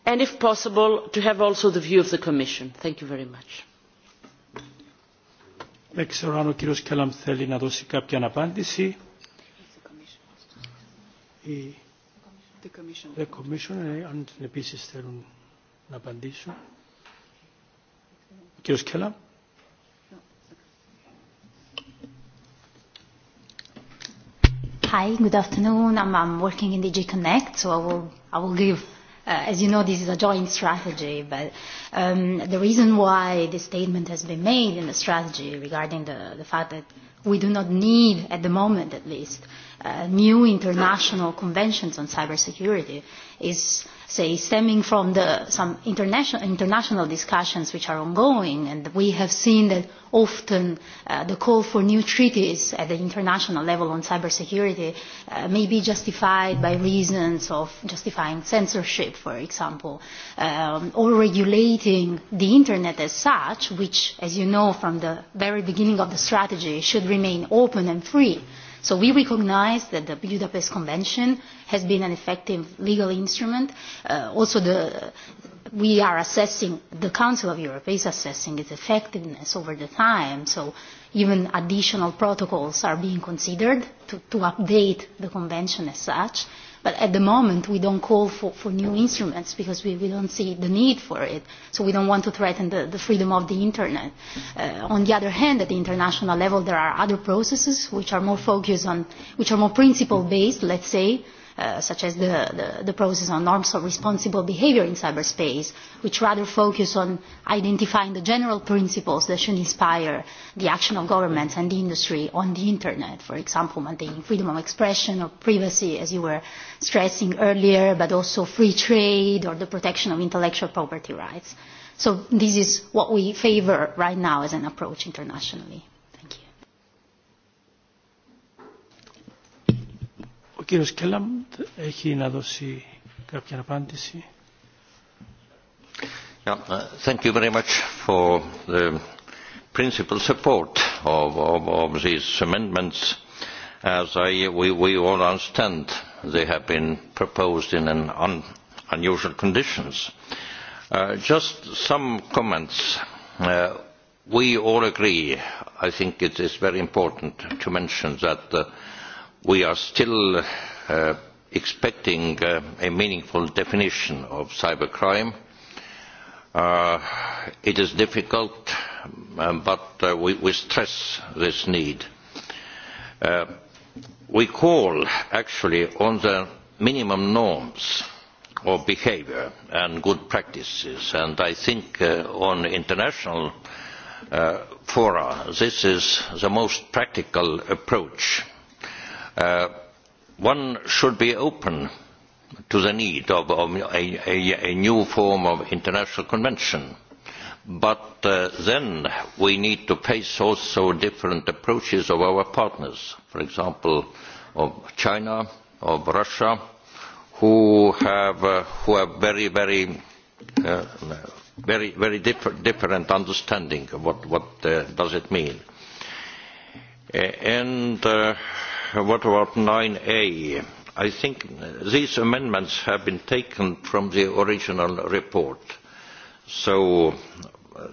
[SPEAKER 15] and if possible to have also the view of the commission. thank you very much.
[SPEAKER 12] Δεν ξέρω αν ο κύριος Κέλαμ θέλει να δώσει κάποια
[SPEAKER 15] Η...
[SPEAKER 3] The Commission. The
[SPEAKER 12] Commission, αν επίσης θέλουν να απαντήσουν. Ο κύριος Κέλαμ.
[SPEAKER 16] Hi, good afternoon. I'm, I'm working in DG Connect, so I will, I will give Uh, as you know, this is a joint strategy, but um, the reason why this statement has been made in the strategy regarding the, the fact that we do not need, at the moment at least, uh, new international conventions on cybersecurity is say, stemming from the, some international, international discussions which are ongoing, and we have seen that often uh, the call for new treaties at the international level on cybersecurity uh, may be justified by reasons of justifying censorship, for example, um, or regulating the internet as such, which, as you know from the very beginning of the strategy, should remain open and free. So we recognize that the Budapest Convention has been an effective legal instrument. Uh, also, the, we are assessing, the Council of Europe is assessing its effectiveness over the time. So even additional protocols are being considered to, to update the convention as such But at the moment, we don't call for, for new instruments because we, we don't see the need for it. So we don't want to threaten the, the freedom of the Internet. Uh, on the other hand, at the international level, there are other processes which are more focused on, which are more principle-based, let's say, such as the, the, the process on norms of responsible behavior in cyberspace, which rather focus on identifying the general principles that should inspire the action of governments and the industry on the internet, for example, maintaining freedom of expression or privacy, as you were stressing earlier, but also free trade or the protection of intellectual property rights. So this is what we favor right now as an approach internationally.
[SPEAKER 12] Ο κύριος έχει να δώσει κάποια απάντηση.
[SPEAKER 14] Yeah, uh, thank you very much for the principal support of, of, of these amendments. As I, we, we all understand, they have been proposed in an un, unusual conditions. Uh, just some comments. Uh, we all agree, I think it is very important to mention that uh, we are still expecting a meaningful definition of cybercrime. it is difficult, but we, stress this need. we call actually on the minimum norms of behaviour and good practices, and I think on international fora this is the most practical approach Uh one should be open to the need of, a, a a new form of international convention. But then we need to face also different approaches of our partners, for example, of China, of Russia, who have, who have very, very, very, very different understanding of what, what does it mean. and what about nine a I think these amendments have been taken from the original report. So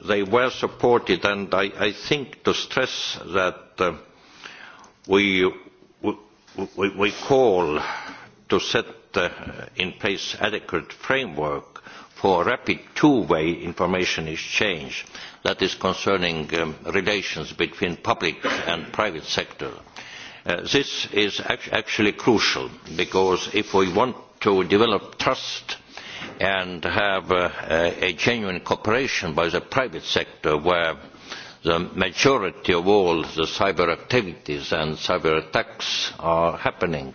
[SPEAKER 14] they were supported, and I, I think to stress that we, we, we call to set in place adequate framework for rapid two-way information exchange that is concerning relations between public and private sector this is actually crucial because if we want to develop trust and have a genuine cooperation by the private sector where the majority of all the cyber activities and cyber attacks are happening,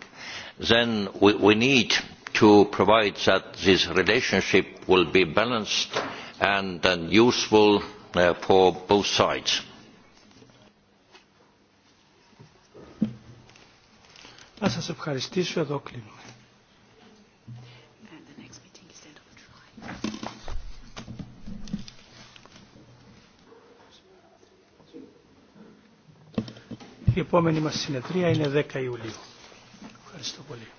[SPEAKER 14] then we need to provide that this relationship will be balanced and useful for both sides Να σας ευχαριστήσω. Εδώ κλείνουμε.
[SPEAKER 12] Η επόμενη μας συνεδρία είναι 10 Ιουλίου. Ευχαριστώ πολύ.